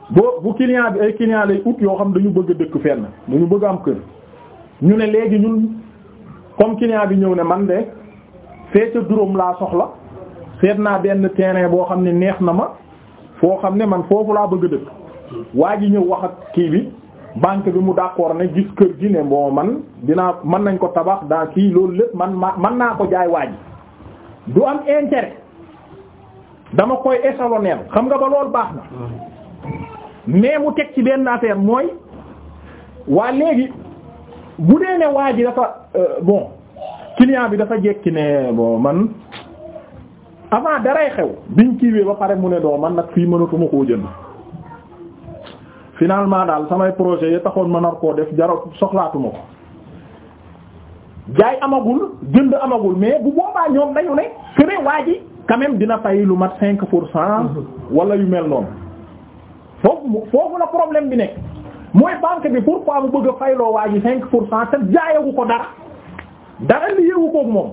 boo bu client bi ay client lay ut yoo xam dañu bëgg a dëkk fenn dañu bëgg am kër ñu ne léegi ñun comme client bi ñëw ne man de fee ca duróom laa soxla seet naa benn terrain boo xam ne neex na ma foo xam ne man foofu laa bëgg dëkk waa ji ñëw wax ak kii bi banque bi mu d'accord ne gis kër gi ne bon man dinaa mën nañ ko tabax daal kii loolu lépp man ma man naa ko jaay waa ji du am intérêt dama koy échelonner xam nga ba lool baax na mais mu teg ci benn affaire mooy waa léegi bu dee ne waa ji dafa euh, bon client bi dafa jekki ne bon man. avant daray xew biñ kiiwee ba pare mu ne doo man nag fii mënatuma koo jënd finalement daal samay projet ya taxoon ma nar koo def jarot soxlaatuma ko jaay amagul jënd amagul mais bu boobaa ñoom dañu ne que ne waa ji dina pay lu mat cinq pour cent mhm. wala yu mel noonu foofu foofu la problème bi nekk mooy banque bi pourquoi mu bëgg a fayloo waa ji cinq pour cent te jaayagu ko dara dara liyewu koog moom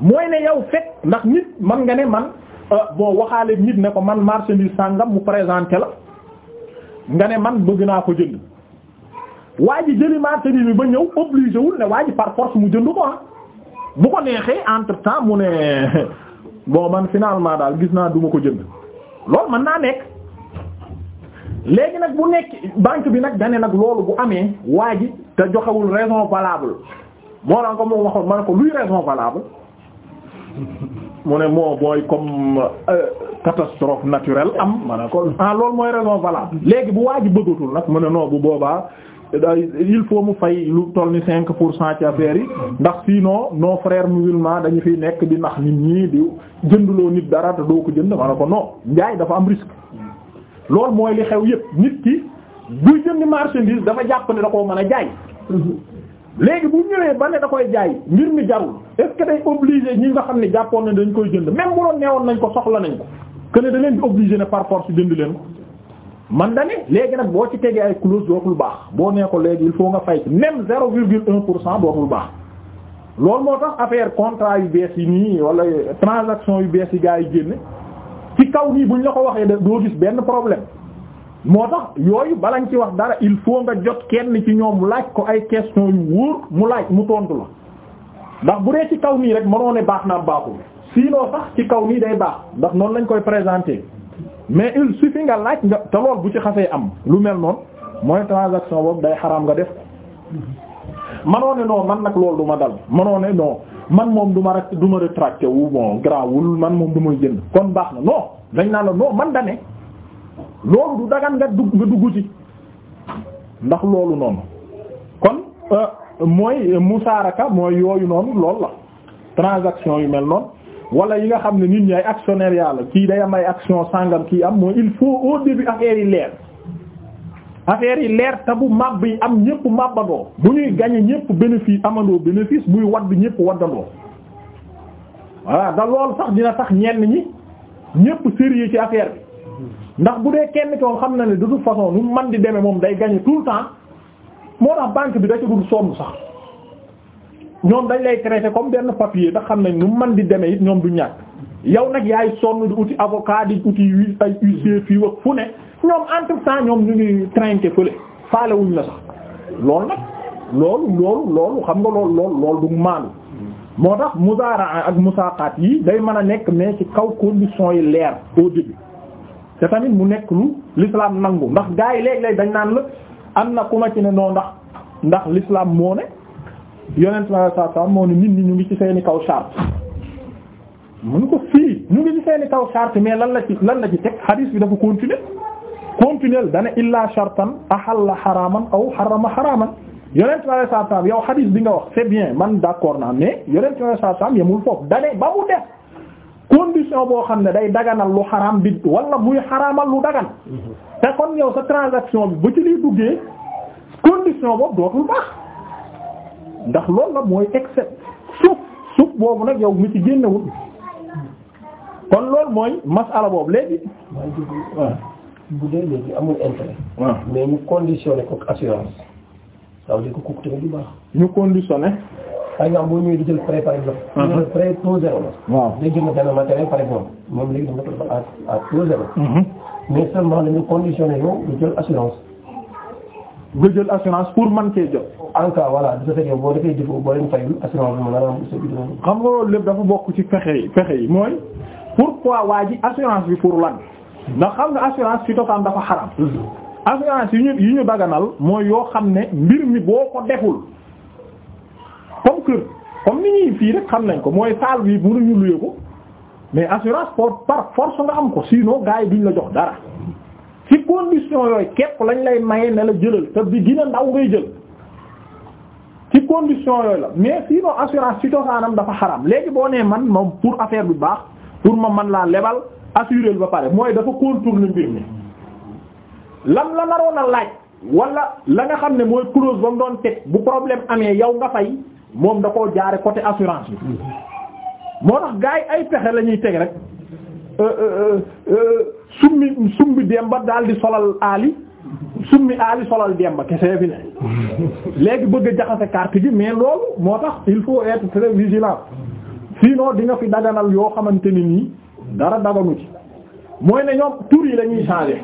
mooy ne yow fekk ndax nit man nga ne man euh, boo waxaale nit ne ko man marchandise sàngam mu présenté la nga ne man bëgg naa ko jënd waa ji jëli marchandise bi ba ñëw obligé wul ne waa ji par force mu jënd ko ah bu ko neexee entre temps mu ne bon man finalement daal gis naa duma ko jënd loolu mën naa nekk léegi nag bu nekk banque bi nag dane nag loolu bu amee waa ji te joxewul raison valable moo naa ko moom waxoon ma ne ko luy raison valable mu ne moo booy comme euh, catastrophe naturel am ma a ko ah loolu mooy raison valable léegi bu waa ji bëggatul nag mu ne non bu boobaa il faut mu fay lu toll ni cinq pour cent ci affaire yi ndax sinon nos frères musulmans dañu fiy nekk di nax nit ñi di jënduloo nit dara te doo ko jënd ma ne ko non njaay dafa am risque loolu mooy li xew yépp nit ki buy jëndi marchandise dafa jàpp ne da ko mën a jaay léegi bu ñëwee ba ne da koy jaay mbir mi jarul est ce que day obligé ñi nga xam ne jàppoon nañ dañ koy jënd même bu doon neewoon nañ ko soxla nañ ko que ne da leen di obligé ne par force jënd leen ko man da léegi nag boo ci tegee ay clause dootul baax boo nee ko léegi il faut nga fay même zéro virgule un pour cent dootul baax loolu moo tax affaire contrat yu bees yi nii wala transaction yu bees yi gaa yi génne ci kaw nii buñ la ko waxee doo gis benn problème moo tax yooyu bala balañ ci wax dara il faut nga jot kenn ci ñoom laaj ko ay question yu wóor mu laaj mu tontu la ndax bu dee ci kaw nii rek mënoo ne baax na baaxul sinon tax ci kaw nii day baax ndax noonu lañ koy présenter mais il suffit nga laaj nga te lool bu ci xasee am lu mel noon mooy transaction boobu day xaraam nga def mënoo ne non man nag loolu du ma dal mënoo ne non man moom du ma rek du ma rétracté wu bon grawul man moom du may jënd kon baax na non dañ naan la non man da loolu du dagan nga dugg nga dugg ci ndax loolu noonu kon euh, mooy musaaraka mooy yooyu noonu loolu la transaction yu mel noonu wala yi nga xam ne nit ñi ay actionnaire yàlla kii day am ay action sàngam kii am mooy il faut au début affaire yi leer affaire yi leer ta bu màbb yi am ñëpp màbbandoo bu ñuy gañe ñëpp bénéfice amandoo bénéfice buy wadd ñëpp waddandoo voilà da loolu sax dina tax ñenn ñi ñëpp sérieux ci affaire bi ndax bu dee kenn koon xam na ne du toute façon nu man di demee moom day gagner tout le temps moo tax banque bi da ci sonn sax ñoom dañ lay traiter comme benn papier ndax xam nañ nu man di demee it ñoom du ñàkk yow nag yaay sonn di uti avocat di uti ay huissier fii wak fu ne ñoom entre temps ñoom ñu ngi trinquer fële faalewuñ la sax lool nag loolu loolu loolu xam nga loolu loolu loolu du maanu moo tax musaara ak musaaqaat yi day mën a nekk mais ci kaw conditions yi leer au te tamit mu nekk lu l'islam nangu ndax gaa yi léeg-léeg dañ naan la am na ku ma ci ne noo ndax ndax lislaam moo ne yonent ma saa saa moo ne nit ñi ñu ngi ci seeni kaw charte mun ko fii ñu ngi ci seeni kaw charte mais lan la ci lan la ci teg hadis bi dafa continuer continuer dana illa shartan ahalla xaraaman aw xarama xaraaman yonent ma saa saa yow hadis bi nga wax c'est bien man d'accord naa mais yonent ma saa saa yemul foofu dane ba mu def condition boo xam ne day daganal lu xaraam bi wala muy xaraamal lu dagan te kon yow sa transaction bi ba ci liy duggee condition boobu dootul baax ndax loolu la mooy except suuf suuf boobu nag yow mi ci génnewul kon loolu mooy masala boobu léegi bu dee léegi amul intérêt mais ñu conditionné ko assurance ça veut dire par exemple boo ñëwee di jël prêt par exemple. Mhm. ñu ne prêt taux zéro la. waaw day jënd benn matériel par exemple moom léegi dañ ko defal à à taux zéro. Mhm. mais seulement dañu conditionné yow nga jël assurance. nga jël assurance pour mën cee jot. en cas voilà du fekkee boo defee jëfoo boo leen fayul assurance bi mën naa am sa biir. xam nga loolu lépp dafa bokk ci pexe yi pexe yi mooy waa ji assurance bi pour lan ndax xam nga assurance ci tokaan dafa xaram. Mhm. assurance yi ñu yi ñu daganal mooy yoo xam ne mbir mi boo ko deful. comme kër comme ni ñuy fii rek xam nañ ko mooy saal bi mënuñu luye ko mais assurance pour par force nga am ko sino gars yi duñ la jox dara ci condition yooyu képp lañ lay maye ne la jëlal te bi dina ndaw ngay jël ci condition yooyu la mais sinon assurance ci cosaanam dafa xaram léegi boo nee man moom pour affaire bi baax pour ma man laa lebal assuré ba pare mooy dafa contourner mbir mi lam la naroon a laaj wala la nga xam ne mooy clause ba mu bu problème amee yow nga fay moom da koo jaare côté assurance bi moo tax gars yi ay pexe lañuy ñuy teg rek euh, euh, euh, summi summi demba daal di solal aali summi aali solal demba kese fi ne léegi bëgg a jaxase carte gi mais loolu moo tax il faut être très vigilant sinon di nga fi daganal yoo xamante ni nii dara daganu ci mooy ne ñoom tur yi la ñuy changer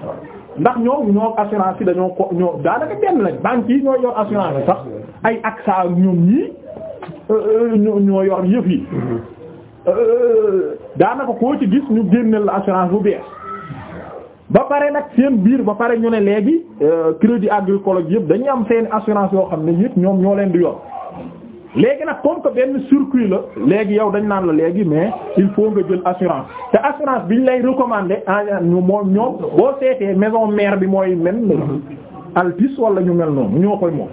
ndax ñoom ñoo assurance yi dañoo ko ñoo daanaka benn lañ banque yi ñoo yor assurance sax ay AXA ñoom ñii Euh, euh, ñoo yor yëf yi mm-hmm. euh, daanaka koo ci gis ñu génneel la assurance bu bees ba pare nag seen biir ba pare ñu ne léegi crédit agricole yëpp dañuy am seen assurance yoo xam ne yëpp ñoom ñoo leen di yor léegi nag comme que benn circuit la léegi yow dañ naan la léegi mais il faut nga jël assurance te assurance bi ñu lay recommander en ñu moom ñoom boo seetee maison mère bi mooy mel mm-hmm. altis wala ñu mel noonu ñoo koy moom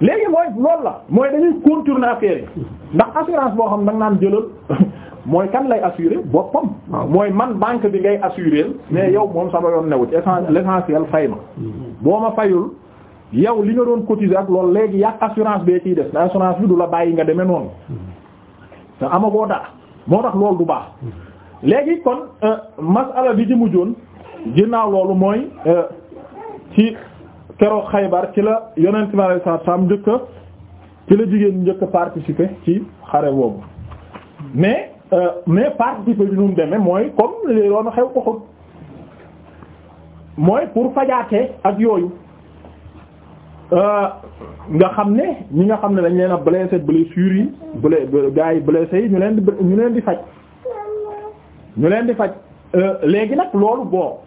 léegi mooy loolu la mooy dañuy contourner affaire yi ndax assurance boo xam da nga naan jëlal mooy kan lay assurer boppam. mooy man banque bi ngay assurer mais yow moom sama yoon newu ci l'essentiel fay ma. Mm-hmm. boo ma fayul yow li nga doon cotiser ak loolu léegi yàq assurance bee ciy def assurance bi du la bàyyi nga demee noonu mm-hmm. te amagoo dara moo tax loolu du baax mm-hmm. léegi kon euh, masala bi ci mujjoon ginnaaw loolu mooy euh, ci. keroog xaybar ci la yonent bi sam salaatu salaam njëkk ci la jigéen njëkk participer ci xare boobu mais euh, mais participer bi nu mu demee mooy comme li doon xew Uhud mooy pour fajaatee ak yooyu euh, nga xam ne ñi nga xam ne dañ leen a blessé blessure yi blessé gars yi blessé yi ñu leen di ñu leen di faj ñu leen di faj euh, léegi nag loolu boo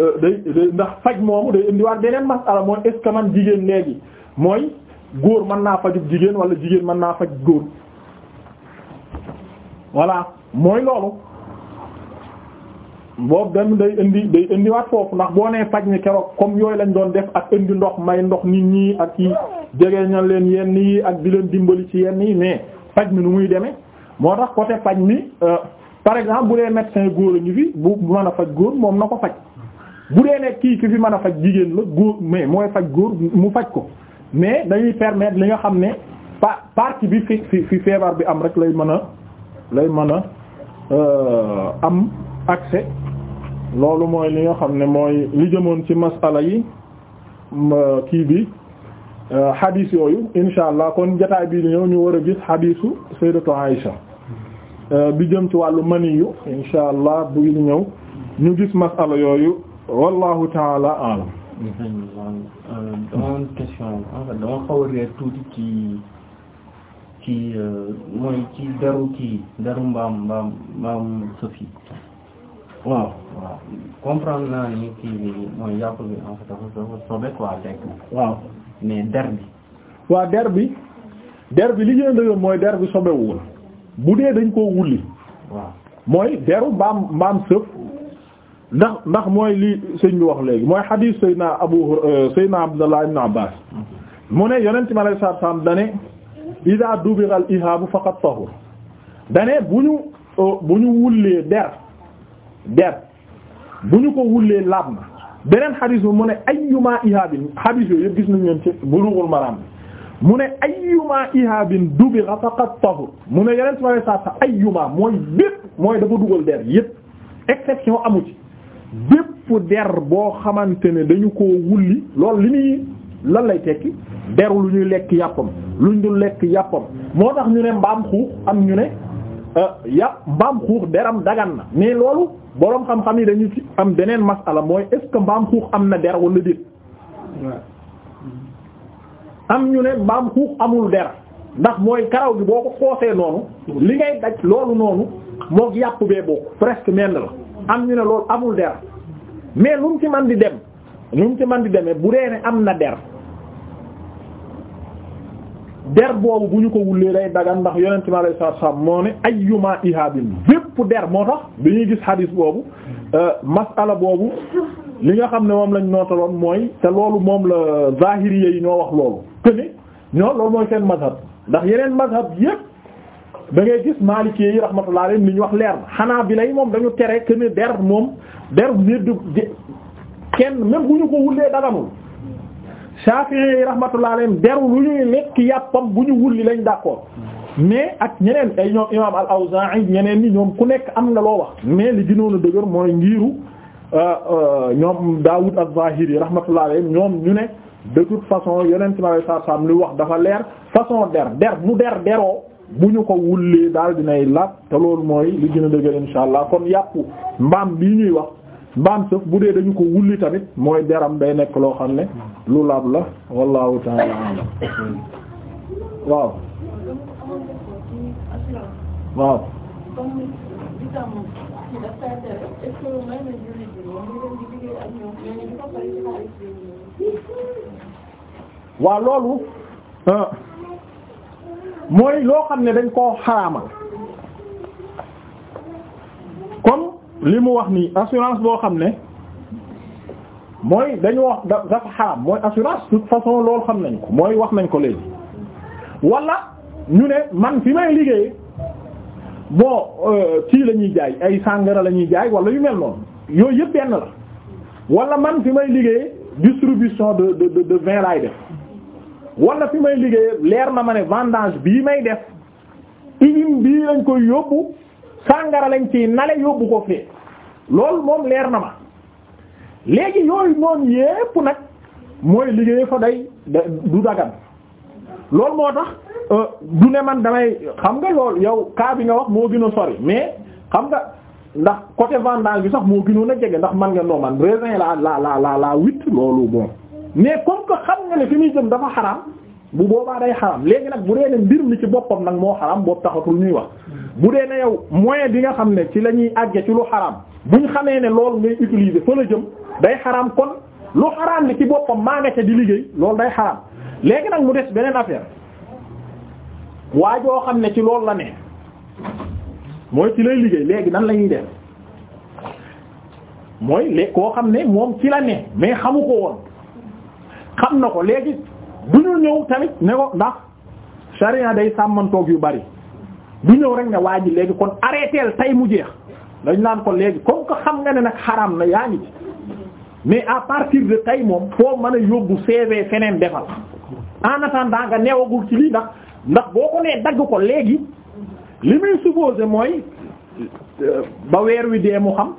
Euh, day day ndax faj moomu day indiwaat beneen masala mooy est man jigéen léegi mooy góor mën naa fajub jigéen wala jigéen man naa faj góor voilà mooy loolu boobu dem day indi day indiwaat foofu ndax boo nee faj ni keroog comme yooyu lañ doon def ak indi ndox may ndox nit ñi ak yi jege ña leen yenn yi ak di leen dimbali ci yenn yi mais faj mi nu muy demee moo tax côté faj mi euh, par exemple bu dee médecin góor a ngi fi bu mën a faj góor moom na ko faj. bu dee ne kii ki fi mën a faj jigéen la góor mais mooy faj góor mu faj ko mais dañuy permettre li nga xam ne pa partie bi fi fi feebar bi am rek lay mën a lay mën a euh, am accès loolu mooy li nga xam ne mooy li jëmoon ci masala yi kii bi euh, xadiis yooyu insha allah kon jotaay bii di ñëw ñu war a gis xadiisu sayyidatu Aïsha euh, bi jëm ci wàllu maniyu insha allah bu di ñëw ñu gis masala yooyu wallahu taala alam dama am question en fait dama xaw a réer tuuti ci ci euh, mooy ci daru ci daru mbaam mbaam mbaam sofi waaw waaw comprendre naa ni kii bi mooy yàpp bi en fait dafa sobe quoi lekk waaw mais der bi waaw der li gën a mooy der bi sobewul bu dee dañ koo wulli waaw mooy deru mbaam mbaam sëf ndax ndax mooy lii sëñ bi wax léegi mooy hadith Seydina Abu euh, Seydina Abdullah ibn Abbas mu ne yonent mi alayhi salaatu salaam dane idaa dubira al ihaabu faqad tahur dane bu ñu euh, bu ñu wullee der der bu ñu ko wullee laab na beneen hadith bi mu ne ayyuma ihaabin hadith yooyu yëpp gis nañu leen ci Bulughul Maram bi mu ne ayyuma ihaabin dubira faqad tahur mu ne yonent mi alayhi salaatu salaam ayyuma mooy bépp mooy dafa dugal der yëpp exception amu ci bépp der boo xamante ne dañu ko wulli lool li muy lan lay tekki deru lu ñuy lekk yàppam luñ dul lekk yàppam moo tax ñu ne mbaam xuux am ñu ne euh, yàpp mbaam xuux deram dagan na mais loolu boroom xam-xam yi dañu ci am beneen masala mooy est mbaam xuux am na der wala déet am ñu ne mbaam xuux amul dera ndax mooy karaw gi boo ko xoosee noonu li ngay daj loolu noonu mook yàpp bee bokk presque menn la am ñu ne loolu amul der mais lu mu ci man di dem lu mu ci man di demee bu dee ne am na der der boobu bu ñu ko wullee day dagan ndax yonent mi alayhi salaatu salaam moo ne ayyuma ihaabin bépp der moo tax ñuy gis xadiis boobu euh, masala boobu li nga xam ne moom lañ nootaloon mooy te loolu moom la zahiriya yi ñoo wax loolu que ñoo loolu mooy seen mazhab ndax yeneen mazhab yépp da ngay gis Maliki yi rahmatullahi alayhim li ñu wax leer xanaa bi yi moom dañu tere que ne der moom der médd kenn même bu ñu ko wullee daganul Shafi'i yi rahmatullahi alayhim deru lu ñuy lekk bu ñu wulli lañ d'accord mais ak ñeneen ay ñoom imam al-Awza'i ñeneen ni ñoom ku nekk am na loo wax mais li gënoon a dëgër mooy ngiru euh, euh, ñoom Daawud az-Zahiri rahmatullahi alayhim ñoom ñu ne de yeneen ci ma li wax dafa leer façon der der mu der deroo bu ñu ko wullee daal dinay laab te loolu mooy li gën a dëgër insha allah kon yàpp mbaam bii ñuy wax mbaam sëf bu dee dañu ko wulli tamit mooy deram day nekk loo xam ne lu laab la wallahu ta'ala alam waaw waaw waaw loolu ah. mooy loo xam ne dañ koo xaraamal comme li mu wax nii assurance boo xam ne mooy dañu wax dafa xaraam mooy assurance toute façon loolu xam nañ ko mooy wax nañ ko léegi wala ñu ne man fi may liggéey boo tii euh, la ñuy jaay ay sàngara lañuy ñuy jaay wala yu mel noonu yooyu yëpp benn la wala man fi may liggéey distribution de de de vin laay def wala fi may liggéey leer na ma ne vendange bii may def usine bii lañ koy yóbbu sàngara lañ ci nale yóbbu ko fee loolu moom leer na ma léegi yooyu noonu yépp nag mooy liggéey fa day du dagan loolu moo tax euh, du ne man damay xam nga lool yow cas bi nga wax moo gën a sori mais xam nga ndax côté vendange bi sax moo gënoon a jege ndax man nga noo man raisin la la la la la huit loolu bon. mais comme que xam nga ne fi muy jëm dafa xaraam bu boobaa day xaraam léegi nag bu dee ne mbir mi ci boppam nag moo xaraam boobu taxatul ñuy wax bu dee ne yow moyen bi nga xam ne ci lañuy ñuy àgge ci lu xaraam buñ xamee ne loolu ngay utiliser fa la jëm day xaraam kon lu xaraam li ci boppam maa nga ca di liggéey loolu day xaraam léegi nag mu des beneen affaire waa joo xam ne ci loolu la ne mooy ci lay liggéey léegi nan la ñuy def mooy le koo xam ne moom ci la ne mais xamu ko woon xam na ko léegi du ñu ñëw tamit ne ko ndax sharia day sàmmantoog yu bari du ñëw rek ne waa ji léegi kon arrêtéel tay mu jeex dañ naan ko léegi comme que xam nga ne nag xaram na yaa ngi ci mais à partir de tay moom foo mën a yóbbu CV feneen defal en attendant nga neewagul ci lii ndax ndax boo ko nee dagg ko léegi li muy supposé mooy euh, ba weer wi dee mu xam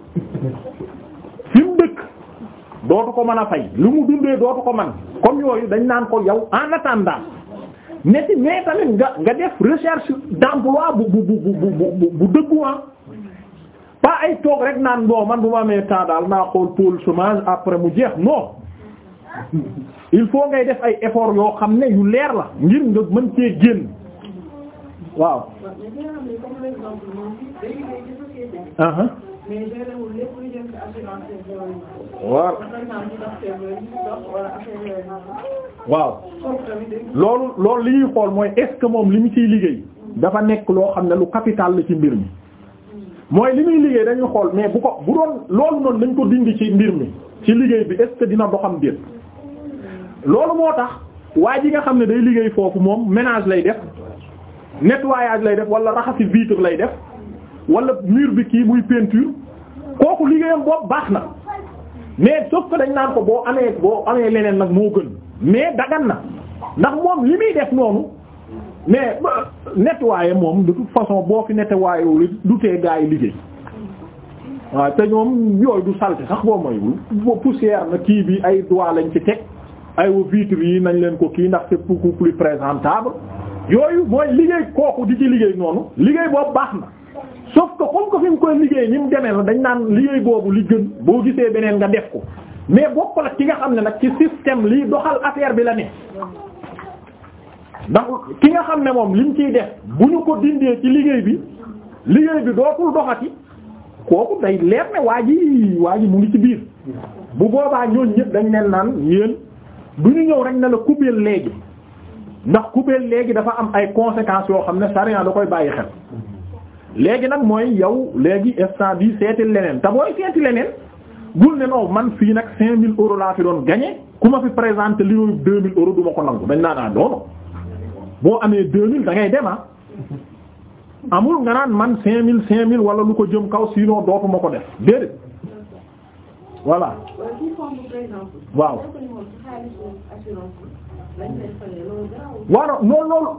dootu ko mën a fay lu mu dundee dootu ko man comme yooyu dañ naan ko yow en attendant ne ci mais nga nga def recherche d'emploi bu bu bu bu bu dëgguwaan ah. pas ay toog rek naan boo man bu ma amee temps daal naa xool pôle chômage après mu jeex non il faut ngay def ay effort yoo xam ne yu leer la ngir nga mën cee génn waaw. mais géré wul lépp waaw loolu loolu li ñuy xool mooy est-ce moom li ñu ciy liggéey. dafa nekk loo xam ne lu capital la ci mbir mi. mooy li muy liggéey dañuy xool mais bu ko bu doon loolu noonu dañ ko dindi ci mbir mi ci liggéey bi est dina doxam déet loolu moo tax waa ji nga xam ne day liggéey foofu moom ménage lay def nettoyage lay def wala raxasi vitre lay def. wala mur bi kii muy peinture kooku liggéeyam boobu baax na mais sauf que naan ko boo amee boo amee leneen nag moo gën mais dagan na ndax moom li muy def noonu mais nettoyer moom de toute façon boo fi nettoyer wu du tee gaa yi liggéey te ñoom yooyu du saleté sax boo moywul ba na kii bi ay doigt lañ ci teg ay vitres yi nañ leen ko kii ndax c'est beaucoup plus présentable yooyu mooy liggéey kooku di ci liggéey noonu liggéey boobu baax na sauf que comme que fi mu koy liggéey ñi mu demee la dañ naan liggéey boobu li gën boo gisee beneen nga def ko mais bokk la ki nga xam ne nag ci système liy doxal affaire bi la ne ndax ki nga xam ne moom liñ kiy def bu ñu ko dindee ci liggéey bi liggéey bi dootul doxati kooku day leer ne waa ji waa ji mu ngi ci biir bu boobaa ñooñu ñëpp dañ leen naan yéen du ñu ñëw rek ne la kubéel léegi ndax kubéel léegi dafa am ay conséquence yoo xam ne sariya da koy bàyyi léegi nag mooy yow léegi instant bi seeti leneen te booy seeti leneen bul ne non man fii nag 5000 euros laa fi doon gagné ku ma fi présenté li yooyu 2000 euros du ma ko nangu dañ naa naa doono boo amee 2000 da dangay dem ah. amul nga naan man 5000 mille wala lu ko jëm kaw sinon dootuma ko def déedéet voilà. waaw. waaw loolu loolu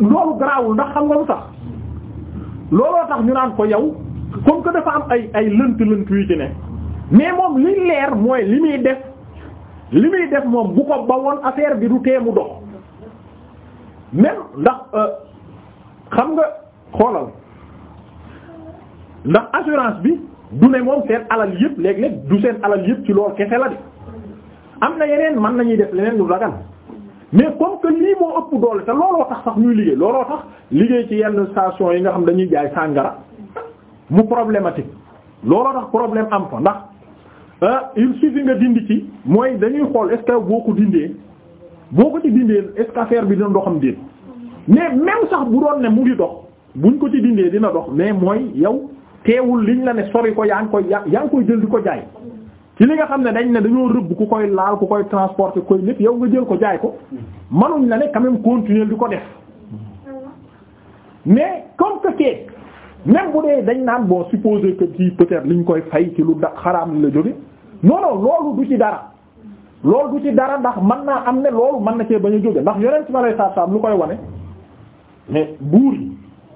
loolu garaawul ndax xam nga lu tax. looloo tax ñu naan ko yow comme que dafa am ay ay lënt lënt yu ci ne mais moom li leer mooy li muy def li muy def moom bu ko ba bawoon affaire bi du teemu dox même ndax euh, xam nga xoolal ndax assurance bi du ne moom seen alal yëpp léeg-léeg du seen alal yëpp ci lool kese la de am na yeneen mën nañuy def leneen lu ragal mais comme que lii moo ëpp doole te looloo tax sax ñuy liggéey looloo tax liggéey ci yenn station yi nga xam dañuy jaay sàngara mu problématique looloo tax problème am fa ndax ah il suffit nga dind ci mooy dañuy xool est boo ko dindee boo ko ci dindee est bi dina doxam déet mais même sax bu doon ne mu ngi dox buñ ko ci dindee dina dox mais mooy yow teewul liñ la ne sori ko yaa ngi koy yaa ngi koy jël di ko jaay ci li nga xam ne dañ ne dañoo rëbb ku koy laal ku koy transporter koy lépp yow nga jël ko jaay ko manuñ la ne quand même continuer di ko def mais comme que keek bu dee dañ naan bon supposer que ci peut-être liñ koy fay ci lu da xaraam la jóge non non loolu du ci dara loolu du ci dara ndax mën naa am ne loolu mën na cee bañ a jóge ndax yeneen ci ma lay saab saab lu koy wane mais buur yi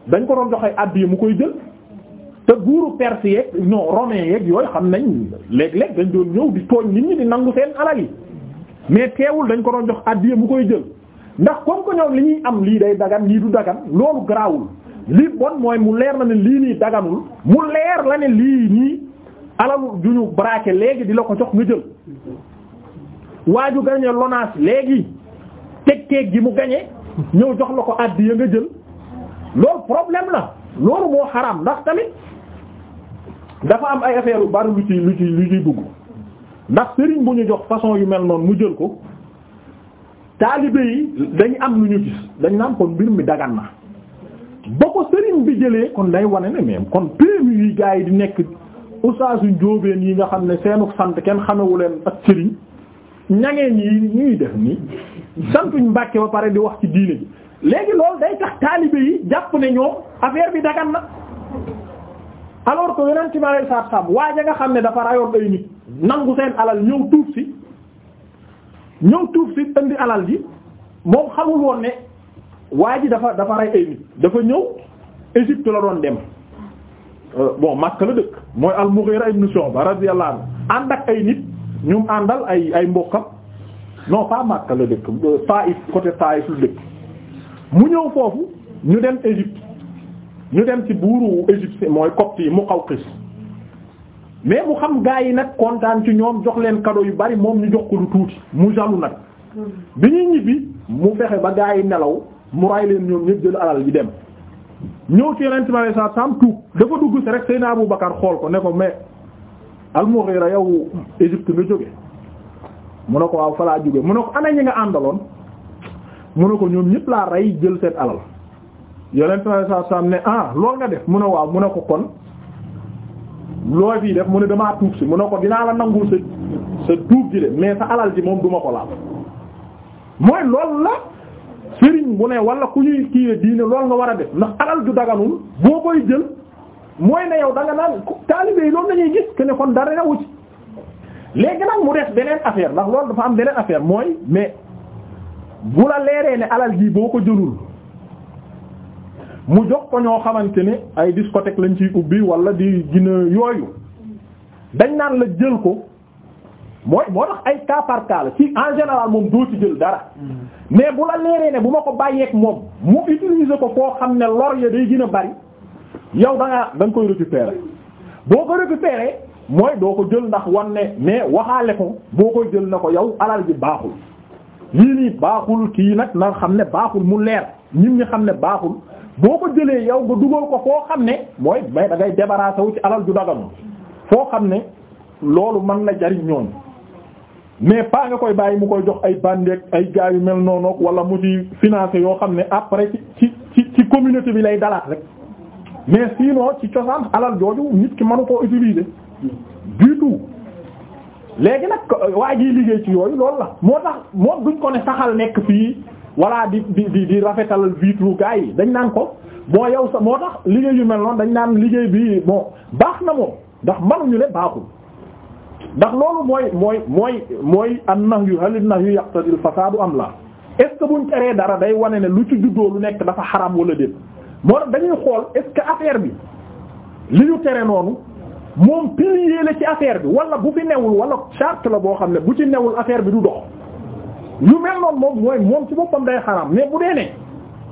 dañ ko doon joxe addi mu koy jël te buuru perse yeeg non romain yeeg yooyu xam nañ léeg-léeg dañ doon ñëw di tooñ nit ñi di nangu seen alal yi mais teewul dañ ko doon jox addiya mu koy jël ndax comme que ñoom li ñuy am lii day dagan lii du dagan loolu garaawul lii bon mooy mu leer na ne lii nii daganul mu leer la ne lii nii alalu ju ñu braqué léegi di la ko jox nga jël waa ju gañe lonaas léegi teg teg gi mu gañe ñëw jox la ko addiya nga jël loolu problème la loolu moo xaraam ndax dafa am ay affaire yu bari lu ci lu ci lu ciy dugg ndax sëriñ bu ñu jox façon yu mel noonu mu jël ko taalibe yi dañ am lu ñu gis dañ naan kon mbir mi dagan na ba ko sëriñ bi jëlee kon day wane ne même kon PMU yi gars yi di nekk oustaasu njóobeen yi nga xam ne seenu sant kenn xamewu leen ak sëriñ ñangeen yi ñuy def nii santuñ mbàkke ba pare di wax ci diine ji léegi loolu day tax taalibe yi jàpp ne ñoom affaire bi dagan na alors que yeneen ci ma lay saat sàmm waaye nga xam ne dafa rayoon ay nit nangu seen alal ñëw tuub si ñëw tuub si indi alal ji moom xamul woon ne waa ji dafa dafa rey ay nit dafa ñëw Égypte la doon dem euh, bon Makka la dëkk mooy al-Mughira ibn Shu'ba radiyallahu anhu ànd ak ay nit ñum àndal ay ay mbokkam non pas Makka la dëkk euh, Taïf côté Taïf lu dëkk mu ñëw foofu ñu dem Égypte ñu dem ci buuru égyptien mooy copte yi Muqawqis mais mu xam gaa yi nag kontaan ci ñoom jox leen cadeau yu bari moom ñu jox ko lu tuuti mu jalu nag mm. bi ñuy ñibbi mu fexe ba gaa yi nelaw mu ray leen ñoom ñëpp jël alal ji dem ñëw ci yeneen ciment yi sax sàmm tuub dafa dugg si rek Seydina Abu Bakar xool ko ne ko mais al-Mughira yow Égypte nga jóge mu ne ko waaw fa jóge mu ne ko ana yi nga àndaloon mu ne ko ñoom ñëpp laa rey jël seen alal. yonent bi sallallahu alayhi wasallam ne ah lool nga def mu a waaw mu ne ko kon loo fii def mu a damaa tuub si mu ne ko dinaa la nangul sa sa tuub ji de mais sa alal ji moom duma ko laal mooy lool la sëriñ bu ne wala ku ñuy kiiwe diine lool nga war a def ndax alal ju daganul boo koy jël mooy ne yow da nga naan taalibe yi loolu lañuy gis que ne kon dara newu ci léegi nag mu def beneen affaire ndax loolu dafa am beneen affaire mooy mais bu la leeree ne alal ji boo ko jëlul mu jox ko ñoo xamante ne ay discothèque lañ ci ubbi wala di gina yooyu dañ naan la jël ko mooy moo tax ay cas par la ci en général moom doo ci jël dara mm. mais bu la leeree ne bu ma ko bàyyeek moom mu utiliser ko foo xam ne lor ya day gën a bari yow da nga da nga koy récupérer boo ko récupérer mooy doo ko jël ndax wan ne mais waxaale ko boo koy jël na ko yow alal ji baaxul lii nii baaxul kii nag na xam ne baaxul mu leer nit ñi xam ne baaxul boo ko jëlee yow nga dugal ko foo xam ne mooy may dangay ngay ci alal ju daganu foo xam ne loolu mën na jariñ ñooñu mais pas nga koy bàyyi mu koy jox ay bandeek ay gars yu mel noonu wala mu ci financer yoo xam ne après ci ci ci communauté bi lay dalaat rek mais sinon ci cosaan alal jooju nit ki mënu koo utiliser du tout léegi nag waa jiy liggéey ci yooyu loolu la moo tax moom guñ ko ne saxal nekk fii. walla di di di di rafetalal vitre gaa yi dañ naan ko bon yow sa moo tax liggéey yu mel noonu dañ naan liggéey bi bon baax na moom ndax mënuñu ne baaxul ndax loolu mooy mooy mooy mooy an nax yu halit nax yu yaqtadil fasaadu am la est ce que buñ teree dara day wane ne lu ci juddoo lu nekk dafa xaram wala déet moo tax dañuy xool est ce affaire bi li ñu tere noonu moom pilier la ci affaire bi wala bu fi newul wala charte la boo xam ne bu ci newul affaire bi du dox yu mel noonu moom mooy moom ci boppam day xaraam mais bu dee ne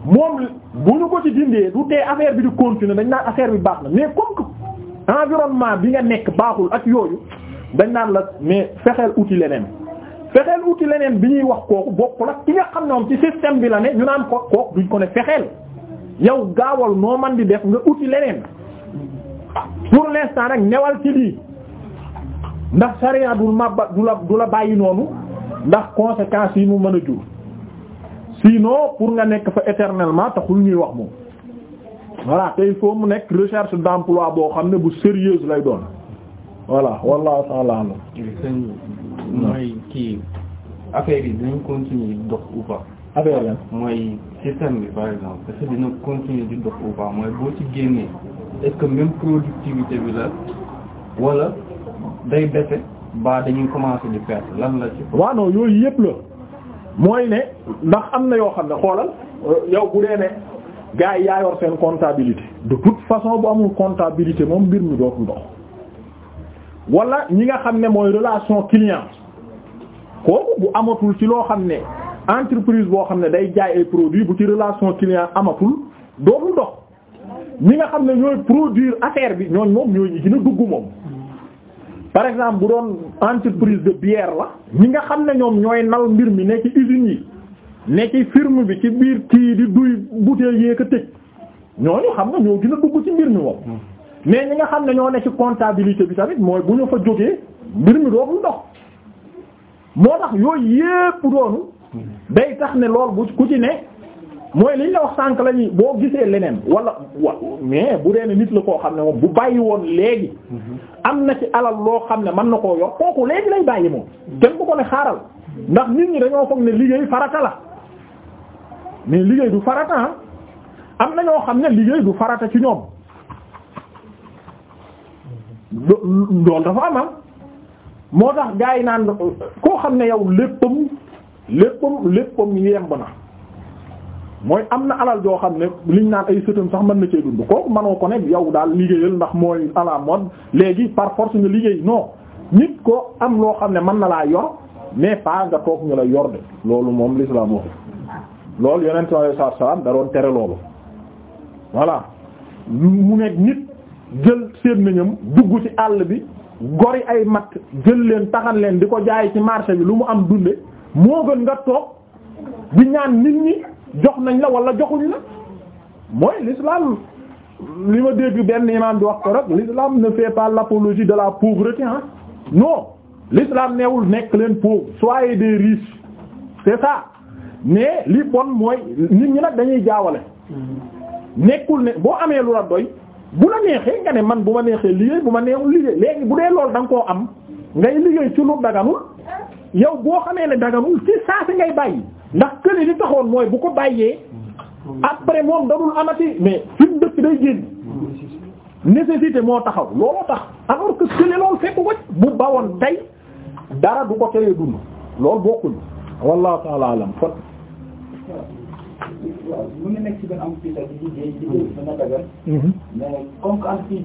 moom bu ñu ko ci dindee du tee affaire bi du continuer dañ naan affaire bi baax na mais comme que environnement bi nga nekk baaxul ak yooyu dañ naan la mais fexeel outil leneen fexeel outil leneen bi ñuy wax kooku bokkul ak ki nga xam ne moom ci système bi la ne ñu naan ko kook duñ ko ne fexeel yow gaawal noo man di def nga outil leneen pour l'instant rek newal ci lii ndax sariya du ma du la du bàyyi noonu. ndax conséquences yi mu mën a jur no pour nga nekk fa éternellement taxul ñuy wax moom voilà tey foo mu nekk recherche d'emploi boo xam ne bu sérieuse lay doon voilà walla ta'ala alam mooy kii affaire yi dinañ continuer di dox ou pas affaire ya mooy système par exemple est-ce dina continuer di dox ou pas mooy boo ci génnee est-ce que même productivité bi la wala day bese ba dañuy commencer di perdre lan la ci. waa non yooyu yëpp la mooy ne ndax am na yoo xam ne xoolal euh, yow bu ne gars yi yaa yor seen comptabilité de toute façon bu amul comptabilité moom mbir mi dootul dox wala ñi nga xam ne mooy relation client kooku bu amatul ci loo xam ne entreprise boo xam ne day jaay ay produits bu ci relation client amatul dootul dox ñi nga xam ne ñooy produire affaire bi ñooñ moom ñooy ñi gën a dugg moom. par exemple bu doon entreprise de bière la ñi nga xam ne ñoom ñooy nal mbir mi ne ci usines yi ne ci firme bi ci biir kii di duy bouteille yéeg a tëj ñooñu xam nga ñoo gën a dugg ci mbir mi moom mais ñi nga xam ne ñoo ne ci comptabilité bi tamit mooy bu ñu fa jógee mbir mi dootul dox moo tax yooyu yépp doonu day tax ne lool bu ku ci ne mooy liñ la wax sànk la boo gisee leneen wala wa mais bu dee nit la koo xam ne moom bu bàyyi woon léegi mm-hmm. am na ci alal loo xam ne mën na koo yor kooku léegi lay bàyyi moom kenn bu ko ne xaaral ndax nit ñi dañoo foog ne liggéey farata la mais liggéey du farata ah. am na ñoo xam ne liggéey du farata ci ñoom loolu dafa am ah. moo tax gaa yi naan koo xam ne yow léppam léppam léppam yemb na mooy am na alal joo xam ne liñ naan ay sëtam sax mën na cee dund kooku manoo ko ne yow daal liggéeyal ndax mooy à la léegi par force nga liggéey non nit ko am loo xam ne mën na laa yor mais pas nga toog ñu la yor de loolu moom l'islam waxu loolu yonent sallallahu alayhi wasallam da doon tere loolu voilà mu nekk nit jël seen nañam dugg ci àll bi gori ay mat jël leen taxan leen di ko jaay ci marché bi lu mu am dunde moo gën nga toog di ñaan nit ñi jox nañ la wala joxuñ la mooy l'islam li ma dégg benn imam di wax ko rek l'islam ne fait pas l'apologie de la pauvreté ah non l'islam neewul nekk leen pauvre soyez des riches c'est ça mais li bon mooy nit ñi nag dañuy jaawale nekkul ne boo amee lu la doy bu la neexee nga ne man bu ma neexee liggéey bu ma neexul liggéey léegi bu dee lool da nga koo am ngay liggéey ci lu daganul yow boo xamee ne daganul ci saa si ngay bàyyi ndax kële li taxoon mooy bu ko bàyyee après moom dadul amati mais fi mu dëkk day génn nécessité moo taxaw looloo tax alors que kële loolu fekk ko bu bawoon tey dara du ko teree dund loolu bokkuñu wallahu ta'ala alam fot nekk ci benn entreprise ak liggéey liggéey dana dagal mhm. mais comme que entreprise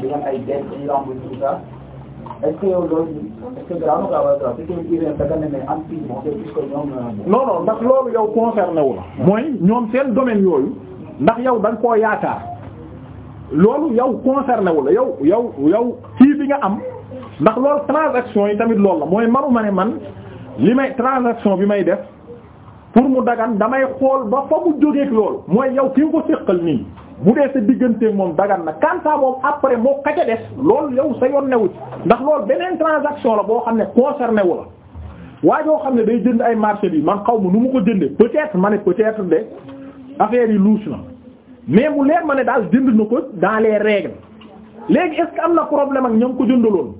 bi ay dette non non ndax loolu yow concerné wu la mooy ñoom seen domaine yooyu ndax yow da koo yaakaar loolu yow concerné wu la yow yow yow kii bi nga am ndax loolu transaction yi tamit loolu la mooy manuma ne man li may transaction bi may def pour mu dagan damay xool ba fa mu jógeek loolu mooy yow ki nga ko séqal nii mu dee sa digganteeg moom dagan na kanta moom après moo kaca des loolu yow sa yoon newu ci ndax loolu beneen transaction la boo xam ne concerné wu la waa yoo xam ne day jënd ay marché bi man xaw ma nu ma ko jënde peut-être ma ne peut de affaire yi louche na mais mu leer ma ne daal jënd na ko dans les règles léegi est que am na problème ak ñoom ko jëndaloon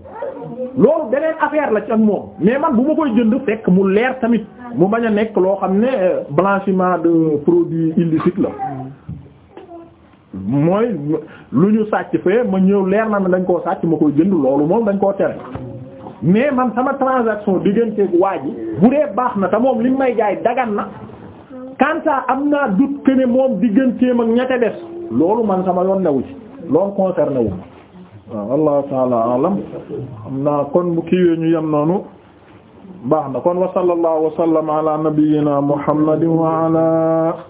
loolu beneen affaire la ci ak moom mais man bu ma koy jënd fekk mu leer tamit mu bañ a nekk loo xam ne euh, blanchiment de produits illicites la mooy lu ñu sàcc fee ma ñëw leer na ne dañ koo sàcc ma koy jënd loolu moom dañ koo tere mais man sama transaction digganteeg waa ji bu dee baax na te moom li may jaay dagan na kanta am naa dut que ne moom digganteem ak ñette des loolu man sama yoon newu ci loolu concerné wu ma waaw allahu taala alam xam naa kon bu kiiwee ñu yem noonu baax na kon wa sallallahu wa sallam ala muhammadin wa ala